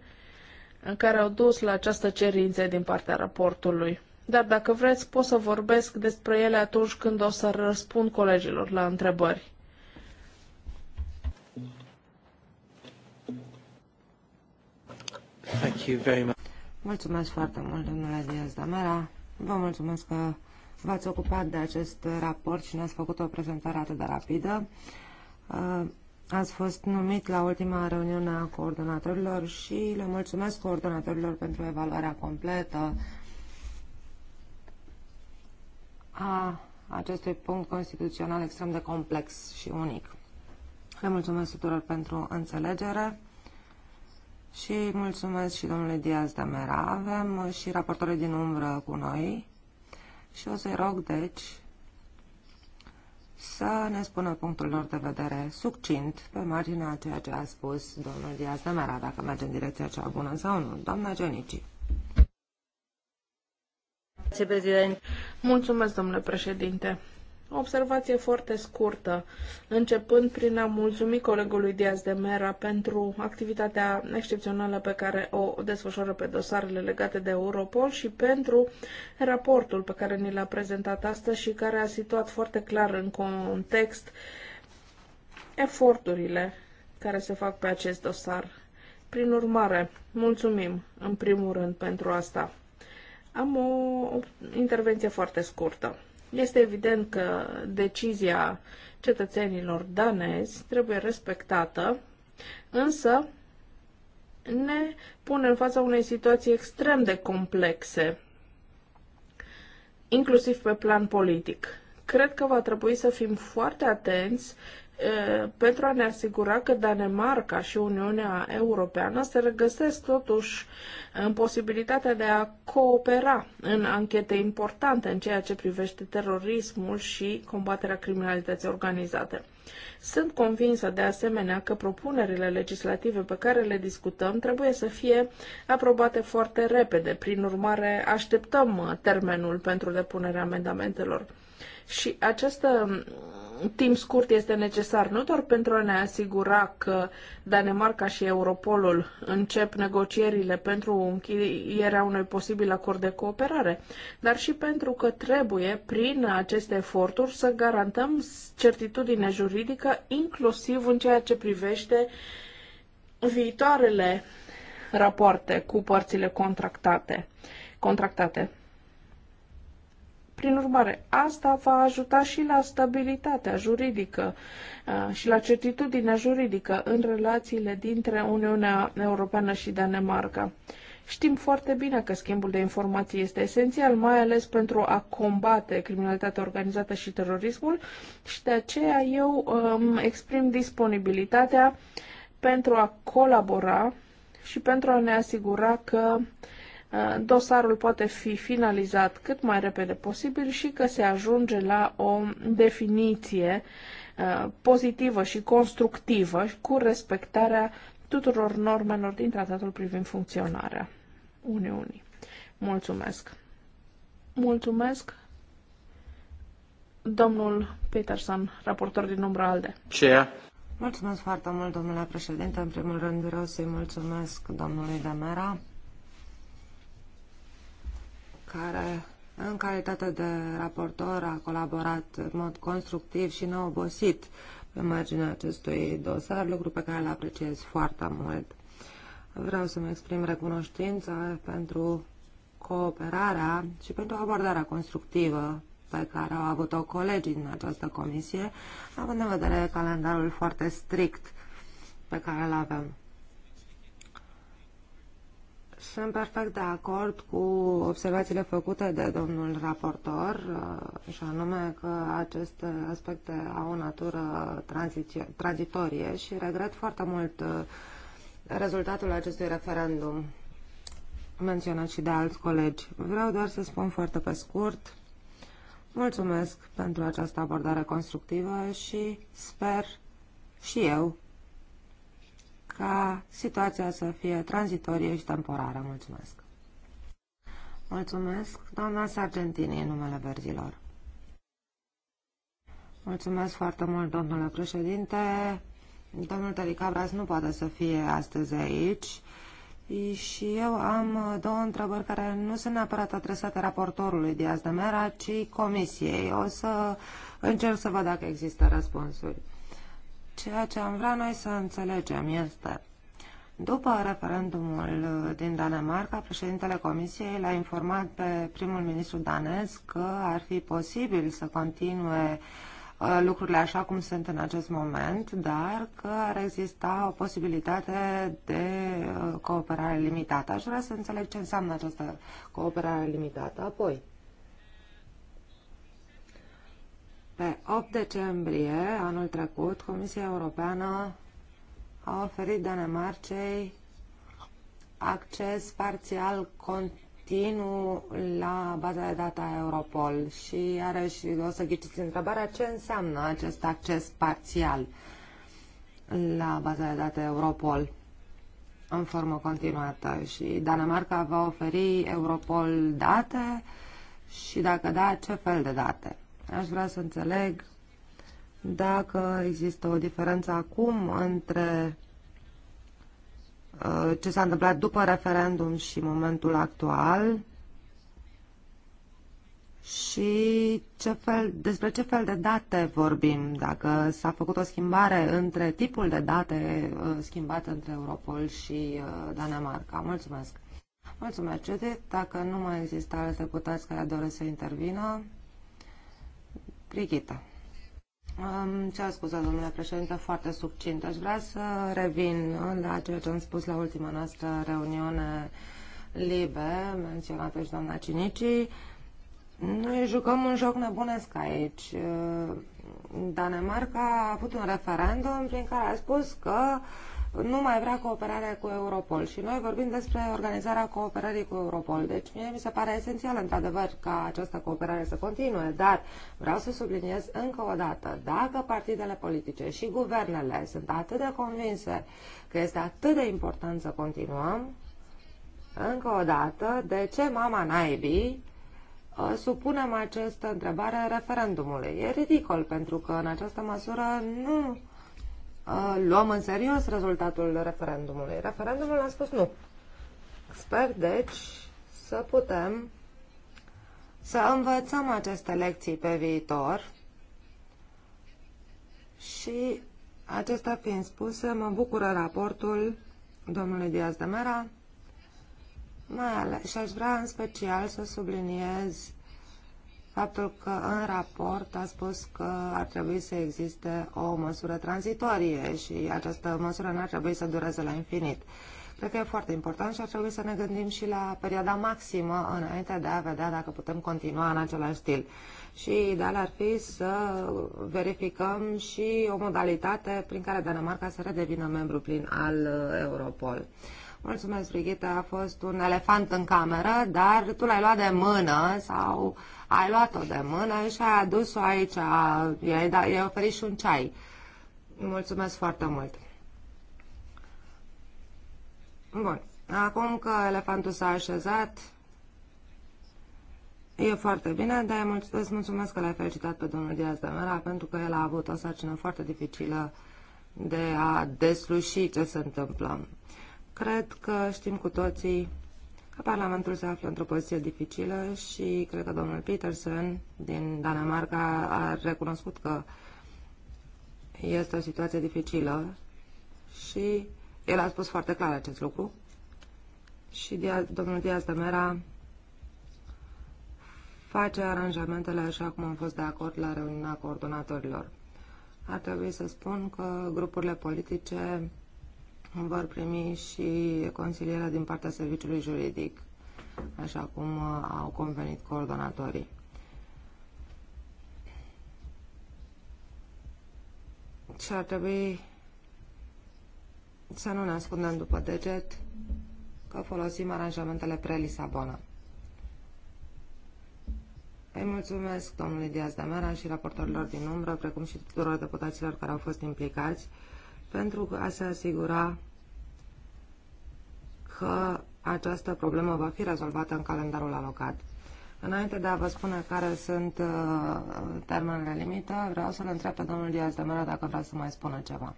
în care au dus la această cerință din partea raportului. Dar dacă vreți, pot să vorbesc despre ele atunci când o să răspund colegilor la întrebări. Mulțumesc foarte mult, domnule Diaz Damera. Vă mulțumesc că v-ați ocupat de acest raport și ne-ați făcut o prezentare atât de rapidă. Uh, ați fost numit la ultima reuniune a coordonatorilor și le mulțumesc coordonatorilor pentru evaluarea completă a acestui punct constituțional extrem de complex și unic. Le mulțumesc tuturor pentru înțelegere. Și mulțumesc și domnule Diaz De Mera Avem și raportorii din umbră cu noi și o să-i rog, deci, să ne spună punctul lor de vedere succint pe marginea a ceea ce a spus domnul Diaz De Mera dacă merge în direcția cea bună sau nu. Doamna Genici. Mulțumesc, domnule președinte. O observație foarte scurtă, începând prin a mulțumi colegului Diaz de Mera pentru activitatea excepțională pe care o desfășoară pe dosarele legate de Europol și pentru raportul pe care ni l-a prezentat astăzi și care a situat foarte clar în context eforturile care se fac pe acest dosar. Prin urmare, mulțumim în primul rând pentru asta. Am o intervenție foarte scurtă. Este evident că decizia cetățenilor danezi trebuie respectată, însă ne pune în fața unei situații extrem de complexe, inclusiv pe plan politic. Cred că va trebui să fim foarte atenți Uh, pentru a ne asigura că Danemarca și Uniunea Europeană se regăsesc totuși în posibilitatea de a coopera în anchete importante în ceea ce privește terorismul și combaterea criminalității organizate. Sunt convinsă de asemenea că propunerile legislative pe care le discutăm trebuie să fie aprobate foarte repede. Prin urmare, așteptăm termenul pentru depunerea amendamentelor. Și acest mm, timp scurt este necesar nu doar pentru a ne asigura că Danemarca și Europolul încep negocierile pentru închirierea unui posibil acord de cooperare, dar și pentru că trebuie, prin aceste eforturi, să garantăm certitudine juridică, inclusiv în ceea ce privește viitoarele rapoarte cu părțile contractate. contractate. Prin urmare, asta va ajuta și la stabilitatea juridică uh, și la certitudinea juridică în relațiile dintre Uniunea Europeană și Danemarca. Știm foarte bine că schimbul de informații este esențial, mai ales pentru a combate criminalitatea organizată și terorismul și de aceea eu um, exprim disponibilitatea pentru a colabora și pentru a ne asigura că uh, Uh, dosarul poate fi finalizat cât mai repede posibil și că se ajunge la o definiție uh, pozitivă și constructivă cu respectarea tuturor normelor din tratatul privind funcționarea Uniunii. Mulțumesc! Mulțumesc, domnul Peterson, raportor din umbra ALDE. Ce? Mulțumesc foarte mult, domnule președinte. În primul rând vreau să-i mulțumesc domnului Demera care, în calitate de raportor, a colaborat în mod constructiv și neobosit pe marginea acestui dosar, lucru pe care îl apreciez foarte mult. Vreau să-mi exprim recunoștința pentru cooperarea și pentru abordarea constructivă pe care au avut-o colegii din această comisie, având în vedere calendarul foarte strict pe care îl avem. Sunt perfect de acord cu observațiile făcute de domnul raportor, uh, și anume că aceste aspecte au o natură tranzitorie și regret foarte mult uh, rezultatul acestui referendum menționat și de alți colegi. Vreau doar să spun foarte pe scurt, mulțumesc pentru această abordare constructivă și sper și eu ca situația să fie tranzitorie și temporară. Mulțumesc! Mulțumesc, doamna Sargentini, în numele verzilor. Mulțumesc foarte mult, domnule președinte. Domnul Telicabras nu poate să fie astăzi aici. Și eu am două întrebări care nu sunt neapărat adresate raportorului Diaz de Mera, ci comisiei. O să încerc să văd dacă există răspunsuri. Ceea ce am vrea noi să înțelegem este după referendumul din Danemarca, președintele Comisiei l-a informat pe primul ministru danez că ar fi posibil să continue uh, lucrurile așa cum sunt în acest moment, dar că ar exista o posibilitate de uh, cooperare limitată. Aș vrea să înțeleg ce înseamnă această cooperare limitată. Apoi, Pe 8 decembrie anul trecut, Comisia Europeană a oferit Danemarcei acces parțial continuu la baza de date Europol și iarăși o să ghiciți întrebarea ce înseamnă acest acces parțial la baza de date Europol în formă continuată și Danemarca va oferi Europol date și dacă da, ce fel de date? Aș vrea să înțeleg dacă există o diferență acum între uh, ce s-a întâmplat după referendum și momentul actual și ce fel, despre ce fel de date vorbim, dacă s-a făcut o schimbare între tipul de date uh, schimbate între Europol și uh, Danemarca. Mulțumesc! Mulțumesc, Judith. Dacă nu mai există alte deputați care doresc să intervină, Brigita. Ce cer scuze, domnule președinte, foarte succint. Aș vrea să revin la ceea ce am spus la ultima noastră reuniune libe, menționată și doamna Cinici. Noi jucăm un joc nebunesc aici. Danemarca a avut un referendum prin care a spus că nu mai vrea cooperarea cu Europol și noi vorbim despre organizarea cooperării cu Europol. Deci mie mi se pare esențial, într-adevăr, ca această cooperare să continue, dar vreau să subliniez încă o dată, dacă partidele politice și guvernele sunt atât de convinse că este atât de important să continuăm, încă o dată, de ce mama naibii uh, supunem această întrebare referendumului? E ridicol, pentru că în această măsură nu luăm în serios rezultatul referendumului. Referendumul a spus nu. Sper, deci, să putem să învățăm aceste lecții pe viitor și acesta fiind spuse, mă bucură raportul domnului Diaz de Mera mai ales, și aș vrea în special să subliniez faptul că în raport a spus că ar trebui să existe o măsură tranzitorie și această măsură nu ar trebui să dureze la infinit. Cred că e foarte important și ar trebui să ne gândim și la perioada maximă înainte de a vedea dacă putem continua în același stil. Și ideal ar fi să verificăm și o modalitate prin care Danemarca să redevină membru plin al uh, Europol. Mulțumesc, Brigitte, a fost un elefant în cameră, dar tu l-ai luat de mână sau ai luat-o de mână și ai adus-o aici, i-ai, da, i-ai oferit și un ceai. Mulțumesc foarte mult. Bun. Acum că elefantul s-a așezat, e foarte bine, dar îți mulțumesc că l-ai felicitat pe domnul Diaz de Mera pentru că el a avut o sarcină foarte dificilă de a desluși ce se întâmplă. Cred că știm cu toții că Parlamentul se află într-o poziție dificilă și cred că domnul Peterson din Danemarca a recunoscut că este o situație dificilă și el a spus foarte clar acest lucru și domnul Diaz de Mera face aranjamentele așa cum am fost de acord la reuniunea coordonatorilor. Ar trebui să spun că grupurile politice vor primi și consilierea din partea serviciului juridic, așa cum uh, au convenit coordonatorii. Și ar trebui să nu ne ascundem după deget că folosim aranjamentele pre-Lisabona. Îi mulțumesc domnului Diaz de Mera și raportorilor din umbră, precum și tuturor deputaților care au fost implicați pentru a se asigura că această problemă va fi rezolvată în calendarul alocat. Înainte de a vă spune care sunt uh, termenele limită, vreau să-l întreb pe domnul Diaz de Mera dacă vrea să mai spună ceva.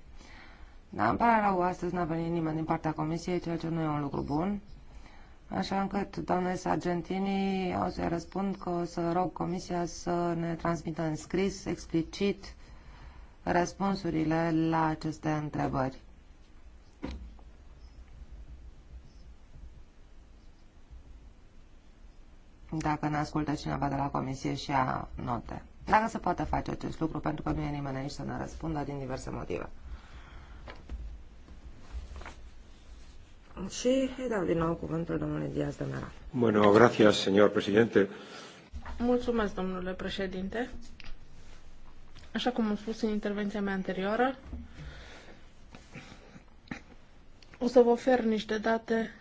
Dar îmi pare rău, astăzi n-a venit nimeni din partea comisiei, ceea ce nu e un lucru bun. Așa încât, doamne Sargentini, o să-i răspund că o să rog comisia să ne transmită în scris explicit răspunsurile la aceste întrebări. Dacă ne ascultă cineva de la comisie și a note. Dacă se poate face acest lucru, pentru că nu e nimeni aici să ne răspundă din diverse motive. Și îi dau din nou cuvântul domnului Diaz de Mera. Bueno, gracias, señor presidente. Mulțumesc, domnule președinte. Așa cum am spus în intervenția mea anterioară, o să vă ofer niște date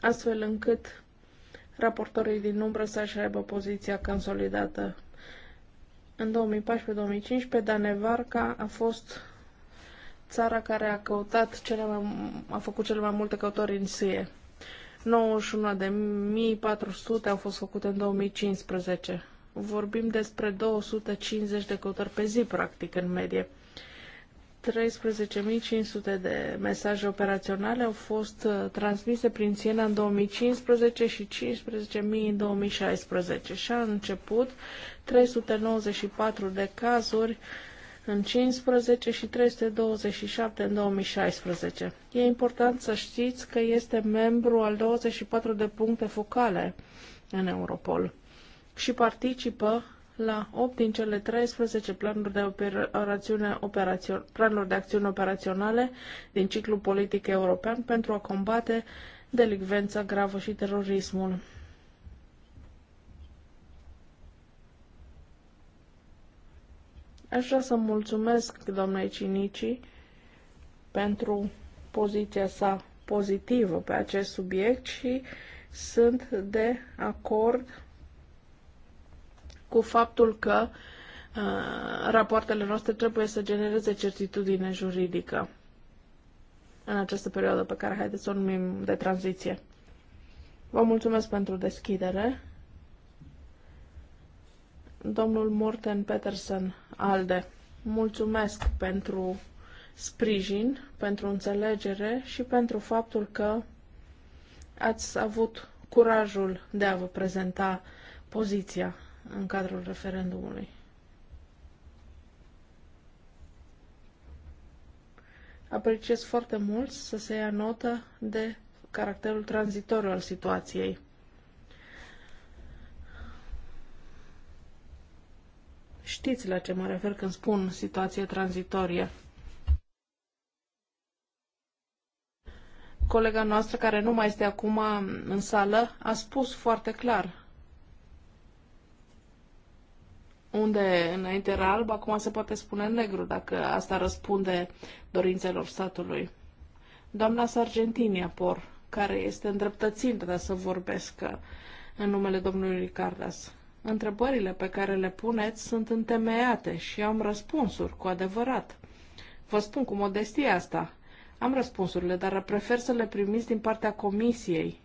astfel încât raportorii din umbră să-și aibă poziția consolidată. În 2014-2015, Danevarca a fost țara care a căutat cele mai, a făcut cele mai multe căutări în SIE. 91.400 au fost făcute în 2015 vorbim despre 250 de căutări pe zi, practic, în medie. 13.500 de mesaje operaționale au fost uh, transmise prin Siena în 2015 și 15.000 în 2016 și a început 394 de cazuri în 15 și 327 în 2016. E important să știți că este membru al 24 de puncte focale în Europol și participă la 8 din cele 13 planuri de, operațiune, operațion, planuri de acțiune operaționale din ciclul politic european pentru a combate delicvența gravă și terorismul. Aș vrea să mulțumesc doamnei Cinici pentru poziția sa pozitivă pe acest subiect și sunt de acord cu faptul că uh, rapoartele noastre trebuie să genereze certitudine juridică în această perioadă pe care haideți să o numim de tranziție. Vă mulțumesc pentru deschidere. Domnul Morten Peterson, ALDE, mulțumesc pentru sprijin, pentru înțelegere și pentru faptul că ați avut curajul de a vă prezenta poziția în cadrul referendumului. Apreciez foarte mult să se ia notă de caracterul tranzitoriu al situației. Știți la ce mă refer când spun situație tranzitorie. Colega noastră, care nu mai este acum în sală, a spus foarte clar unde înainte era alb, acum se poate spune negru, dacă asta răspunde dorințelor statului. Doamna Sargentini Apor, care este îndreptățită să vorbesc în numele domnului Ricardas. Întrebările pe care le puneți sunt întemeiate și am răspunsuri cu adevărat. Vă spun cu modestie asta. Am răspunsurile, dar prefer să le primiți din partea comisiei,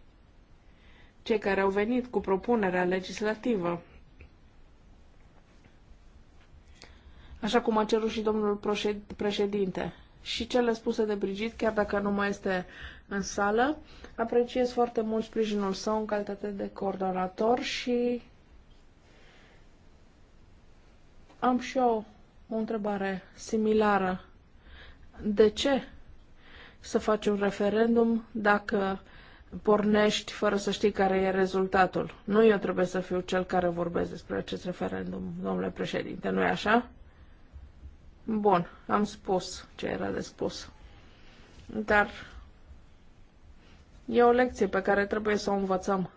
cei care au venit cu propunerea legislativă. așa cum a cerut și domnul președinte. Și cele spuse de Brigit, chiar dacă nu mai este în sală, apreciez foarte mult sprijinul său în calitate de coordonator și am și eu o întrebare similară. De ce să faci un referendum dacă pornești fără să știi care e rezultatul? Nu eu trebuie să fiu cel care vorbesc despre acest referendum, domnule președinte, nu-i așa? Bun, am spus ce era de spus. Dar e o lecție pe care trebuie să o învățăm.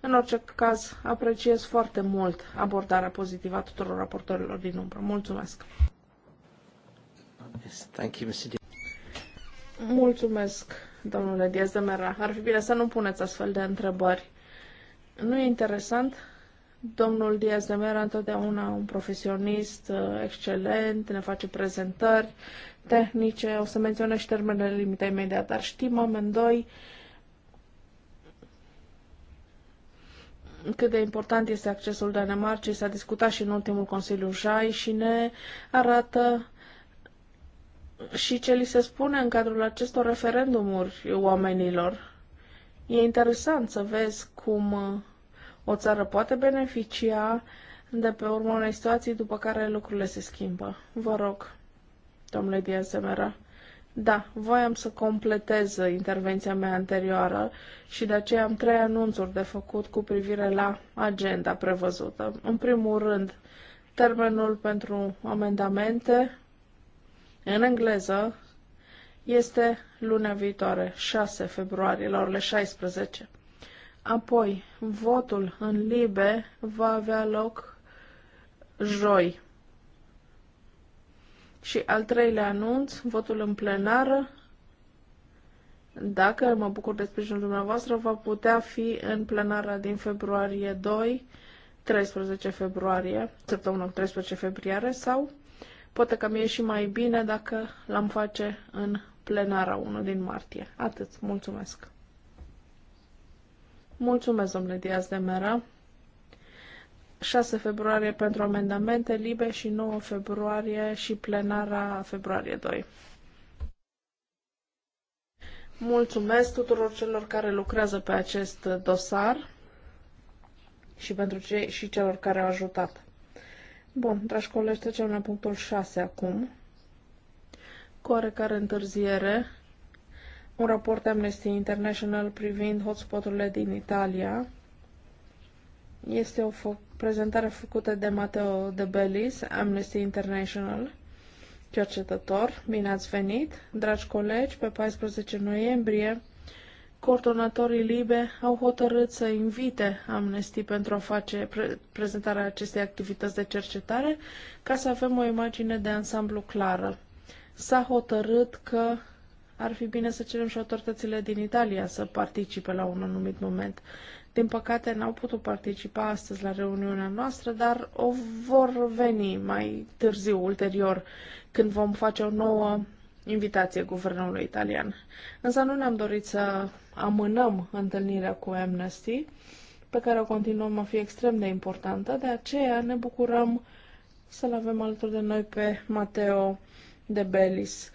În orice caz, apreciez foarte mult abordarea pozitivă a tuturor raportorilor din umbră. Mulțumesc! Thank you, Mr. Mulțumesc, domnule Diaz de Mera. Ar fi bine să nu puneți astfel de întrebări. Nu e interesant? Domnul Diaz de Mera întotdeauna un profesionist uh, excelent, ne face prezentări tehnice, o să menționez și termenele limite imediat, dar știm amândoi cât de important este accesul Danemarcei, s-a discutat și în ultimul Consiliu JAI și ne arată și ce li se spune în cadrul acestor referendumuri oamenilor. E interesant să vezi cum uh, o țară poate beneficia de pe urma unei situații după care lucrurile se schimbă. Vă rog, domnule Diazemera. Da, voiam să completez intervenția mea anterioară și de aceea am trei anunțuri de făcut cu privire la agenda prevăzută. În primul rând, termenul pentru amendamente în engleză este luna viitoare, 6 februarie, la orele 16. Apoi, votul în libe va avea loc joi. Și al treilea anunț, votul în plenară, dacă mă bucur de sprijinul dumneavoastră, va putea fi în plenara din februarie 2, 13 februarie, săptămâna 13 februarie, sau poate că mi-e și mai bine dacă l-am face în plenara 1 din martie. Atât. Mulțumesc! Mulțumesc, domnule Diaz de Mera. 6 februarie pentru amendamente libe și 9 februarie și plenara februarie 2. Mulțumesc tuturor celor care lucrează pe acest dosar și pentru cei și celor care au ajutat. Bun, dragi colegi, trecem la punctul 6 acum. Cu oarecare întârziere, un raport Amnesty International privind hotspoturile din Italia. Este o prezentare făcută de Matteo De Bellis, Amnesty International, cercetător. Bine ați venit! Dragi colegi, pe 14 noiembrie, coordonatorii LIBE au hotărât să invite Amnesty pentru a face pre- prezentarea acestei activități de cercetare ca să avem o imagine de ansamblu clară. S-a hotărât că ar fi bine să cerem și autoritățile din Italia să participe la un anumit moment. Din păcate, n-au putut participa astăzi la reuniunea noastră, dar o vor veni mai târziu, ulterior, când vom face o nouă invitație guvernului italian. Însă nu ne-am dorit să amânăm întâlnirea cu Amnesty, pe care o continuăm a fi extrem de importantă, de aceea ne bucurăm să-l avem alături de noi pe Matteo de Bellis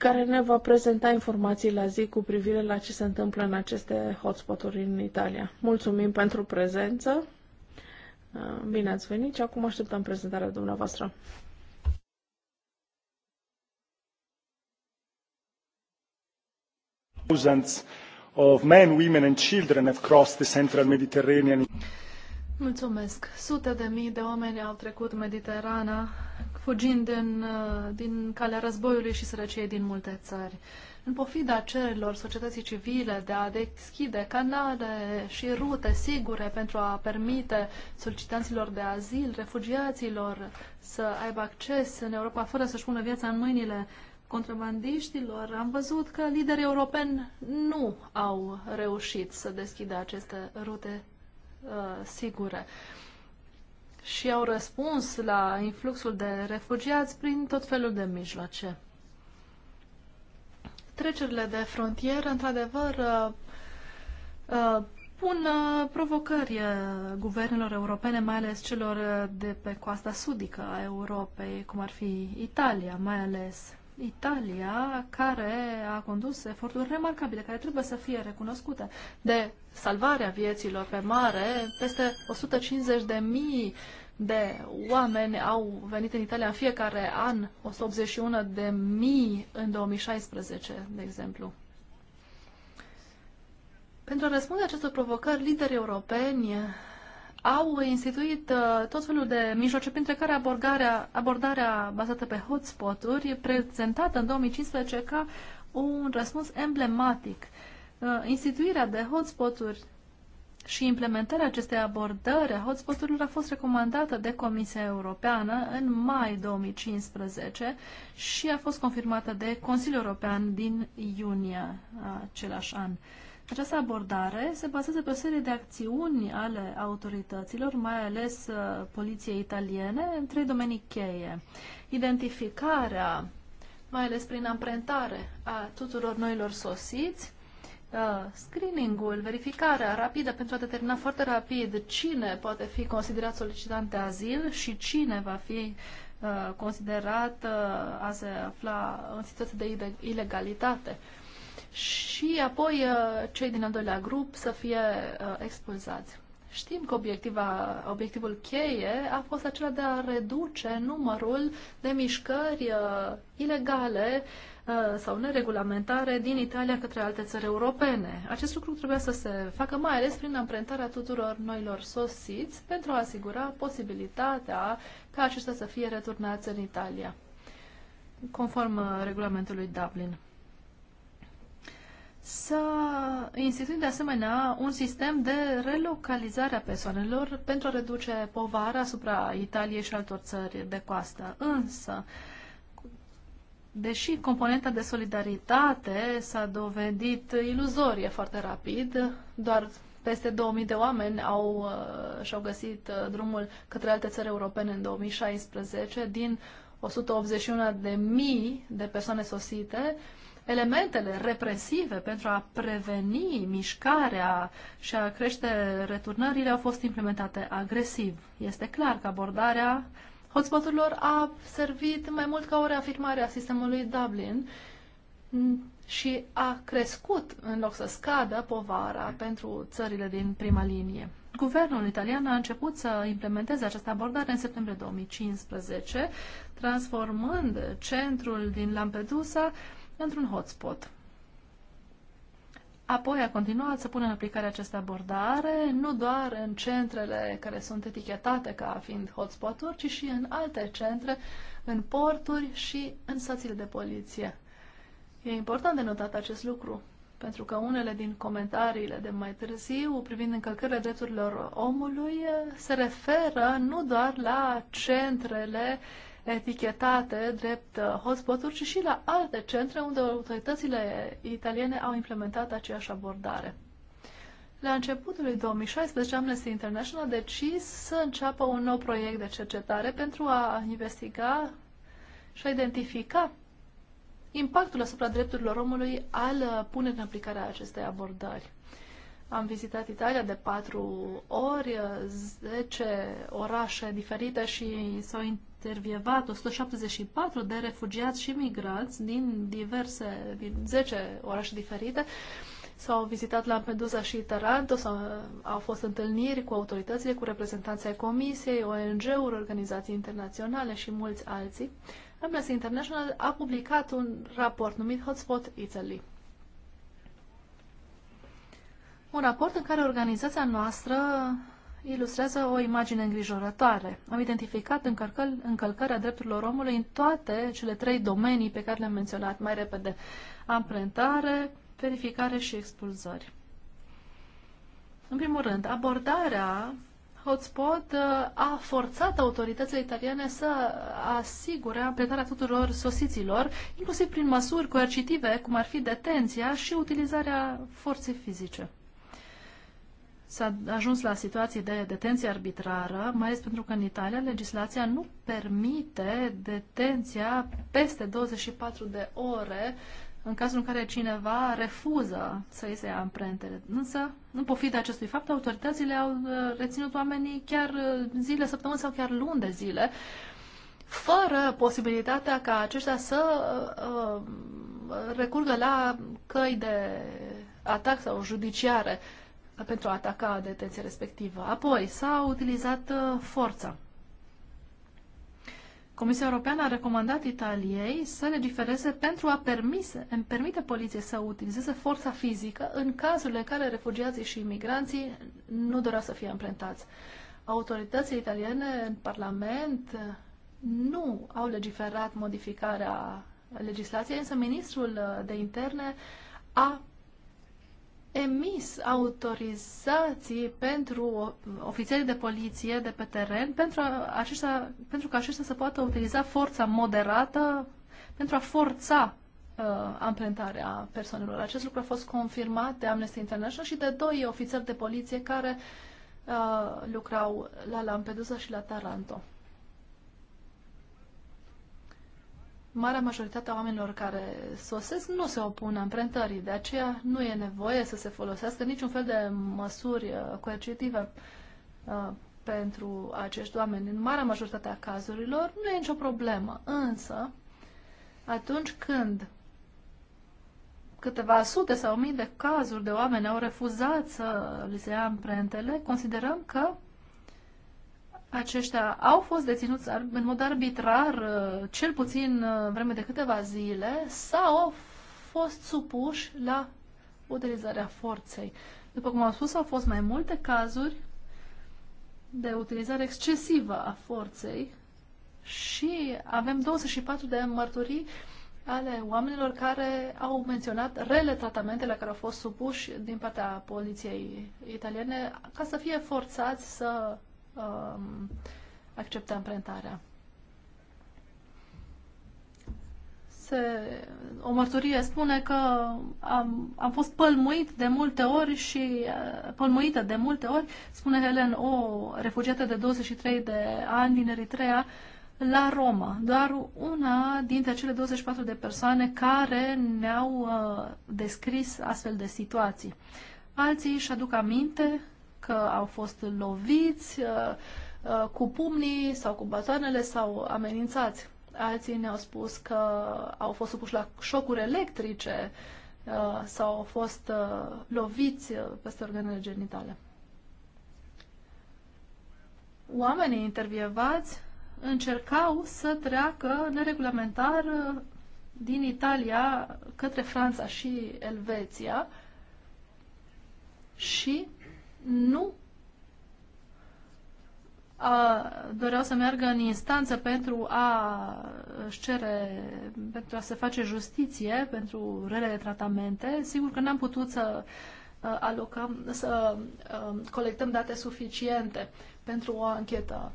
care ne va prezenta informații la zi cu privire la ce se întâmplă în aceste hotspot-uri în Italia. Mulțumim pentru prezență. Uh, bine ați venit și acum așteptăm prezentarea dumneavoastră. Thousands of men, women and children have crossed the central Mediterranean. Mulțumesc. Sute de mii de oameni au trecut Mediterana fugind din, uh, din calea războiului și sărăciei din multe țări. În pofida cererilor societății civile de a deschide canale și rute sigure pentru a permite solicitanților de azil, refugiaților să aibă acces în Europa fără să-și pună viața în mâinile contrabandiștilor, am văzut că liderii europeni nu au reușit să deschidă aceste rute uh, sigure. Uh, și au răspuns la influxul de refugiați prin tot felul de mijloace. Trecerile de frontieră, într-adevăr, uh, uh, pun uh, provocări guvernelor europene, mai ales celor de pe coasta sudică a Europei, cum ar fi Italia, mai ales Italia, care a condus eforturi remarcabile, care trebuie să fie recunoscute, de salvarea vieților pe mare. Peste 150 de mii de oameni au venit în Italia în fiecare an, 181 de mii în 2016, de exemplu. Pentru a răspunde acestor provocări, liderii europeni au instituit uh, tot felul de mijloace, printre care abordarea, abordarea bazată pe hotspot-uri, prezentată în 2015 ca un răspuns emblematic. Uh, instituirea de hotspot-uri și implementarea acestei abordări a hotspot-urilor a fost recomandată de Comisia Europeană în mai 2015 și a fost confirmată de Consiliul European din iunie uh, același an. Uh, această abordare se bazează pe o serie de acțiuni ale autorităților, mai ales uh, poliției italiene, în trei domenii cheie. Identificarea, mai ales prin amprentare, a tuturor noilor sosiți, uh, screeningul, verificarea rapidă pentru a determina foarte rapid cine poate fi considerat solicitant de azil și cine va fi uh, considerat a se afla în situație de ilegalitate și apoi uh, cei din al doilea grup să fie uh, expulzați. Știm că obiectiva, obiectivul cheie a fost acela de a reduce numărul de mișcări uh, ilegale sau neregulamentare din Italia către alte țări europene. Acest lucru trebuia să se facă mai ales prin amprentarea tuturor noilor sosiți pentru a asigura posibilitatea ca aceștia să fie returnați în Italia, conform regulamentului Dublin să instituim de asemenea un sistem de relocalizare a persoanelor pentru a reduce povara asupra Italiei și altor țări de coastă. Însă, deși componenta de solidaritate s-a dovedit iluzorie foarte rapid, doar peste 2000 de oameni au, uh, și-au găsit uh, drumul către alte țări europene în 2016 din 181 de mii de persoane sosite, elementele represive pentru a preveni mișcarea și a crește returnările au fost implementate agresiv. Este clar că abordarea hotspoturilor a servit mai mult ca o reafirmare a sistemului Dublin și a crescut, în loc să scadă, povara pentru țările din prima linie. Guvernul italian a început să implementeze această abordare în septembrie 2015, transformând centrul din Lampedusa într-un hotspot. Apoi a continuat să pună în aplicare această abordare, nu doar în centrele care sunt etichetate ca fiind hotspot-uri, ci și în alte centre, în porturi și în stațiile de poliție. E important de notat acest lucru, pentru că unele din comentariile de mai târziu privind încălcările drepturilor omului se referă nu doar la centrele uh, etichetate drept uh, hotspot-uri, ci și la alte centre unde autoritățile italiene au implementat aceeași abordare. La începutul lui 2016, Amnesty International a decis să înceapă un nou proiect de cercetare pentru a investiga și a identifica impactul asupra drepturilor omului al uh, punerii în aplicare a acestei abordări. Am vizitat Italia de patru ori, uh, zece orașe diferite și s-au intervievat 174 de refugiați și migranți din diverse, din 10 orașe diferite. S-au vizitat Lampedusa și Taranto, s-au, au fost întâlniri cu autoritățile, cu reprezentanții ai Comisiei, ONG-uri, organizații internaționale și mulți alții. Amnesty International a publicat un raport numit Hotspot Italy. Un raport în care organizația noastră ilustrează o imagine îngrijorătoare. Am identificat încălcarea drepturilor omului în toate cele trei domenii pe care le-am menționat mai repede. Amprentare, verificare și expulzări. În primul rând, abordarea hotspot uh, a forțat autoritățile italiane să asigure amprentarea tuturor sosiților, inclusiv prin măsuri coercitive, cum ar fi detenția și utilizarea forței fizice s-a ajuns la situații de detenție arbitrară, mai ales pentru că în Italia legislația nu permite detenția peste 24 de ore în cazul în care cineva refuză să îi se ia amprentele. Însă, în pofida acestui fapt, autoritățile au uh, reținut oamenii chiar uh, zile, săptămâni sau chiar luni de zile, fără posibilitatea ca aceștia să uh, uh recurgă la căi de atac sau judiciare. Uh, pentru a ataca detenția respectivă. Apoi, s-a utilizat uh, forța. Comisia Europeană a recomandat Italiei să legifereze pentru a permise, permite poliției să utilizeze forța fizică în cazurile în care refugiații și imigranții nu doreau să fie amprentați. Autoritățile italiene în Parlament uh, nu au legiferat modificarea legislației, însă ministrul uh, de interne a emis autorizații pentru ofițerii de poliție de pe teren pentru, a, aceștia, pentru că aceștia să poată utiliza forța moderată pentru a forța uh, amprentarea persoanelor. Acest lucru a fost confirmat de Amnesty International și de doi ofițeri de poliție care uh, lucrau la Lampedusa și la Taranto. marea majoritate a oamenilor care sosesc nu se opun amprentării, de aceea nu e nevoie să se folosească niciun fel de măsuri uh, coercitive uh, pentru acești oameni. În marea majoritate a cazurilor nu e nicio problemă, însă atunci când câteva sute sau mii de cazuri de oameni au refuzat să li se ia amprentele, considerăm că aceștia au fost deținuți în mod arbitrar, uh, cel puțin uh, vreme de câteva zile, sau au fost supuși la utilizarea forței. După cum am spus, au fost mai multe cazuri de utilizare excesivă a forței și avem 24 de mărturii ale oamenilor care au menționat rele tratamente la care au fost supuși din partea poliției italiene ca să fie forțați să Um, acceptă accepte amprentarea. se, o mărturie spune că am, am fost pălmuit de multe ori și uh, pălmuită de multe ori, spune Helen, o refugiată de 23 de ani din Eritrea, la Roma. Doar una dintre cele 24 de persoane care ne-au uh, descris astfel de situații. Alții își aduc aminte că au fost loviți uh, uh, cu pumnii sau cu batoanele sau amenințați. Alții ne-au spus că au fost supuși la șocuri electrice uh, sau au fost loviți peste organele genitale. Oamenii intervievați încercau să treacă neregulamentar din Italia către Franța și Elveția și nu a, doreau să meargă în instanță pentru a cere, pentru a se face justiție pentru relele tratamente. Sigur că n-am putut să a, alocăm, să a, colectăm date suficiente pentru o anchetă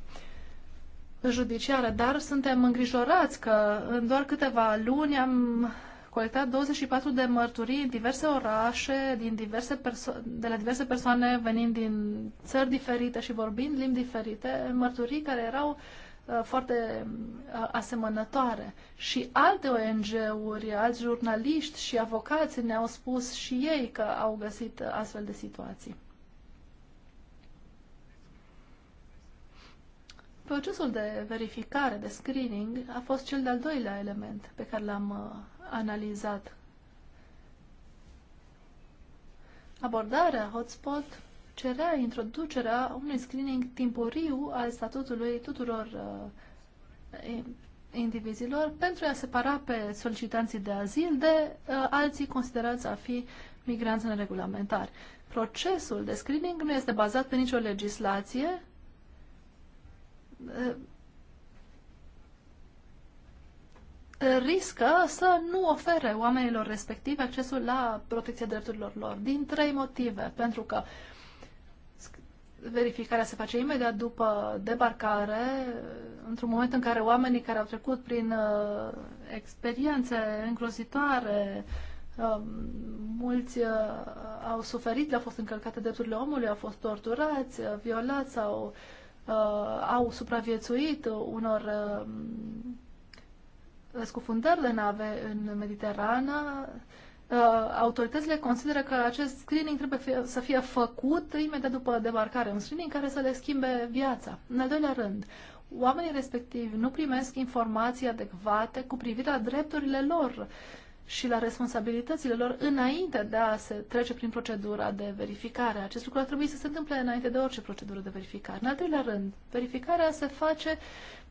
judiciară, dar suntem îngrijorați că în doar câteva luni am colectat 24 de mărturii în diverse orașe, din diverse de la diverse persoane venind din țări diferite și vorbind limbi diferite, mărturii care erau uh, foarte uh, asemănătoare. Și alte ONG-uri, alți jurnaliști și avocați ne-au spus și ei că au găsit astfel de situații. Procesul de verificare, de screening, a fost cel de-al doilea element pe care l-am uh, analizat. Abordarea hotspot cerea introducerea unui screening timpuriu al statutului tuturor uh, indivizilor pentru a separa pe solicitanții de azil de uh, alții considerați a fi migranți neregulamentari. Procesul de screening nu este bazat pe nicio legislație, uh, riscă să nu ofere oamenilor respective accesul la protecția drepturilor lor, din trei motive. Pentru că verificarea se face imediat după debarcare, într-un moment în care oamenii care au trecut prin uh, experiențe îngrozitoare, uh, mulți uh, au suferit, le-au fost încălcate drepturile omului, au fost torturați, uh, violați sau uh, au supraviețuit unor uh, scufundări de nave în Mediterana, uh, autoritățile consideră că acest screening trebuie fie, să fie făcut imediat după debarcare, un screening care să le schimbe viața. În al doilea rând, oamenii respectivi nu primesc informații adecvate cu privire la drepturile lor și la responsabilitățile lor înainte de a se trece prin procedura de verificare. Acest lucru ar trebui să se întâmple înainte de orice procedură de verificare. În al treilea rând, verificarea se face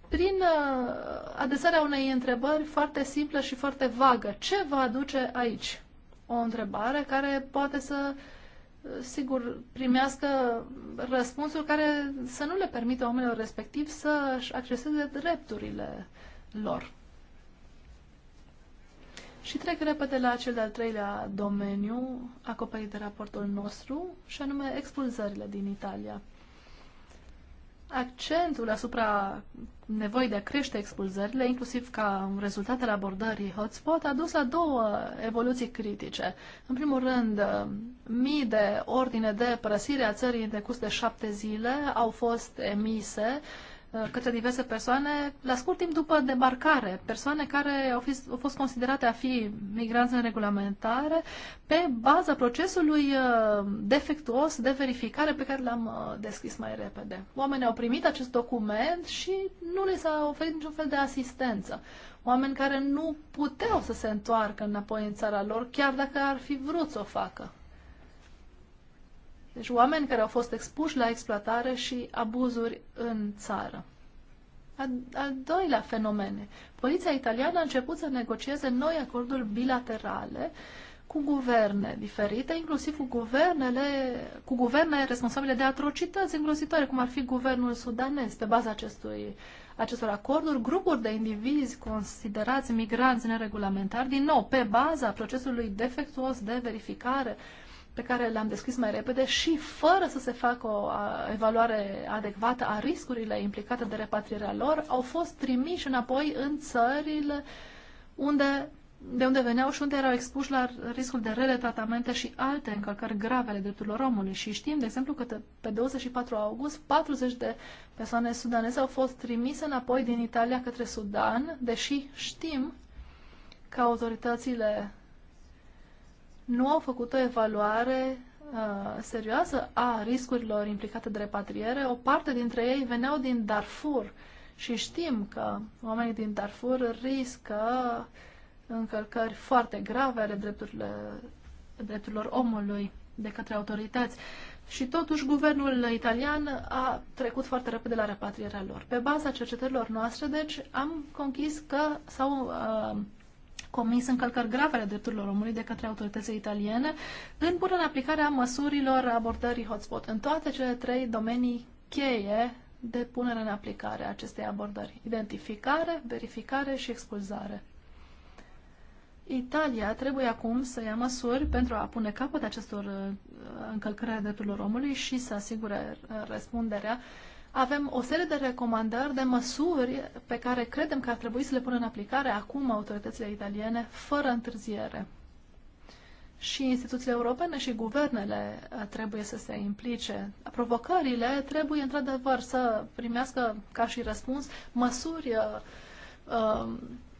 prin uh, adresarea unei întrebări foarte simplă și foarte vagă. Ce vă aduce aici? O întrebare care poate să, uh, sigur, primească răspunsuri care să nu le permită oamenilor respectiv să-și acceseze drepturile lor. Și trec repede la cel de-al treilea domeniu acoperit de raportul nostru, și anume expulzările din Italia accentul asupra nevoii de a crește expulzările, inclusiv ca un rezultat al abordării hotspot, a dus la două evoluții critice. În primul rând, mii de ordine de părăsire a țării în decurs de șapte zile au fost emise, uh, Uh, către diverse persoane la scurt timp după debarcare, persoane care au, fi, au fost considerate a fi migranți în regulamentare pe baza procesului uh, defectuos de verificare pe care l-am uh, deschis mai repede. Oamenii au primit acest document și nu le s-a oferit niciun fel de asistență. Oameni care nu puteau să se întoarcă înapoi în țara lor, chiar dacă ar fi vrut să o facă. Deci oameni care au fost expuși la exploatare și abuzuri în țară. Al, al doilea fenomen. Poliția italiană a început să negocieze noi acorduri bilaterale cu guverne diferite, inclusiv cu guvernele, cu guverne responsabile de atrocități îngrozitoare, cum ar fi guvernul sudanez. Pe baza acestui, acestor acorduri, grupuri de indivizi considerați migranți neregulamentari, din nou, pe baza procesului defectuos de verificare pe care le-am deschis mai repede și fără să se facă o evaluare adecvată a riscurile implicate de repatrierea lor, au fost trimiși înapoi în țările unde, de unde veneau și unde erau expuși la riscul de rele tratamente și alte încălcări grave ale drepturilor omului. Și știm, de exemplu, că pe 24 august 40 de persoane sudaneze au fost trimise înapoi din Italia către Sudan, deși știm că autoritățile nu au făcut o evaluare uh, serioasă a riscurilor implicate de repatriere. O parte dintre ei veneau din Darfur și știm că oamenii din Darfur riscă încălcări foarte grave ale drepturilor omului de către autorități. Și totuși, guvernul italian a trecut foarte repede la repatrierea lor. Pe baza cercetărilor noastre, deci, am conchis că s-au uh, comis încălcări grave ale drepturilor omului de către autoritățile italiene în punerea în aplicare a măsurilor abordării hotspot în toate cele trei domenii cheie de punere în aplicare a acestei abordări. Identificare, verificare și expulzare. Italia trebuie acum să ia măsuri pentru a pune capăt acestor uh, încălcări ale drepturilor omului și să asigure uh, răspunderea avem o serie de recomandări, de măsuri pe care credem că ar trebui să le pună în aplicare acum autoritățile italiene, fără întârziere. Și instituțiile europene și guvernele uh, trebuie să se implice. Provocările trebuie, într-adevăr, să primească ca și răspuns măsuri, uh, uh,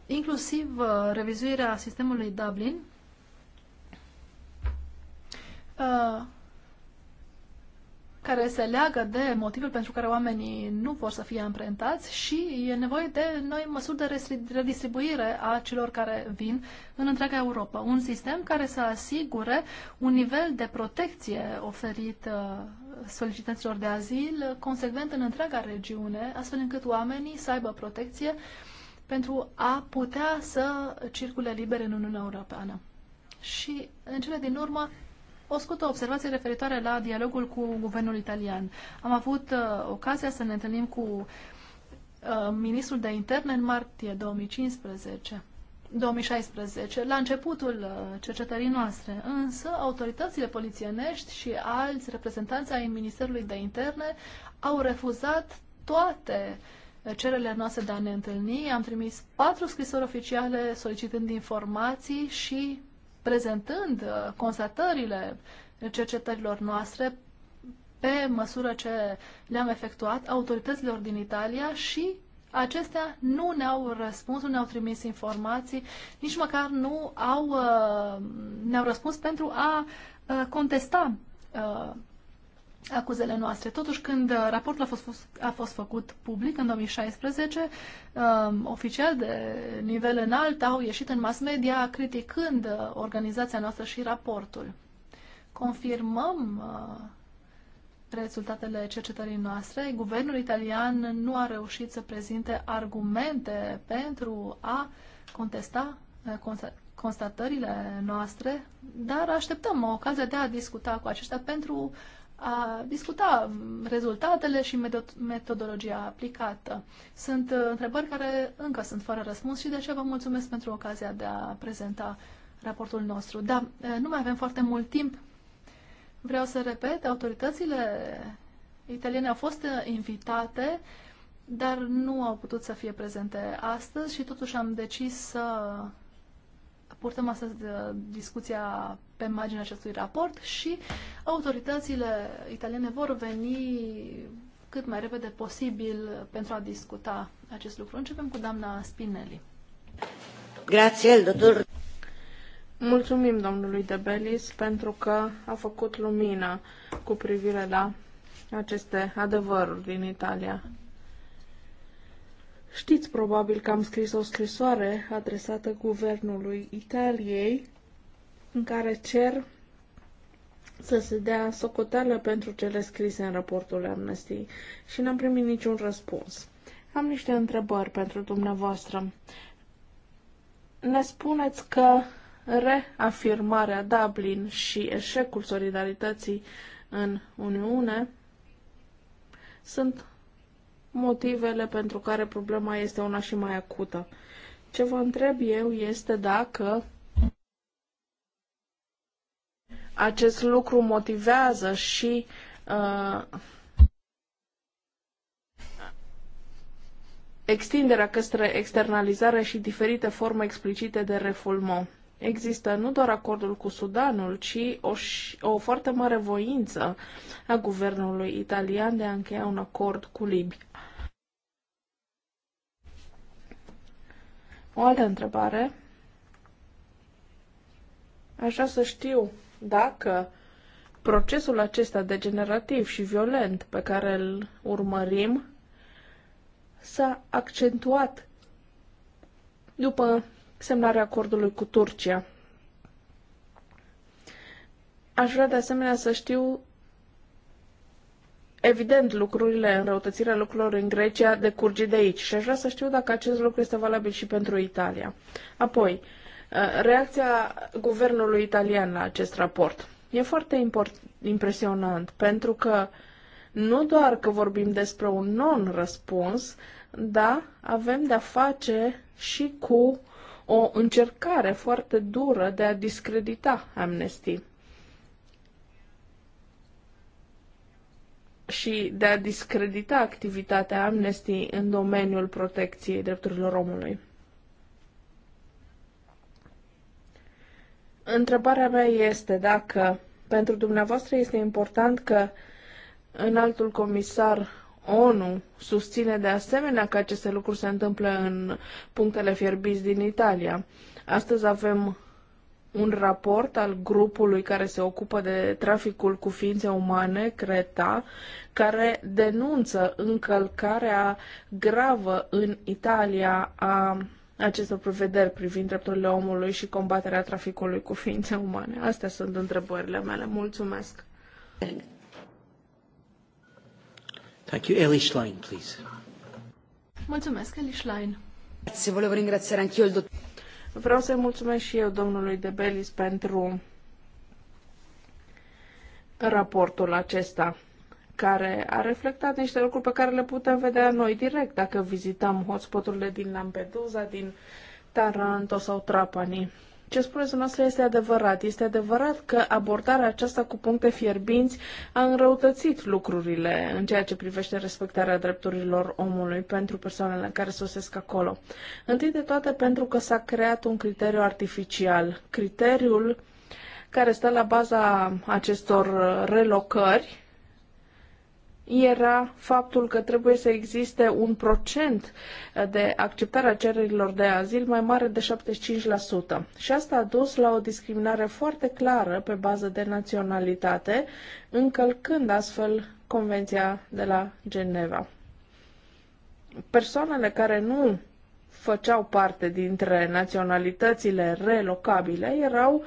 inclusiv revizuirea sistemului Dublin, care se leagă de motivul pentru care oamenii nu vor să fie amprentați și e nevoie de noi măsuri de redistribuire a celor care vin în întreaga Europa. Un sistem care să asigure un nivel de protecție oferit uh, solicitanților de azil consecvent în întreaga regiune, astfel încât oamenii să aibă protecție pentru a putea să circule liber în Uniunea Europeană. Și, în cele din urmă, o scurtă observație referitoare la dialogul cu guvernul italian. Am avut uh, ocazia să ne întâlnim cu uh, ministrul de interne în martie 2015. 2016, la începutul uh, cercetării noastre. Însă, autoritățile polițienești și alți reprezentanți ai Ministerului de Interne au refuzat toate uh, cererile noastre de a ne întâlni. Am trimis patru scrisori oficiale solicitând informații și prezentând uh, constatările cercetărilor noastre pe măsură ce le-am efectuat autorităților din Italia și acestea nu ne-au răspuns, nu ne-au trimis informații, nici măcar nu au, uh, ne-au răspuns pentru a uh, contesta acuzele noastre. Totuși, când uh, raportul a fost, a fost făcut public în 2016, um, oficial de nivel înalt au ieșit în mass media criticând uh, organizația noastră și raportul. Confirmăm uh, rezultatele cercetării noastre. Guvernul italian nu a reușit să prezinte argumente pentru a contesta uh, constatările noastre, dar așteptăm o ocazie de a discuta cu aceștia pentru uh, a discuta rezultatele și metodologia aplicată. Sunt uh, întrebări care încă sunt fără răspuns și de aceea vă mulțumesc pentru ocazia de a prezenta raportul nostru. Da, uh, nu mai avem foarte mult timp. Vreau să repet, autoritățile italiene au fost uh, invitate, dar nu au putut să fie prezente astăzi și totuși am decis să purtăm astăzi uh, discuția pe marginea acestui raport și autoritățile italiene vor veni cât mai repede posibil pentru a discuta acest lucru. Începem cu doamna Spinelli. Grație, doctor. Mulțumim domnului De Belis pentru că a făcut lumină cu privire la aceste adevăruri din Italia. Știți probabil că am scris o scrisoare adresată guvernului Italiei în care cer să se dea socoteală pentru cele scrise în raportul Amnesty și n-am primit niciun răspuns. Am niște întrebări pentru dumneavoastră. Ne spuneți că reafirmarea Dublin și eșecul solidarității în Uniune sunt motivele pentru care problema este una și mai acută. Ce vă întreb eu este dacă acest lucru motivează și uh, extinderea către externalizare și diferite forme explicite de refulmo. Există nu doar acordul cu Sudanul, ci o, o foarte mare voință a guvernului italian de a încheia un acord cu Libia. O altă întrebare. Aș vrea să știu dacă procesul acesta degenerativ și violent pe care îl urmărim s-a accentuat după semnarea acordului cu Turcia. Aș vrea de asemenea să știu Evident, lucrurile, înrăutățirea lucrurilor în Grecia decurge de aici și aș vrea să știu dacă acest lucru este valabil și pentru Italia. Apoi, uh, reacția guvernului italian la acest raport. E foarte import, impresionant pentru că nu doar că vorbim despre un non-răspuns, dar avem de-a face și cu o încercare foarte dură de a discredita Amnesty și de a discredita activitatea Amnesty în domeniul protecției drepturilor omului. Întrebarea mea este dacă pentru dumneavoastră este important că înaltul comisar ONU susține de asemenea că aceste lucruri se întâmplă în punctele fierbiți din Italia. Astăzi avem un raport al grupului care se ocupă de traficul cu ființe umane, CRETA, care denunță încălcarea gravă în Italia a acestor prevederi privind drepturile omului și combaterea traficului cu ființe umane. Astea sunt întrebările mele. Mulțumesc. Thank you. Eli Schlein, please. Mulțumesc, Eli Schlein. Grazie, volevo ringraziare anch'io il dottor. Vreau să-i mulțumesc și eu domnului de Belis pentru raportul acesta care a reflectat niște lucruri pe care le putem vedea noi direct dacă vizităm hotspoturile din Lampedusa, din Taranto sau Trapani. Ce spuneți dumneavoastră este adevărat. Este adevărat că abordarea aceasta cu puncte fierbinți a înrăutățit lucrurile în ceea ce privește respectarea drepturilor omului pentru persoanele care sosesc acolo. Întâi de toate pentru că s-a creat un criteriu artificial. Criteriul care stă la baza acestor relocări era faptul că trebuie să existe un procent uh, de acceptare a cererilor de azil mai mare de 75%. Și asta a dus la o discriminare foarte clară pe bază de naționalitate, încălcând astfel Convenția de la Geneva. Persoanele care nu făceau parte dintre naționalitățile relocabile erau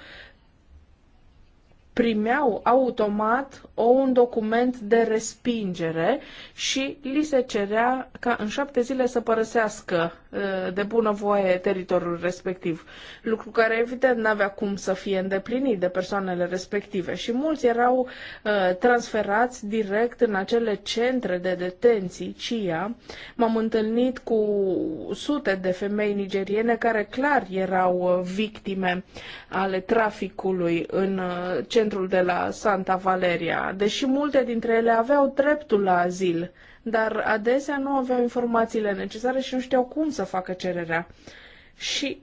primeau automat o, un document de respingere și li se cerea ca în șapte zile să părăsească uh, de bunăvoie teritoriul respectiv, lucru care evident n-avea cum să fie îndeplinit de persoanele respective și mulți erau uh, transferați direct în acele centre de detenții, CIA. M-am întâlnit cu sute de femei nigeriene care clar erau uh, victime ale traficului în centre centrul de la Santa Valeria, deși multe dintre ele aveau dreptul la azil, dar adesea nu aveau informațiile necesare și nu știau cum să facă cererea. Și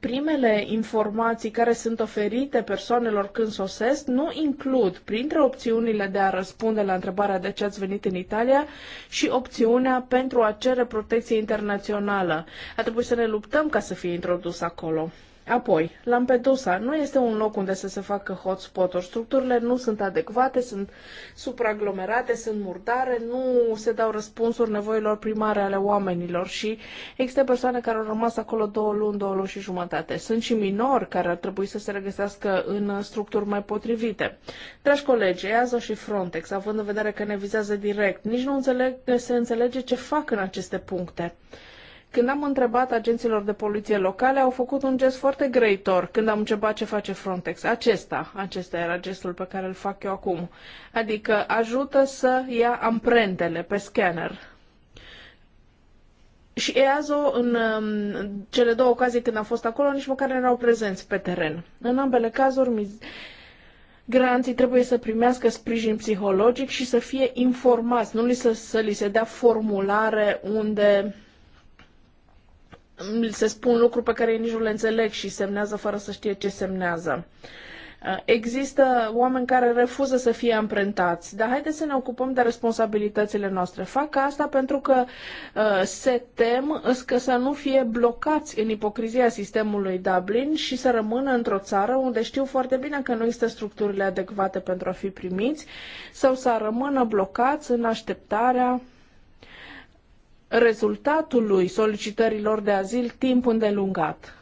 primele informații care sunt oferite persoanelor când sosesc nu includ printre opțiunile de a răspunde la întrebarea de ce ați venit în Italia și opțiunea pentru a cere protecție internațională. A trebuit să ne luptăm ca să fie introdus acolo. Apoi, Lampedusa nu este un loc unde să se facă hotspot-uri. Structurile nu sunt adecvate, sunt supraaglomerate, sunt murdare, nu se dau răspunsuri nevoilor primare ale oamenilor și există persoane care au rămas acolo două luni, două luni și jumătate. Sunt și minori care ar trebui să se regăsească în structuri mai potrivite. Dragi colegi, EASO și Frontex, având în vedere că ne vizează direct, nici nu înțeleg, se înțelege ce fac în aceste puncte. Când am întrebat agenților de poliție locale, au făcut un gest foarte greitor când am întrebat ce face Frontex. Acesta, acesta era gestul pe care îl fac eu acum. Adică ajută să ia amprentele pe scanner. Și EAZO, în um, cele două ocazii când am fost acolo, nici măcar nu erau prezenți pe teren. În ambele cazuri, Granții trebuie să primească sprijin psihologic și să fie informați, nu li să, să li se dea formulare unde se spun lucruri pe care ei nici nu le înțeleg și semnează fără să știe ce semnează. Uh, există oameni care refuză să fie amprentați, dar haideți să ne ocupăm de responsabilitățile noastre. Fac asta pentru că uh, se tem că să nu fie blocați în ipocrizia sistemului Dublin și să rămână într-o țară unde știu foarte bine că nu există structurile adecvate pentru a fi primiți sau să rămână blocați în așteptarea rezultatului solicitărilor de azil timp îndelungat.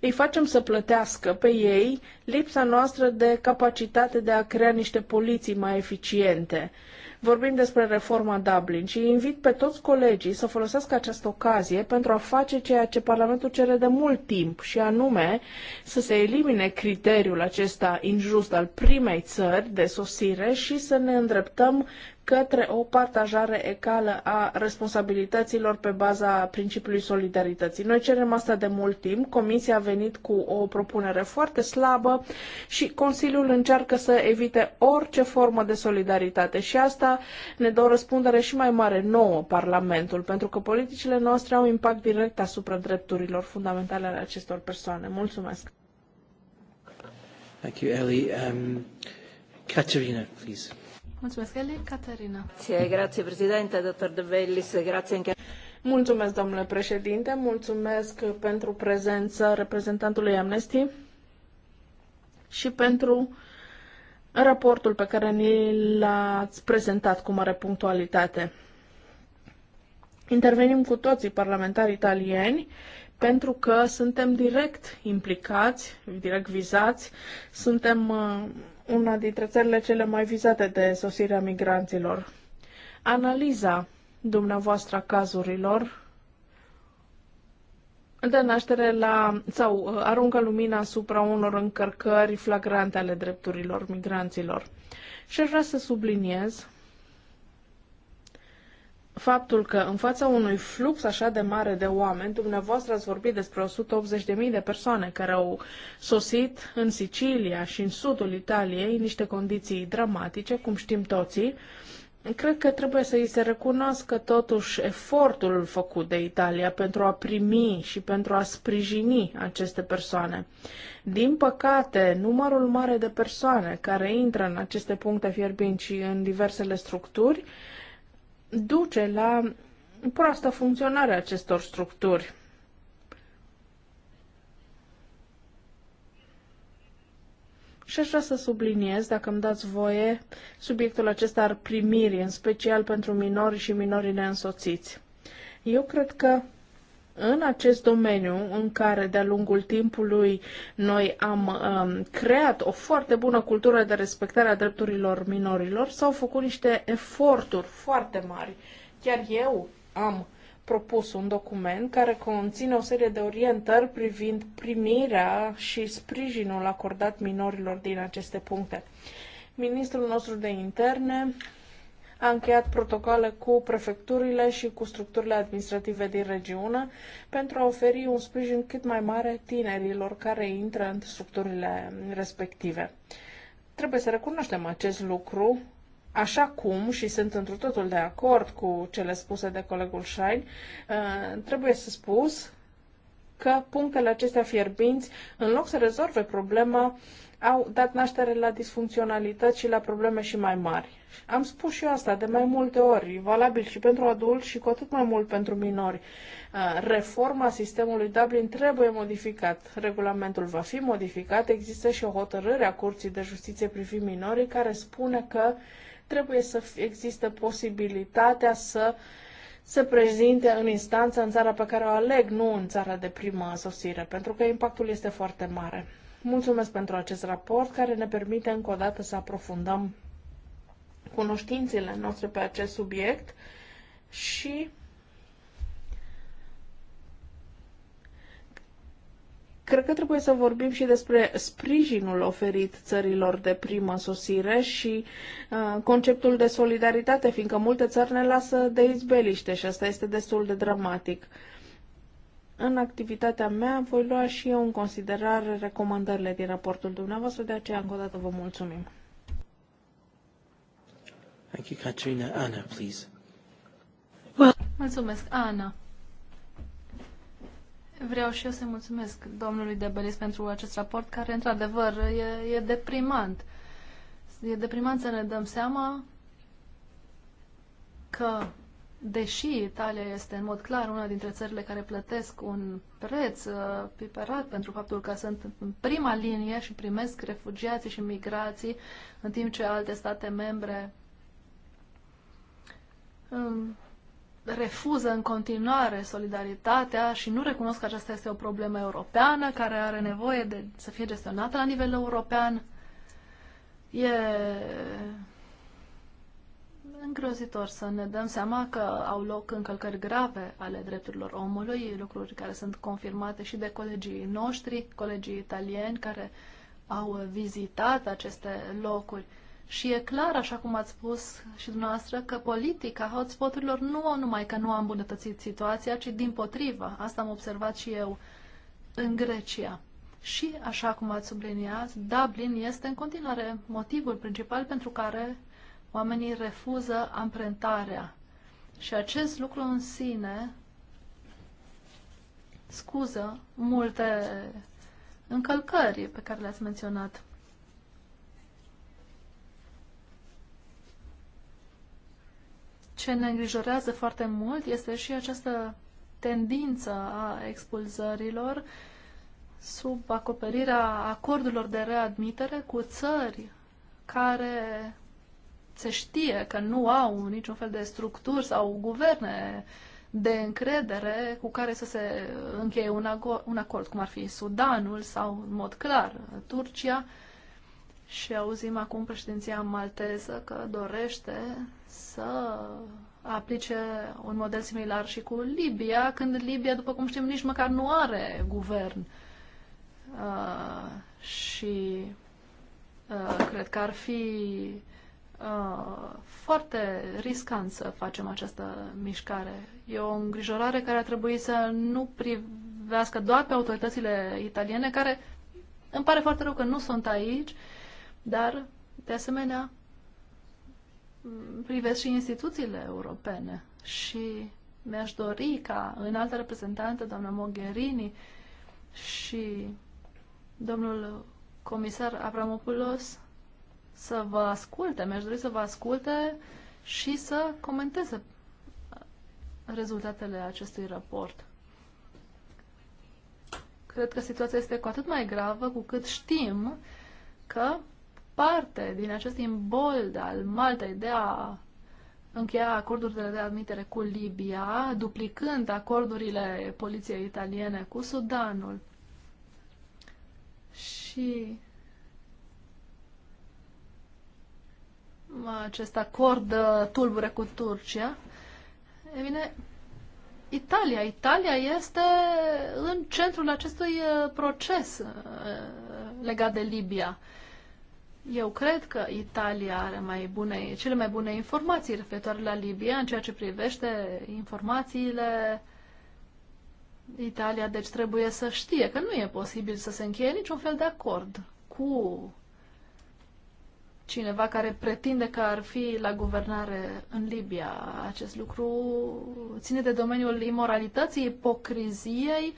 Îi facem să plătească pe ei lipsa noastră de capacitate de a crea niște poliții mai eficiente. Vorbim despre reforma Dublin și invit pe toți colegii să folosească această ocazie pentru a face ceea ce Parlamentul cere de mult timp și anume să se elimine criteriul acesta injust al primei țări de sosire și să ne îndreptăm către o partajare egală a responsabilităților pe baza principiului solidarității. Noi cerem asta de mult timp, Comisia a venit cu o propunere foarte slabă și Consiliul încearcă să evite orice formă de solidaritate și asta ne dă o răspundere și mai mare nouă Parlamentul, pentru că politicile noastre au impact direct asupra drepturilor fundamentale ale acestor persoane. Mulțumesc! Thank you, Ellie. Um, Caterina, please. Mulțumesc, Eli. Caterina. Grazie, președinte, dottor De Bellis. Mulțumesc, domnule președinte. Mulțumesc pentru prezența reprezentantului Amnesty și pentru raportul pe care ni l-ați prezentat cu mare punctualitate. Intervenim cu toții parlamentari italieni pentru că suntem direct implicați, direct vizați, suntem uh, una dintre țările cele mai vizate de sosirea migranților. Analiza dumneavoastră a cazurilor de naștere la sau uh, aruncă lumina asupra unor încărcări flagrante ale drepturilor migranților. Și aș vrea să subliniez faptul că în fața unui flux așa de mare de oameni, dumneavoastră ați vorbit despre 180.000 de persoane care au sosit în Sicilia și în sudul Italiei niște condiții dramatice, cum știm toții, cred că trebuie să îi se recunoască totuși efortul făcut de Italia pentru a primi și pentru a sprijini aceste persoane. Din păcate, numărul mare de persoane care intră în aceste puncte fierbinți și în diversele structuri duce la proastă funcționare a acestor structuri. Și aș vrea să subliniez, dacă îmi dați voie, subiectul acesta ar primirii, în special pentru minori și minorii neînsoțiți. Eu cred că în acest domeniu în care de-a lungul timpului noi am um, creat o foarte bună cultură de respectare a drepturilor minorilor, s-au făcut niște eforturi foarte mari. Chiar eu am propus un document care conține o serie de orientări privind primirea și sprijinul acordat minorilor din aceste puncte. Ministrul nostru de interne a încheiat protocoale cu prefecturile și cu structurile administrative din regiune pentru a oferi un sprijin cât mai mare tinerilor care intră în structurile respective. Trebuie să recunoaștem acest lucru, Așa cum, și sunt într totul de acord cu cele spuse de colegul Schein, uh, trebuie să spus că punctele acestea fierbinți, în loc să rezolve problema, au dat naștere la disfuncționalități și la probleme și mai mari. Am spus și eu asta de mai multe ori, valabil și pentru adulți și cu atât mai mult pentru minori. Uh, reforma sistemului Dublin trebuie modificat. Regulamentul va fi modificat. Există și o hotărâre a Curții de Justiție privind minorii care spune că trebuie să existe posibilitatea să se prezinte în instanță în țara pe care o aleg, nu în țara de primă sosire, pentru că impactul este foarte mare. Mulțumesc pentru acest raport care ne permite încă o dată să aprofundăm cunoștințele noastre pe acest subiect și Cred că trebuie să vorbim și despre sprijinul oferit țărilor de primă sosire și uh, conceptul de solidaritate, fiindcă multe țări ne lasă de izbeliște și asta este destul de dramatic. Uh, în activitatea mea voi lua și eu în considerare recomandările din raportul dumneavoastră, de aceea încă o dată vă mulțumim. Thank you, Katrina. Anna, please. Well... Mulțumesc, Ana. Vreau și eu să mulțumesc domnului Debelis pentru acest raport, care, într-adevăr, e, e deprimant. E deprimant să ne dăm seama că deși Italia este în mod clar una dintre țările care plătesc un preț uh, piperat pentru faptul că sunt în prima linie și primesc refugiații și migrații, în timp ce alte state membre um, refuză în continuare solidaritatea și nu recunosc că aceasta este o problemă europeană care are nevoie de să fie gestionată la nivel european. E îngrozitor să ne dăm seama că au loc încălcări grave ale drepturilor omului, lucruri care sunt confirmate și de colegii noștri, colegii italieni care au vizitat aceste locuri. Și e clar, așa cum ați spus și dumneavoastră, că politica hotspoturilor nu o numai că nu a îmbunătățit situația, ci din potrivă. Asta am observat și eu în Grecia. Și, așa cum ați subliniat, Dublin este în continuare motivul principal pentru care Oamenii refuză amprentarea. Și acest lucru în sine scuză multe încălcări pe care le-ați menționat. Ce ne îngrijorează foarte mult este și această tendință a expulzărilor sub acoperirea acordurilor de readmitere cu țări care se știe că nu au niciun fel de structuri sau guverne de încredere cu care să se încheie un, un acord, cum ar fi Sudanul sau, în mod clar, Turcia. Și auzim acum președinția malteză că dorește să aplice un model similar și cu Libia, când Libia, după cum știm, nici măcar nu are guvern. Uh, și uh, cred că ar fi Uh, foarte riscant să facem această mișcare. E o îngrijorare care ar trebui să nu privească doar pe autoritățile italiene, care îmi pare foarte rău că nu sunt aici, dar, de asemenea, privesc și instituțiile europene și mi-aș dori ca în altă reprezentantă, doamna Mogherini și domnul comisar Avramopoulos, să vă asculte, mi-aș dori să vă asculte și să comenteze rezultatele acestui raport. Cred că situația este cu atât mai gravă cu cât știm că parte din acest imbold al Maltei de a încheia acordurile de admitere cu Libia, duplicând acordurile poliției italiene cu Sudanul. Și acest acord uh, tulbure cu Turcia, e bine, Italia. Italia este în centrul acestui uh, proces uh, legat de Libia. Eu cred că Italia are mai bune, cele mai bune informații referitoare la Libia în ceea ce privește informațiile Italia, deci trebuie să știe că nu e posibil să se încheie niciun fel de acord cu cineva care pretinde că ar fi la guvernare în Libia. Acest lucru ține de domeniul imoralității, ipocriziei,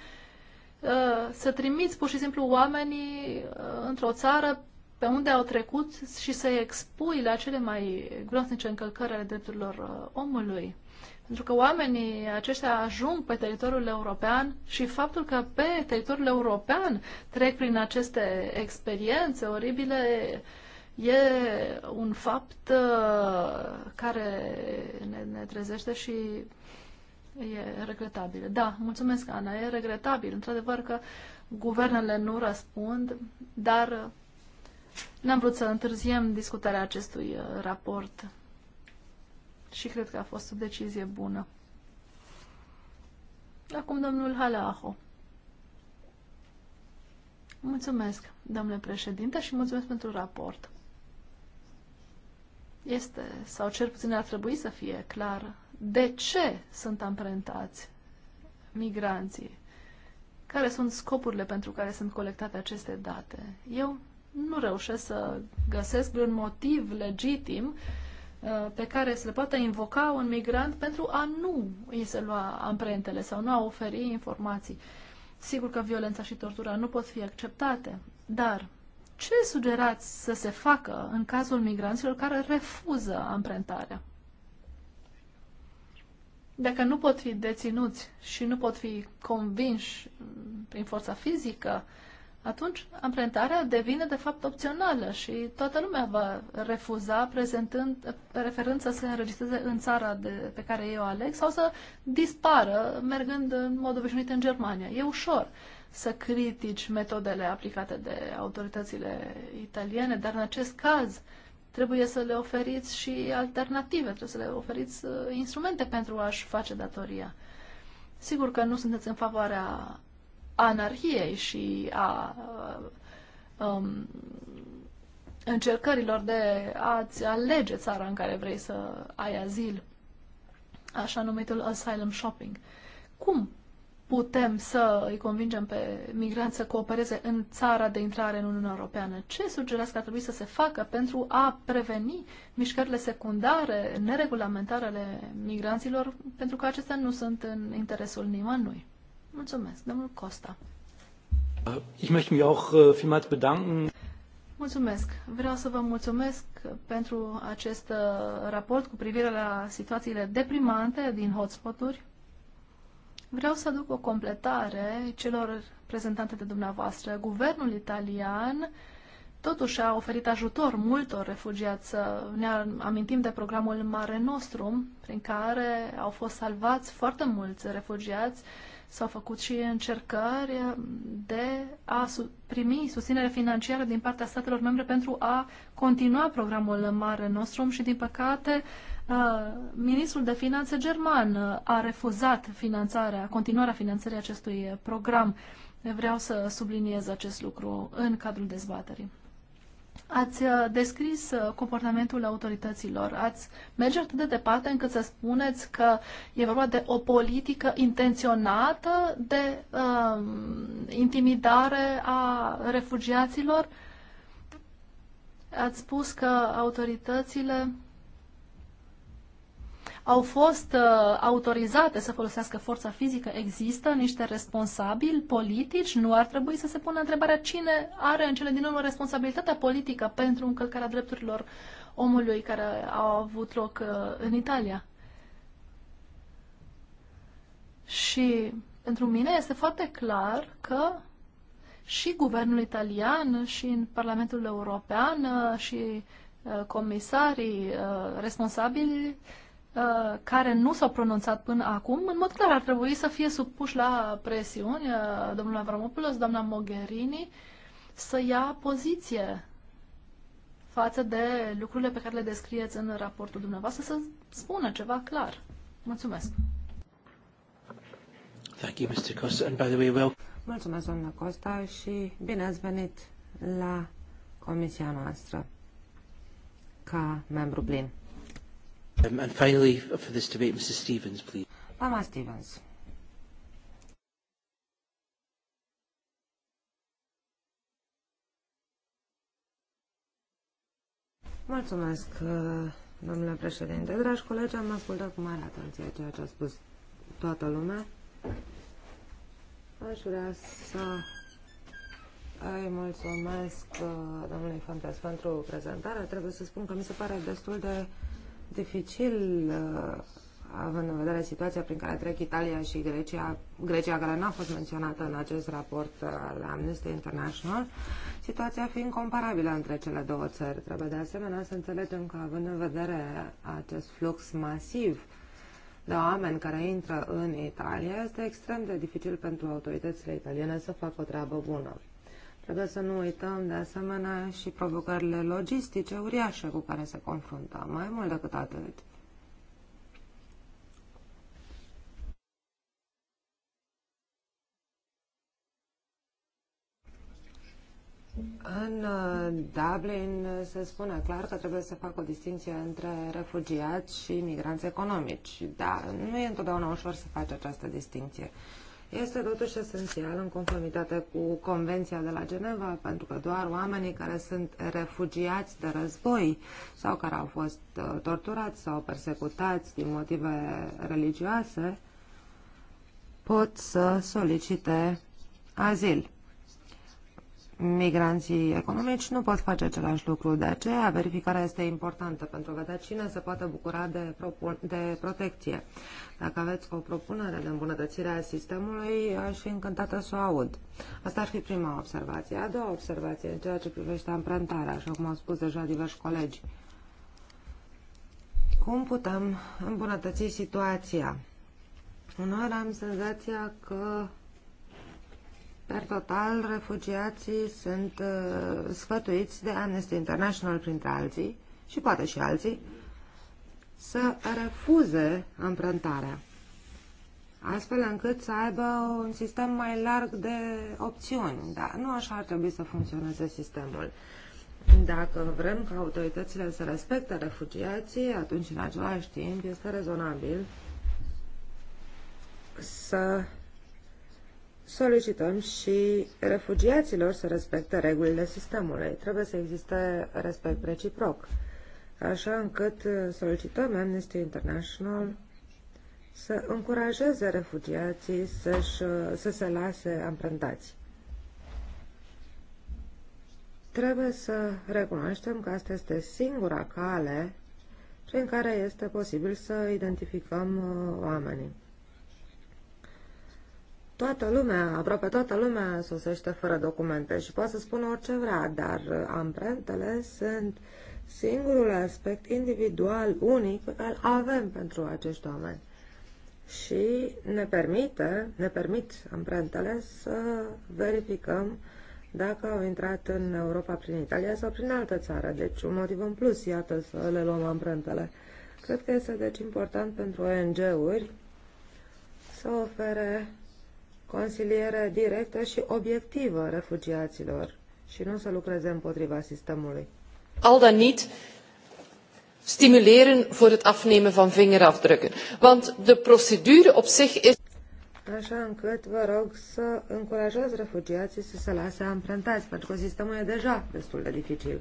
uh, să trimiți pur și simplu oamenii uh, într-o țară pe unde au trecut și să-i expui la cele mai groaznice încălcări ale drepturilor uh, omului. Pentru că oamenii aceștia ajung pe teritoriul european și faptul că pe teritoriul european trec prin aceste experiențe oribile E un fapt uh, care ne, ne trezește și e regretabil. Da, mulțumesc, Ana, e regretabil. Într-adevăr că guvernele nu răspund, dar n-am vrut să întârziem discutarea acestui uh, raport și cred că a fost o decizie bună. Acum domnul Halaho. Mulțumesc, domnule președinte, și mulțumesc pentru raport este, sau cel puțin ar trebui să fie clar, de ce sunt amprentați migranții, care sunt scopurile pentru care sunt colectate aceste date. Eu nu reușesc să găsesc un motiv legitim uh, pe care să le poată invoca un migrant pentru a nu îi se lua amprentele sau nu a oferi informații. Sigur că violența și tortura nu pot fi acceptate, dar ce sugerați să se facă în cazul migranților care refuză amprentarea? Dacă nu pot fi deținuți și nu pot fi convinși prin forța fizică, atunci amprentarea devine de fapt opțională și toată lumea va refuza prezentând, referând să se înregistreze în țara de, pe care eu aleg sau să dispară mergând în mod obișnuit în Germania. E ușor să critici metodele aplicate de autoritățile italiene, dar în acest caz trebuie să le oferiți și alternative, trebuie să le oferiți uh, instrumente pentru a-și face datoria. Sigur că nu sunteți în favoarea anarhiei și a uh, um, încercărilor de a-ți alege țara în care vrei să ai azil, așa numitul asylum shopping. Cum putem să îi convingem pe migranți să coopereze în țara de intrare în Uniunea Europeană? Ce sugerați că ar trebui să se facă pentru a preveni mișcările secundare, neregulamentare ale migranților, pentru că acestea nu sunt în interesul nimănui? Mulțumesc, domnul Costa. Ich möchte mich auch äh, vielmals bedanken. Mulțumesc. Vreau să vă mulțumesc pentru acest uh, raport cu privire la situațiile deprimante din hotspoturi Vreau să aduc o completare celor prezentate de dumneavoastră. Guvernul italian totuși a oferit ajutor multor refugiați. Ne amintim de programul Mare Nostrum, prin care au fost salvați foarte mulți refugiați. S-au făcut și încercări de a primi susținere financiară din partea statelor membre pentru a continua programul Mare Nostrum și, din păcate, Uh, ministrul de Finanțe german uh, a refuzat finanțarea, continuarea finanțării acestui uh, program. Vreau să subliniez acest lucru în cadrul dezbaterii. Ați descris comportamentul autorităților. Ați merge atât de departe încât să spuneți că e vorba de o politică intenționată de uh, intimidare a refugiaților. Ați spus că autoritățile au fost uh, autorizate să folosească forța fizică, există niște responsabili politici, nu ar trebui să se pună întrebarea cine are în cele din urmă responsabilitatea politică pentru încălcarea drepturilor omului care au avut loc uh, în Italia. Și pentru mine este foarte clar că și guvernul italian și în Parlamentul European uh, și uh, comisarii uh, responsabili Uh, care nu s-au pronunțat până acum, în mod clar ar trebui să fie supuși la presiuni, uh, domnul Avramopoulos, doamna Mogherini, să ia poziție față de lucrurile pe care le descrieți în raportul dumneavoastră, să spună ceva clar. Mulțumesc! Thank you, Mr. Costa. And by the way, well... Mulțumesc, doamna Costa, și bine ați venit la comisia noastră ca membru plin. Um, and finally, for this debate, Mrs. Stevens, please. Stevens. Mulțumesc, uh, domnule președinte. Dragi colegi, am ascultat cu mare atenție ceea ce a spus toată lumea. Aș vrea să îi mulțumesc uh, domnului Fantas pentru prezentare. Trebuie să spun că mi se pare destul de dificil uh, având în vedere situația prin care trec Italia și Grecia, Grecia care nu a fost menționată în acest raport uh, al Amnesty International, situația fiind comparabilă între cele două țări. Trebuie de asemenea să înțelegem că având în vedere acest flux masiv de oameni care intră în Italia, este extrem de dificil pentru autoritățile italiene să facă o treabă bună. Trebuie să nu uităm, de asemenea, și provocările logistice uriașe cu care se confruntă, mai mult decât atât. În uh, Dublin se spune clar că trebuie să facă o distinție între refugiați și migranți economici, dar nu e întotdeauna ușor să faci această distinție este totuși esențial în conformitate cu Convenția de la Geneva, pentru că doar oamenii care sunt refugiați de război sau care au fost uh, torturați sau persecutați din motive religioase pot să solicite azil migranții economici nu pot face același lucru. De aceea, verificarea este importantă pentru a vedea cine se poate bucura de, de protecție. Dacă aveți o propunere de îmbunătățire a sistemului, aș fi încântată să o aud. Asta ar fi prima observație. A doua observație, în ceea ce privește amprentarea, așa cum au spus deja diversi colegi. Cum putem îmbunătăți situația? Uneori am senzația că Per total, refugiații sunt uh, sfătuiți de Amnesty International, printre alții, și poate și alții, să refuze amprentarea, astfel încât să aibă un sistem mai larg de opțiuni. Dar nu așa ar trebui să funcționeze sistemul. Dacă vrem ca autoritățile să respecte refugiații, atunci în același timp este rezonabil să solicităm și refugiaților să respecte regulile sistemului. Trebuie să existe respect reciproc, așa încât uh, solicităm Amnesty International să încurajeze refugiații să, uh, să se lase amprentați. Trebuie să recunoaștem că asta este singura cale prin care este posibil să identificăm uh, oamenii. Toată lumea, aproape toată lumea sosește fără documente și poate să spună orice vrea, dar amprentele sunt singurul aspect individual, unic, pe care avem pentru acești oameni. Și ne permite, ne permit amprentele să verificăm dacă au intrat în Europa prin Italia sau prin altă țară. Deci un motiv în plus, iată, să le luăm amprentele. Cred că este deci important pentru ONG-uri să ofere consiliere directă și obiectivă refugiaților și nu să lucreze împotriva sistemului. Al dan niet stimuleren voor het afnemen van vingerafdrukken, want de procedure op zich is Așa încât vă rog să încurajați refugiații să se lase amprentați, pentru că sistemul e deja destul de dificil.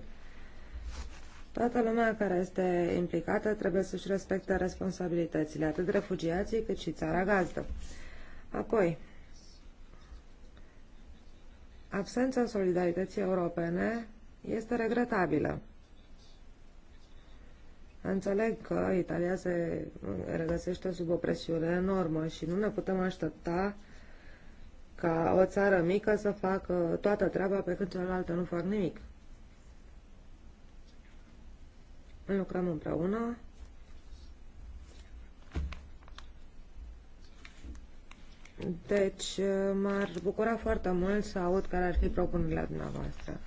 Toată lumea care este implicată trebuie să-și respecte responsabilitățile, atât refugiații cât și țara gazdă. Apoi, Absența solidarității europene este regretabilă. Înțeleg că Italia se regăsește sub o presiune enormă și nu ne putem aștepta ca o țară mică să facă toată treaba pe când celelalte nu fac nimic. Lucrăm împreună Deci uh, m-ar bucura foarte mult să aud care ar fi propunerile dumneavoastră.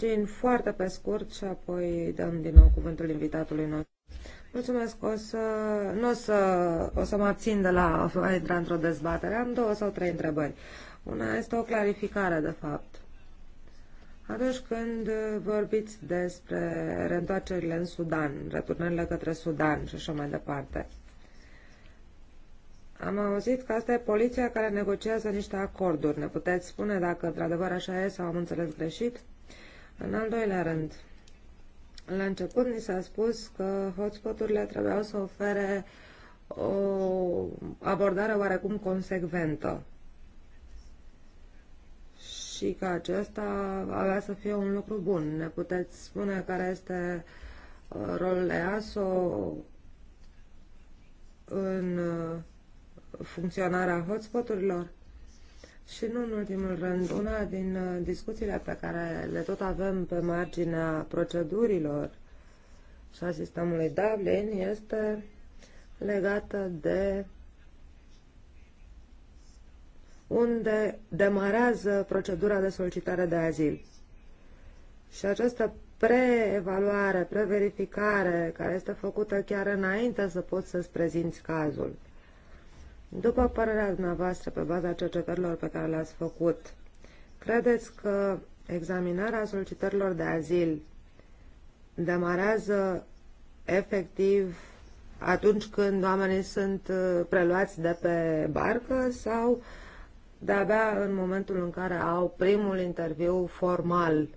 Jean, foarte pe scurt și apoi dăm din nou cuvântul invitatului nostru. Mulțumesc, o să, nu o să, o să mă abțin de la a intra într-o dezbatere. Am două sau trei întrebări. Una este o clarificare, de fapt. Atunci când vorbiți despre reîntoarcerile în Sudan, returnările către Sudan și așa mai departe, am auzit că asta e poliția care negociază niște acorduri. Ne puteți spune dacă într-adevăr așa e sau am înțeles greșit? În al doilea rând, la început ni s-a spus că hotspoturile trebuiau să ofere o abordare oarecum consecventă și că acesta avea să fie un lucru bun. Ne puteți spune care este uh, rolul EASO în uh, funcționarea hotspoturilor. Și nu în ultimul rând, una din uh, discuțiile pe care le tot avem pe marginea procedurilor și a sistemului Dublin este legată de unde demarează procedura de solicitare de azil. Și această preevaluare, preverificare, care este făcută chiar înainte să poți să-ți prezinți cazul. După părerea dumneavoastră, pe baza cercetărilor pe care le-ați făcut, credeți că examinarea solicitărilor de azil demarează efectiv atunci când oamenii sunt uh, preluați de pe barcă sau de-abia în momentul în care au primul interviu formal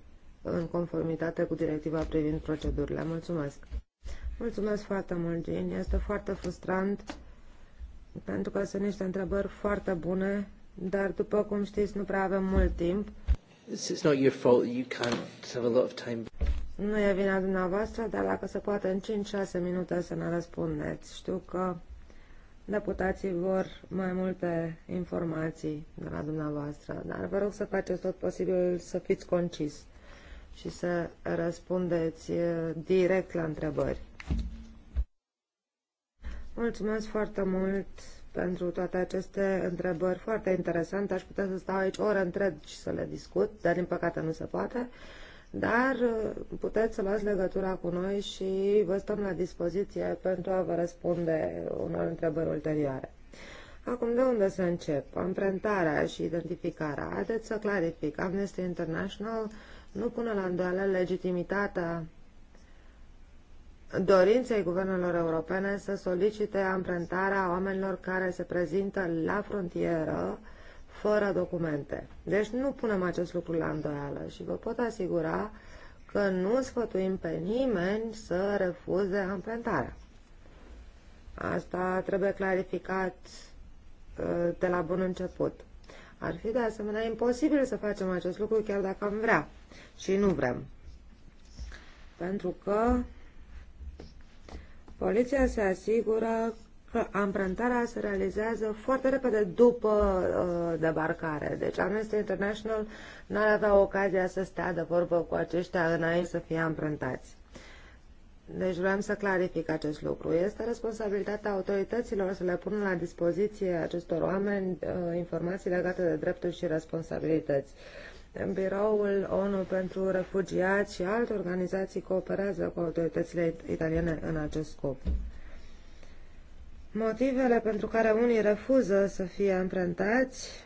în conformitate cu directiva privind procedurile. Mulțumesc! Mulțumesc foarte mult, Jean. Este foarte frustrant pentru că sunt niște întrebări foarte bune, dar după cum știți nu prea avem mult timp. Nu e vina dumneavoastră, dar dacă se poate în 5-6 minute să ne răspundeți. Știu că deputații vor mai multe informații de la dumneavoastră, dar vă rog să faceți tot posibil să fiți concis și să răspundeți eh, direct la întrebări. Mulțumesc foarte mult pentru toate aceste întrebări foarte interesante. Aș putea să stau aici ore întregi să le discut, dar din păcate nu se poate. Dar uh, puteți să luați legătura cu noi și vă stăm la dispoziție pentru a vă răspunde unor întrebări ulterioare. Acum, de unde să încep? Amprentarea și identificarea. Haideți să clarific. Amnesty International nu pune la îndoială legitimitatea dorinței guvernelor europene să solicite amprentarea oamenilor care se prezintă la frontieră fără documente. Deci nu punem acest lucru la îndoială și vă pot asigura că nu sfătuim pe nimeni să refuze amprentarea. Asta trebuie clarificat uh, de la bun început. Ar fi de asemenea imposibil să facem acest lucru chiar dacă am vrea și nu vrem. Pentru că Poliția se asigură că amprentarea se realizează foarte repede după uh, debarcare. Deci Amnesty International n-ar avea ocazia să stea de vorbă cu aceștia înainte să fie amprentați. Deci vreau să clarific acest lucru. Este responsabilitatea autorităților să le pună la dispoziție acestor oameni uh, informații legate de drepturi și responsabilități. Uh, Biroul ONU pentru Refugiați și alte organizații cooperează cu autoritățile italiene în acest scop. Motivele pentru care unii refuză să fie amprentați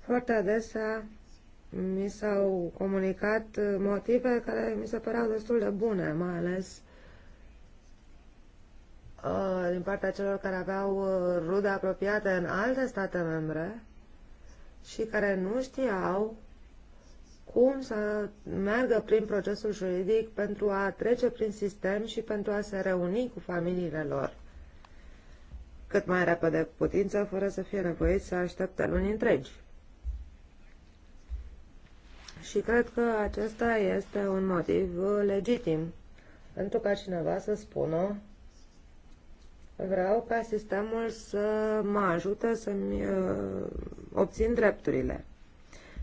foarte adesea mi s-au comunicat motive care mi se păreau destul de bune, mai ales uh, din partea celor care aveau uh, rude apropiate în alte state membre, și care nu știau cum să meargă prin procesul juridic pentru a trece prin sistem și pentru a se reuni cu familiile lor cât mai repede cu putință, fără să fie nevoit să aștepte luni întregi. Și cred că acesta este un motiv legitim pentru ca cineva să spună Vreau ca sistemul să mă ajute să-mi uh, obțin drepturile.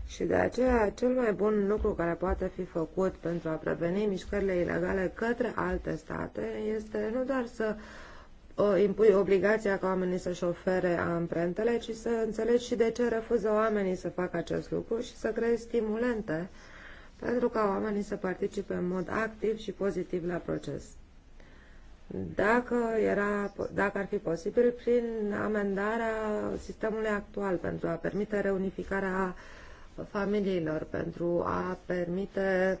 Și de aceea, cel mai bun lucru care poate fi făcut pentru a preveni mișcările ilegale către alte state este nu doar să uh, impui obligația ca oamenii să-și ofere amprentele, ci să înțelegi și de ce refuză oamenii să facă acest lucru și să creezi stimulente pentru ca oamenii să participe în mod activ și pozitiv la proces dacă, era, dacă ar fi posibil, prin amendarea sistemului actual pentru a permite reunificarea familiilor, pentru a permite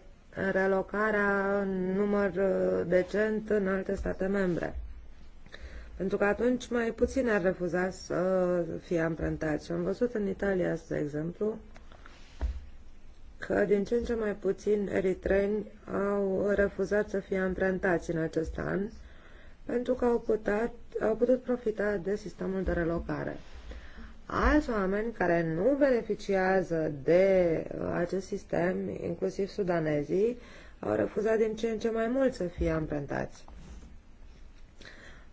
relocarea în număr uh, decent în alte state membre. Pentru că atunci mai puțin ar refuza să fie amprentați. Și am văzut în Italia, de exemplu, că din ce în ce mai puțin eritreni au refuzat să fie amprentați în acest an, pentru că au, putat, au putut profita de sistemul de relocare. Alți oameni care nu beneficiază de uh, acest sistem, inclusiv sudanezii, au refuzat din ce în ce mai mult să fie amprentați.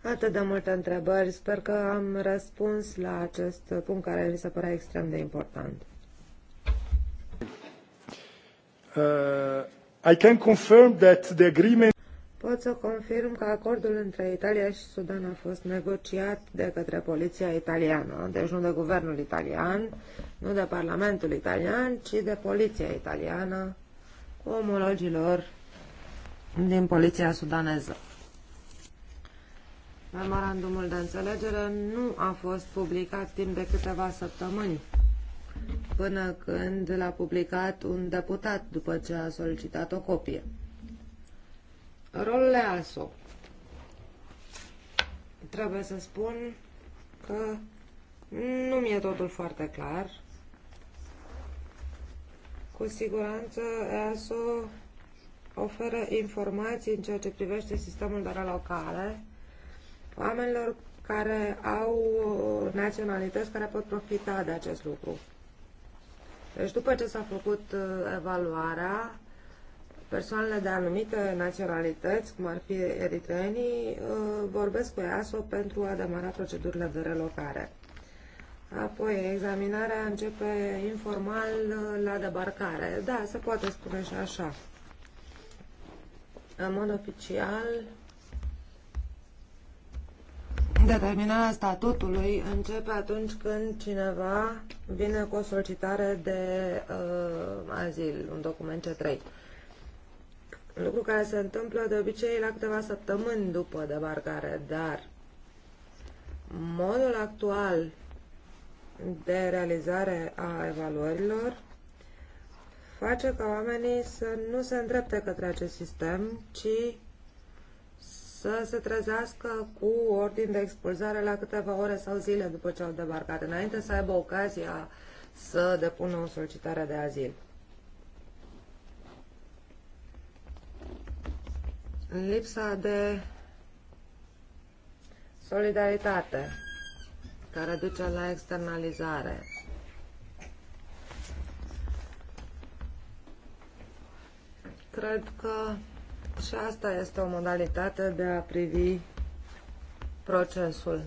Atât de multe întrebări. Sper că am răspuns la acest punct care mi se părea extrem de important. Uh, I can confirm that the agreement Pot să confirm că acordul între Italia și Sudan a fost negociat de către poliția italiană, deci nu de guvernul italian, nu de parlamentul italian, ci de poliția italiană cu omologilor din poliția sudaneză. Memorandumul de înțelegere nu a fost publicat timp de câteva săptămâni, până când l-a publicat un deputat după ce a solicitat o copie. Rolul EASO. Trebuie să spun că nu mi-e totul foarte clar. Cu siguranță EASO oferă informații în ceea ce privește sistemul de relocare oamenilor care au uh, naționalități care pot profita de acest lucru. Deci după ce s-a făcut uh, evaluarea, persoanele de anumite naționalități, cum ar fi eritreenii, uh, vorbesc cu EASO pentru a demara procedurile de relocare. Apoi, examinarea începe informal uh, la debarcare. Da, se poate spune și așa. În mod oficial, determinarea statutului începe atunci când cineva vine cu o solicitare de uh, azil, un document C3 lucru care se întâmplă de obicei la câteva săptămâni după debarcare, dar modul actual de realizare a evaluărilor face ca oamenii să nu se îndrepte către acest sistem, ci să se trezească cu ordin de expulzare la câteva ore sau zile după ce au debarcat, înainte să aibă ocazia să depună o solicitare de azil. lipsa de solidaritate care duce la externalizare. Cred că și asta este o modalitate de a privi procesul.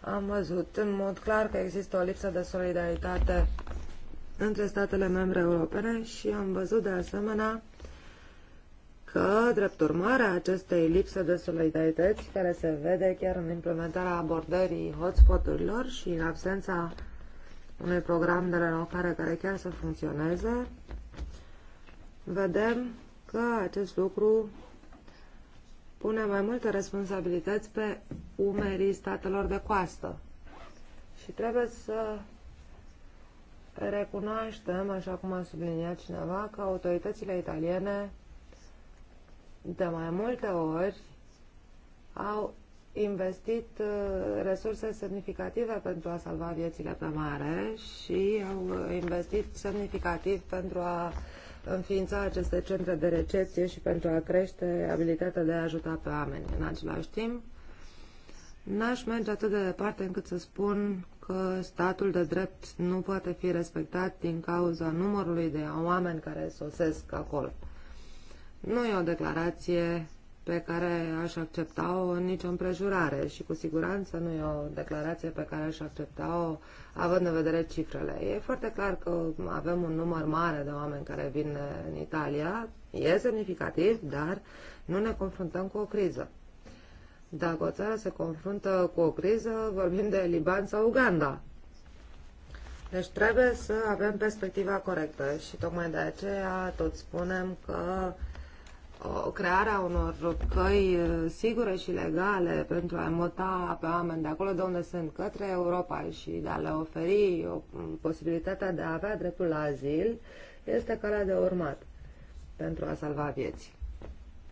Am văzut în mod clar că există o lipsă de solidaritate între statele membre europene și am văzut de asemenea că, drept urmare, acestei lipse de solidaritate care se vede chiar în implementarea abordării hotspoturilor și în absența unui program de relocare care chiar să funcționeze, vedem că acest lucru pune mai multe responsabilități pe umerii statelor de coastă. Și trebuie să recunoaștem, așa cum a subliniat cineva, că autoritățile italiene de mai multe ori au investit uh, resurse semnificative pentru a salva viețile pe mare și au investit semnificativ pentru a înființa aceste centre de recepție și pentru a crește abilitatea de a ajuta pe oameni. În același timp, n-aș merge atât de departe încât să spun că statul de drept nu poate fi respectat din cauza numărului de oameni care sosesc acolo. Nu e o declarație pe care aș accepta-o în nicio împrejurare și cu siguranță nu e o declarație pe care aș accepta-o având în vedere cifrele. E foarte clar că avem un număr mare de oameni care vin în Italia, e semnificativ, dar nu ne confruntăm cu o criză. Dacă o țară se confruntă cu o criză, vorbim de Liban sau Uganda. Deci trebuie să avem perspectiva corectă și tocmai de aceea tot spunem că Uh, crearea unor căi uh, sigure și legale pentru a muta pe oameni de acolo de unde sunt către Europa și de a le oferi o, um, posibilitatea de a avea dreptul la azil este calea de urmat pentru a salva vieți.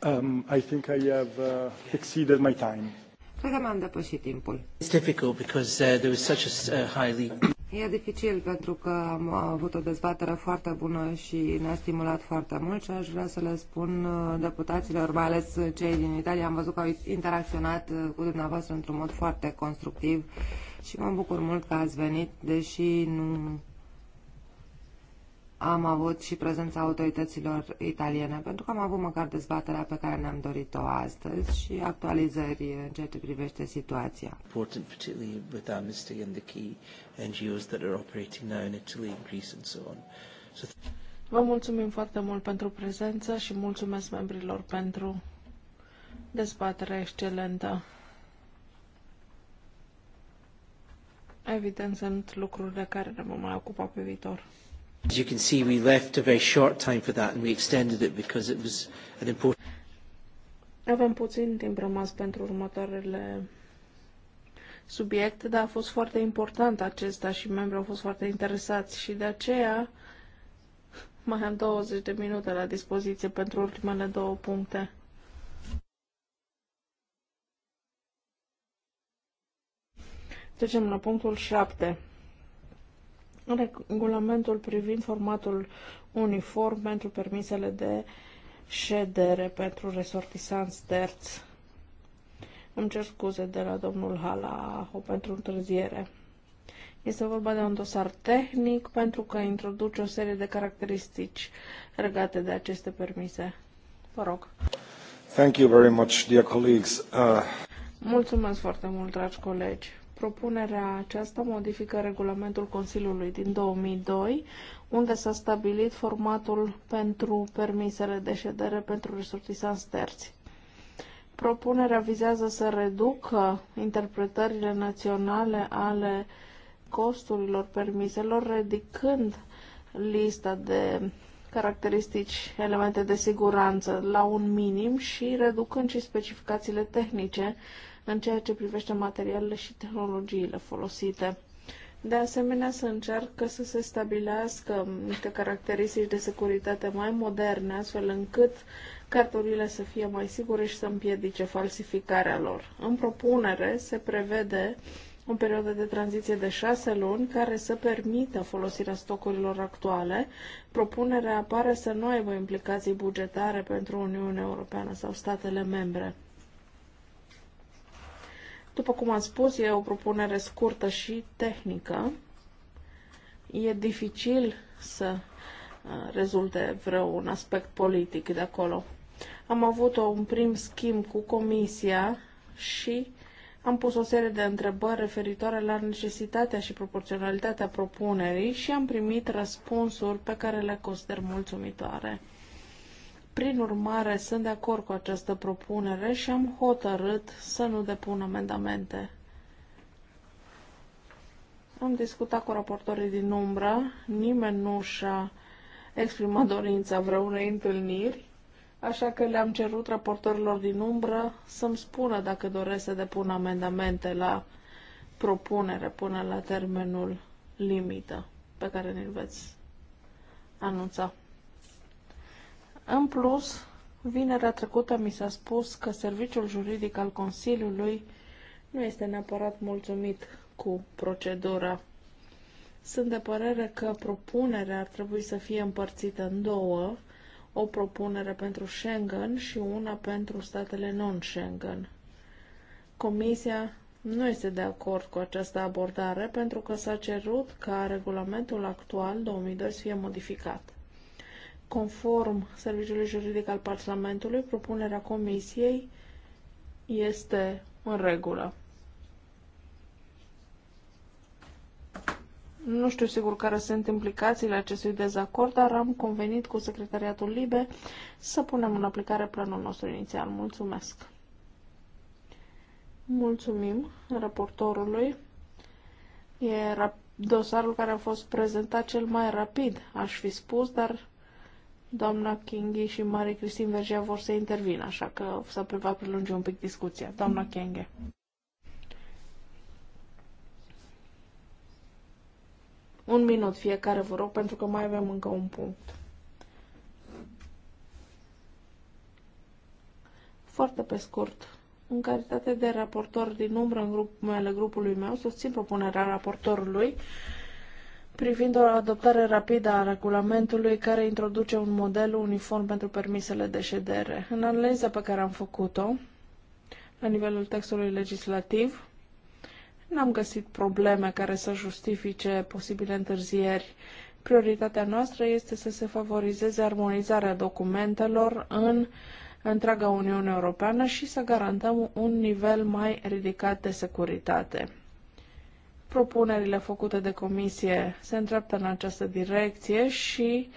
Um, I think I have uh, exceeded my time. Cred că m am depășit timpul. It's difficult because uh, there was such a uh, highly E dificil pentru că am avut o dezbatere foarte bună și ne-a stimulat foarte mult și aș vrea să le spun uh, deputaților, mai ales cei din Italia, am văzut că au interacționat uh, cu dumneavoastră într-un mod foarte constructiv și mă bucur mult că ați venit, deși nu am avut și prezența autorităților italiene, pentru că am avut măcar dezbaterea pe care ne-am dorit-o astăzi și actualizări în ceea ce privește situația. Important, particularly with Amnesty and the key NGOs that are operating now in Italy Greece and so on. So Vă mulțumim foarte mult pentru prezență și mulțumesc membrilor pentru dezbaterea excelentă. Evident, sunt lucruri de care ne vom mai ocupa pe viitor. As you can see, we left a very short time for that and we extended it because it was an important... Avem puțin timp rămas pentru următoarele subiecte, dar a fost foarte important acesta și membrii au fost foarte interesați și de aceea mai am 20 de minute la dispoziție pentru ultimele două puncte. Trecem la punctul 7 regulamentul privind formatul uniform pentru permisele de ședere pentru resortisanți terți. Îmi cer scuze de la domnul Halaho pentru întârziere. Este vorba de un dosar tehnic pentru că introduce o serie de caracteristici legate de aceste permise. Vă rog. Thank you very much, dear colleagues. Uh... Mulțumesc foarte mult, dragi colegi. Propunerea aceasta modifică regulamentul Consiliului din 2002, unde s-a stabilit formatul pentru permisele de ședere pentru resortisanți terți. Propunerea vizează să reducă interpretările naționale ale costurilor permiselor, ridicând lista de caracteristici, elemente de siguranță la un minim și reducând și specificațiile tehnice în ceea ce privește materialele și tehnologiile folosite. De asemenea, să încearcă să se stabilească niște caracteristici de securitate mai moderne, astfel încât carturile să fie mai sigure și să împiedice falsificarea lor. În propunere se prevede o perioadă de tranziție de șase luni care să permită folosirea stocurilor actuale. Propunerea apare să nu aibă implicații bugetare pentru Uniunea Europeană sau statele membre. După cum am spus, e o propunere scurtă și tehnică. E dificil să uh, rezulte vreun aspect politic de acolo. Am avut un prim schimb cu comisia și am pus o serie de întrebări referitoare la necesitatea și proporționalitatea propunerii și am primit răspunsuri pe care le consider mulțumitoare. Prin urmare, sunt de acord cu această propunere și am hotărât să nu depun amendamente. Am discutat cu raportorii din umbră, nimeni nu și-a exprimat dorința vreunei întâlniri, așa că le-am cerut raportorilor din umbră să-mi spună dacă doresc să depun amendamente la propunere până la termenul limită pe care ne-l veți anunța. În plus, vinerea trecută mi s-a spus că serviciul juridic al Consiliului nu este neapărat mulțumit cu procedura. Sunt de părere că propunerea ar trebui să fie împărțită în două, o propunere pentru Schengen și una pentru statele non-Schengen. Comisia nu este de acord cu această abordare pentru că s-a cerut ca regulamentul actual 2002 să fie modificat. Conform Serviciului Juridic al Parlamentului, propunerea Comisiei este în regulă. Nu știu sigur care sunt implicațiile acestui dezacord, dar am convenit cu Secretariatul Libe să punem în aplicare planul nostru inițial. Mulțumesc! Mulțumim raportorului. E dosarul care a fost prezentat cel mai rapid, aș fi spus, dar Doamna Kinghi și Mare Cristin Vergea vor să intervină, așa că să va prelungi un pic discuția. Doamna Kenghe. Un minut fiecare, vă rog, pentru că mai avem încă un punct. Foarte pe scurt, în calitate de raportor din umbră în grup, grupului meu, susțin propunerea raportorului privind o adoptare rapidă a regulamentului care introduce un model uniform pentru permisele de ședere. În analiza pe care am făcut-o, la nivelul textului legislativ, n-am găsit probleme care să justifice posibile întârzieri. Prioritatea noastră este să se favorizeze armonizarea documentelor în întreaga Uniune Europeană și să garantăm un nivel mai ridicat de securitate propunerile făcute de comisie se îndreaptă în această direcție și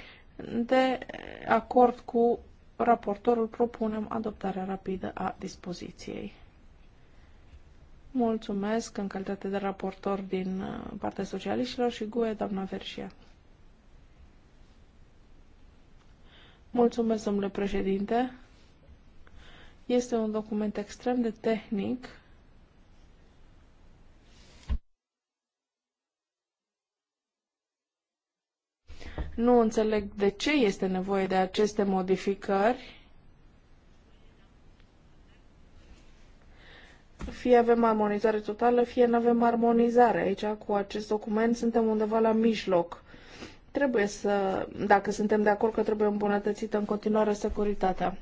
de acord cu raportorul propunem adoptarea rapidă a dispoziției. Mulțumesc în calitate de raportor din uh, partea socialiștilor și GUE, doamna Verșia. Mulțumesc, domnule președinte. Este un document extrem de tehnic Nu înțeleg de ce este nevoie de aceste modificări. Fie avem armonizare totală, fie nu avem armonizare. Aici, cu acest document, suntem undeva la mijloc. Trebuie să, dacă suntem de acord că trebuie îmbunătățită în continuare securitatea.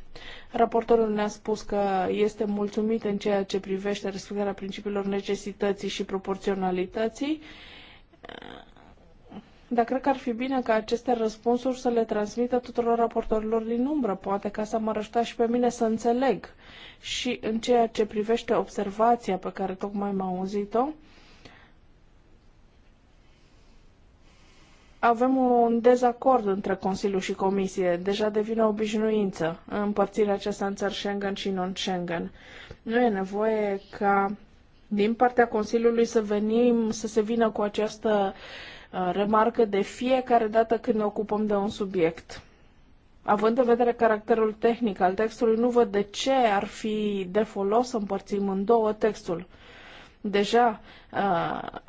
Raportorul ne-a spus că este mulțumit în ceea ce privește respectarea principiilor necesității și proporționalității dar cred că ar fi bine ca aceste răspunsuri să le transmită tuturor raportorilor din umbră, poate ca să mă răștea și pe mine să înțeleg. Și în ceea ce privește observația pe care tocmai m-am auzit-o, avem un dezacord între Consiliu și Comisie. Deja devine obișnuință împărțirea aceasta în țări Schengen și non-Schengen. Nu e nevoie ca din partea Consiliului să venim, să se vină cu această uh, Uh, remarcă de fiecare dată când ne ocupăm de un subiect. Având în vedere caracterul tehnic al textului, nu văd de ce ar fi de folos să împărțim în două textul. Deja uh,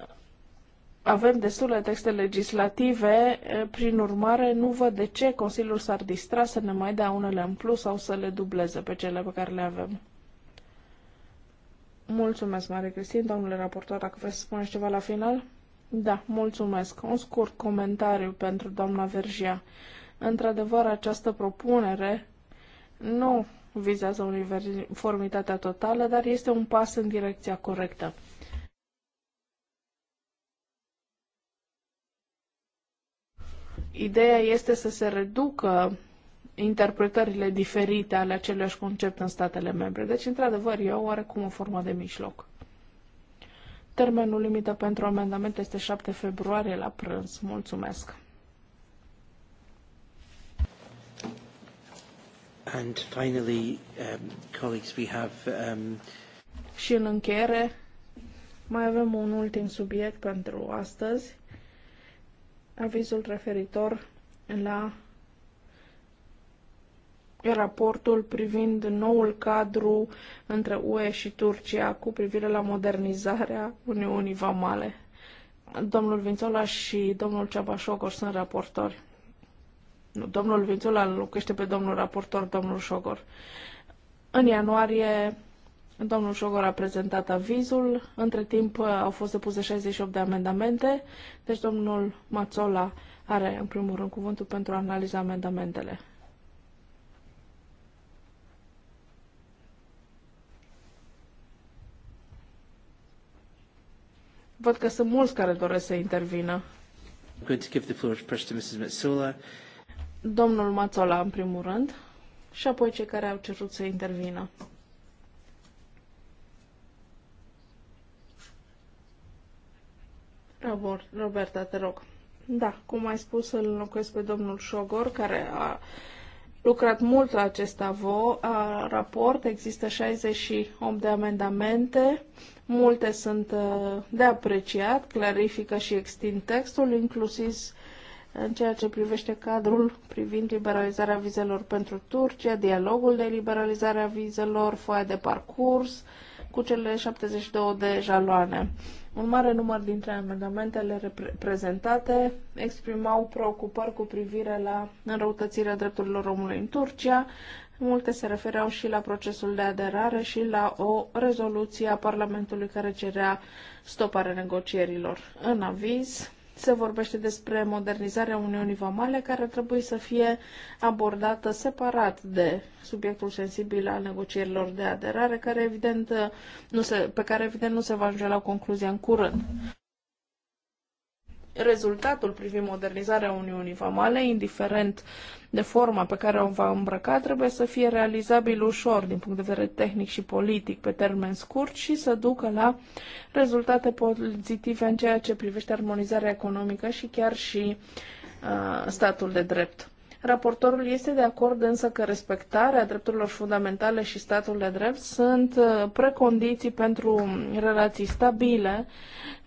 avem destule texte legislative, uh, prin urmare nu văd de ce Consiliul s-ar distra să ne mai dea unele în plus sau să le dubleze pe cele pe care le avem. Mulțumesc, Mare Cristin, domnule raportor, dacă vreți să spuneți ceva la final. Da, mulțumesc. Un scurt comentariu pentru doamna Vergia. Într-adevăr, această propunere nu vizează uniformitatea totală, dar este un pas în direcția corectă. Ideea este să se reducă interpretările diferite ale aceluiași concept în statele membre. Deci, într-adevăr, e oarecum o formă de mijloc. Termenul limită pentru amendamente este 7 februarie la prânz. Mulțumesc! And finally, um, colleagues, we have, um... Și în încheiere, mai avem un ultim subiect pentru astăzi, avizul referitor la raportul privind noul cadru între UE și Turcia cu privire la modernizarea Uniunii Vamale. Domnul Vințola și domnul Ceabașogor sunt raportori. Nu, domnul Vințola lucrește pe domnul raportor, domnul Șogor. În ianuarie, domnul Șogor a prezentat avizul. Între timp uh, au fost depuse 68 de amendamente, deci domnul Mațola are în primul rând cuvântul pentru a analiza amendamentele. Văd că sunt mulți care doresc să intervină. going to give the floor first to Mrs. Metzola. Domnul Mazzola, în primul rând, și apoi cei care au cerut să intervină. Roberta, te rog. Da, cum ai spus, îl înlocuiesc pe domnul Șogor, care a lucrat mult la acest avo, a, raport. Există 68 de amendamente Multe sunt uh, de apreciat, clarifică și extind textul, inclusiv uh, în ceea ce privește cadrul privind liberalizarea vizelor pentru Turcia, dialogul de liberalizare a vizelor, foaia de parcurs, cu cele 72 de jaloane. Un mare număr dintre amendamentele prezentate exprimau preocupări cu privire la înrăutățirea drepturilor omului în Turcia, Multe se refereau și la procesul de aderare și la o rezoluție a Parlamentului care cerea stoparea negocierilor. În aviz se vorbește despre modernizarea Uniunii Vamale, care trebuie să fie abordată separat de subiectul sensibil al negocierilor de aderare, care evident nu se, pe care evident nu se va ajunge la o concluzie în curând rezultatul privind modernizarea Uniunii Vamale, indiferent de forma pe care o va îmbrăca, trebuie să fie realizabil ușor din punct de vedere tehnic și politic pe termen scurt și să ducă la rezultate pozitive în ceea ce privește armonizarea economică și chiar și uh, statul de drept. Raportorul este de acord însă că respectarea drepturilor fundamentale și statul de drept sunt uh, precondiții pentru relații stabile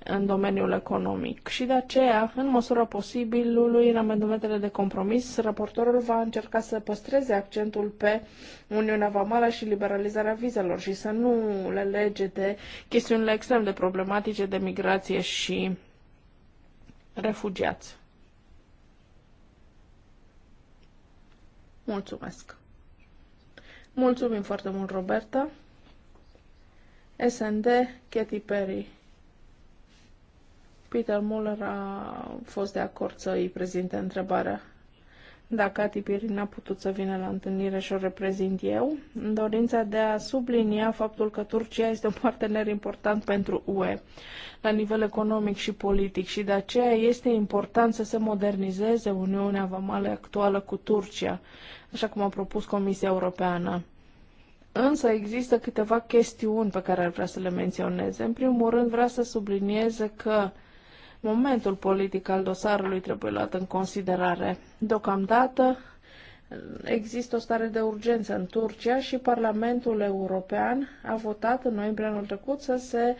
în domeniul economic și de aceea, în măsura posibilului, în amendamentele de compromis, raportorul va încerca să păstreze accentul pe Uniunea Vamală și liberalizarea vizelor și să nu le lege de chestiunile extrem de problematice de migrație și refugiați. Mulțumesc! Mulțumim foarte mult, Roberta! SND, Katy Perry. Peter Muller a fost de acord să îi prezinte întrebarea. Dacă Katy Perry n-a putut să vină la întâlnire și o reprezint eu, în dorința de a sublinia faptul că Turcia este un partener important pentru UE la nivel economic și politic și de aceea este important să se modernizeze Uniunea Vamală actuală cu Turcia așa cum a propus Comisia Europeană. Însă există câteva chestiuni pe care ar vrea să le menționeze. În primul rând, vrea să sublinieze că momentul politic al dosarului trebuie luat în considerare. Deocamdată există o stare de urgență în Turcia și Parlamentul European a votat în noiembrie anul trecut să se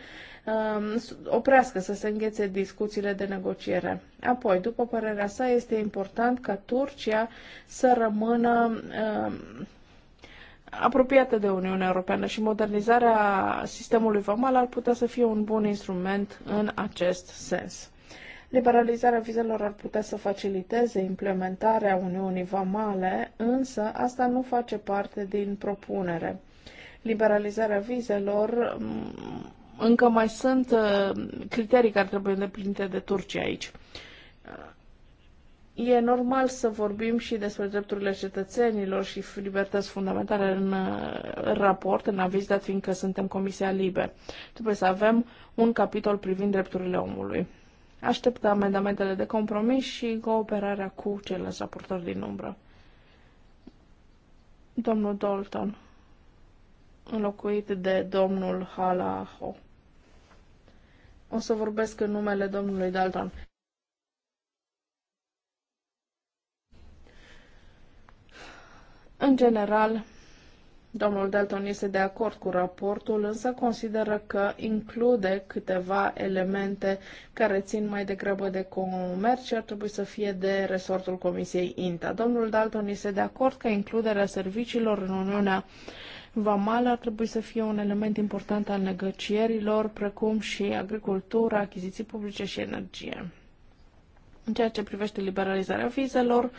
Um, oprească, să se înghețe discuțiile de negociere. Apoi, după părerea sa, este important ca Turcia să rămână um, apropiată de Uniunea Europeană și modernizarea sistemului vamal ar putea să fie un bun instrument în acest sens. Liberalizarea vizelor ar putea să faciliteze implementarea Uniunii Vamale, însă asta nu face parte din propunere. Liberalizarea vizelor încă mai sunt uh, criterii care trebuie îndeplinite de Turcia aici. E normal să vorbim și despre drepturile cetățenilor și libertăți fundamentale în uh, raport, în aviz, dat fiindcă suntem Comisia Libe. Trebuie să avem un capitol privind drepturile omului. Aștept amendamentele de compromis și cooperarea cu ceilalți raportori din umbră. Domnul Dalton, înlocuit de domnul Halaho. O să vorbesc în numele domnului Dalton. În general, domnul Dalton este de acord cu raportul, însă consideră că include câteva elemente care țin mai degrabă de comerț și ar trebui să fie de resortul Comisiei INTA. Domnul Dalton este de acord că includerea serviciilor în Uniunea Vamala ar trebui să fie un element important al negocierilor, precum și agricultura, achiziții publice și energie. În ceea ce privește liberalizarea vizelor,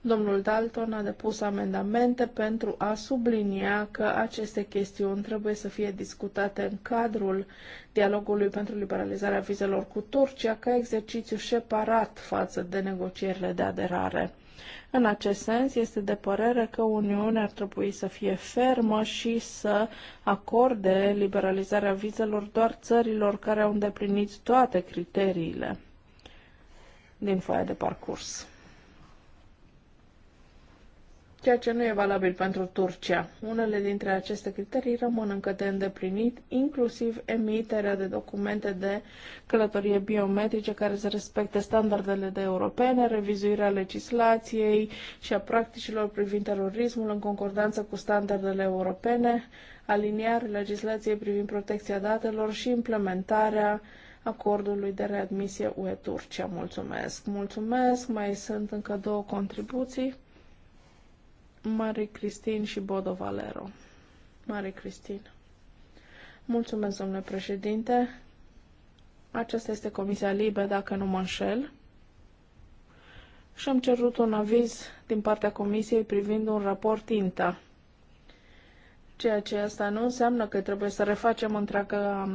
domnul Dalton a depus amendamente pentru a sublinia că aceste chestiuni trebuie să fie discutate în cadrul dialogului pentru liberalizarea vizelor cu Turcia ca exercițiu separat față de negocierile de aderare. În acest sens, este de părere că Uniunea ar trebui să fie fermă și să acorde liberalizarea vizelor doar țărilor care au îndeplinit toate criteriile din foaia de parcurs ceea ce nu e valabil pentru Turcia. Unele dintre aceste criterii rămân încă de îndeplinit, inclusiv emiterea de documente de călătorie biometrice care să respecte standardele de europene, revizuirea legislației și a practicilor privind terorismul în concordanță cu standardele europene, aliniarea legislației privind protecția datelor și implementarea acordului de readmisie UE-Turcia. Mulțumesc! Mulțumesc! Mai sunt încă două contribuții. Marie Cristin și Bodo Valero. Marie Cristin. Mulțumesc, domnule președinte. Aceasta este Comisia Libe, dacă nu mă înșel. Și am cerut un aviz din partea Comisiei privind un raport INTA. Ceea ce asta nu înseamnă că trebuie să refacem întreaga,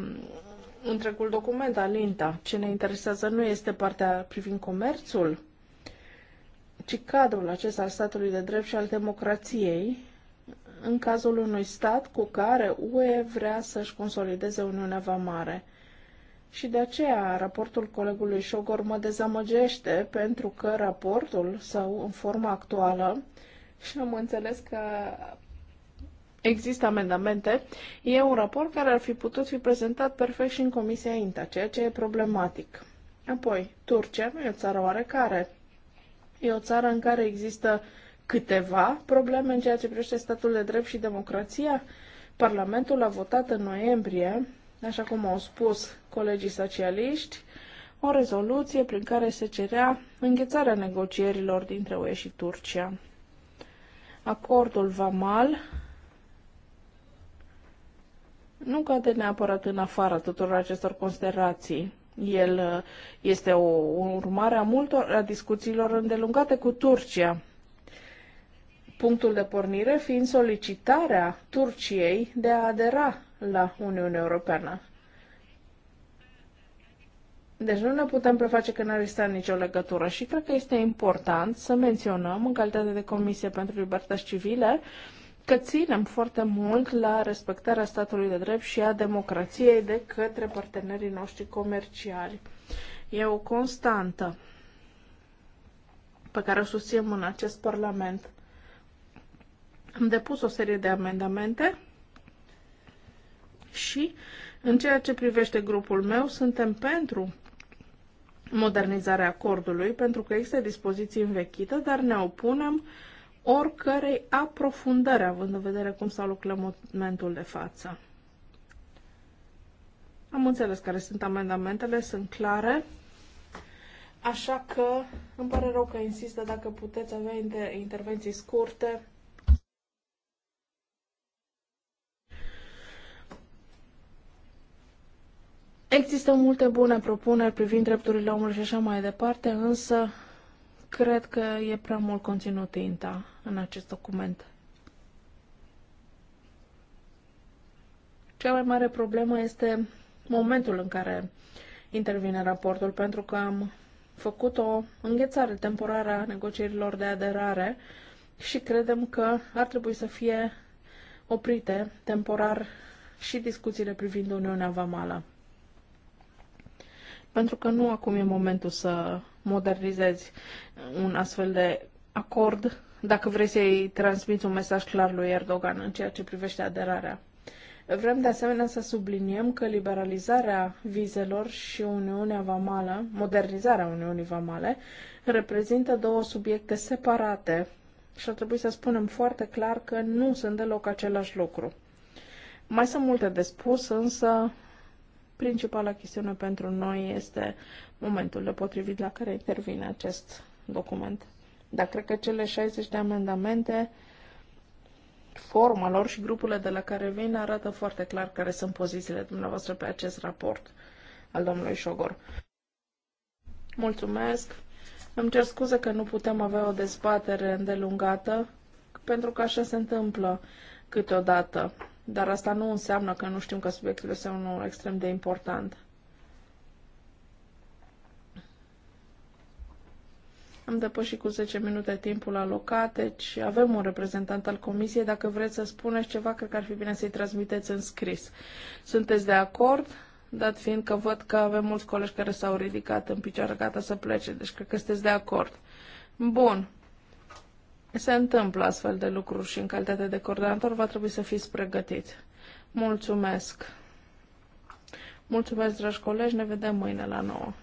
întregul document al INTA. Ce ne interesează nu este partea privind comerțul, ci cadrul acesta al statului de drept și al democrației în cazul unui stat cu care UE vrea să-și consolideze Uniunea Vamare. Și de aceea raportul colegului Șogor mă dezamăgește pentru că raportul sau în forma actuală și am înțeles că există amendamente, e un raport care ar fi putut fi prezentat perfect și în Comisia INTA, ceea ce e problematic. Apoi, Turcia nu e o țară oarecare. E o țară în care există câteva probleme în ceea ce privește statul de drept și democrația. Parlamentul a votat în noiembrie, așa cum au spus colegii socialiști, o rezoluție prin care se cerea înghețarea negocierilor dintre UE și Turcia. Acordul VAMAL nu cade neapărat în afara tuturor acestor considerații. El uh, este o urmare a multor a discuțiilor îndelungate cu Turcia. Punctul de pornire fiind solicitarea Turciei de a adera la Uniunea Europeană. Deci nu ne putem preface că n-ar exista nicio legătură și cred că este important să menționăm în calitate de Comisie pentru Libertăți Civile uh, că ținem foarte mult la respectarea statului de drept și a democrației de către partenerii noștri comerciali. E o constantă pe care o susținem în acest Parlament. Am depus o serie de amendamente și, în ceea ce privește grupul meu, suntem pentru modernizarea acordului, pentru că există dispoziții învechită, dar ne opunem uh, oricărei aprofundări, având în vedere cum s-a lucrat momentul de față. Am înțeles care sunt amendamentele, sunt clare. Așa că îmi pare rău că insistă dacă puteți avea inter- intervenții scurte. Există multe bune propuneri privind drepturile omului și așa mai departe, însă Cred că e prea mult conținut tinta în acest document. Cea mai mare problemă este momentul în care intervine raportul, pentru că am făcut o înghețare temporară a negocierilor de aderare și credem că ar trebui să fie oprite temporar și discuțiile privind Uniunea Vamală. Pentru că nu acum e momentul să modernizezi un astfel de acord dacă vrei să-i transmiți un mesaj clar lui Erdogan în ceea ce privește aderarea. Vrem de asemenea să subliniem că liberalizarea vizelor și Uniunea Vamală, modernizarea Uniunii Vamale, reprezintă două subiecte separate și ar trebui să spunem foarte clar că nu sunt deloc același lucru. Mai sunt multe de spus, însă Principala chestiune pentru noi este momentul de potrivit la care intervine acest document. Dar cred că cele 60 de amendamente, forma lor și grupurile de la care vin arată foarte clar care sunt pozițiile dumneavoastră pe acest raport al domnului Șogor. Mulțumesc! Îmi cer scuze că nu putem avea o dezbatere îndelungată, pentru că așa se întâmplă câteodată. Dar asta nu înseamnă că nu știm că subiectul este unul extrem de important. Am depășit cu 10 minute timpul alocat, deci avem un reprezentant al comisiei. Dacă vreți să spuneți ceva, cred că ar fi bine să-i transmiteți în scris. Sunteți de acord? Dat fiind că văd că avem mulți colegi care s-au ridicat în picioare, gata să plece, deci cred că sunteți de acord. Bun se întâmplă astfel de lucruri și în calitate de coordonator va trebui să fiți pregătit. Mulțumesc! Mulțumesc, dragi colegi, ne vedem mâine la 9.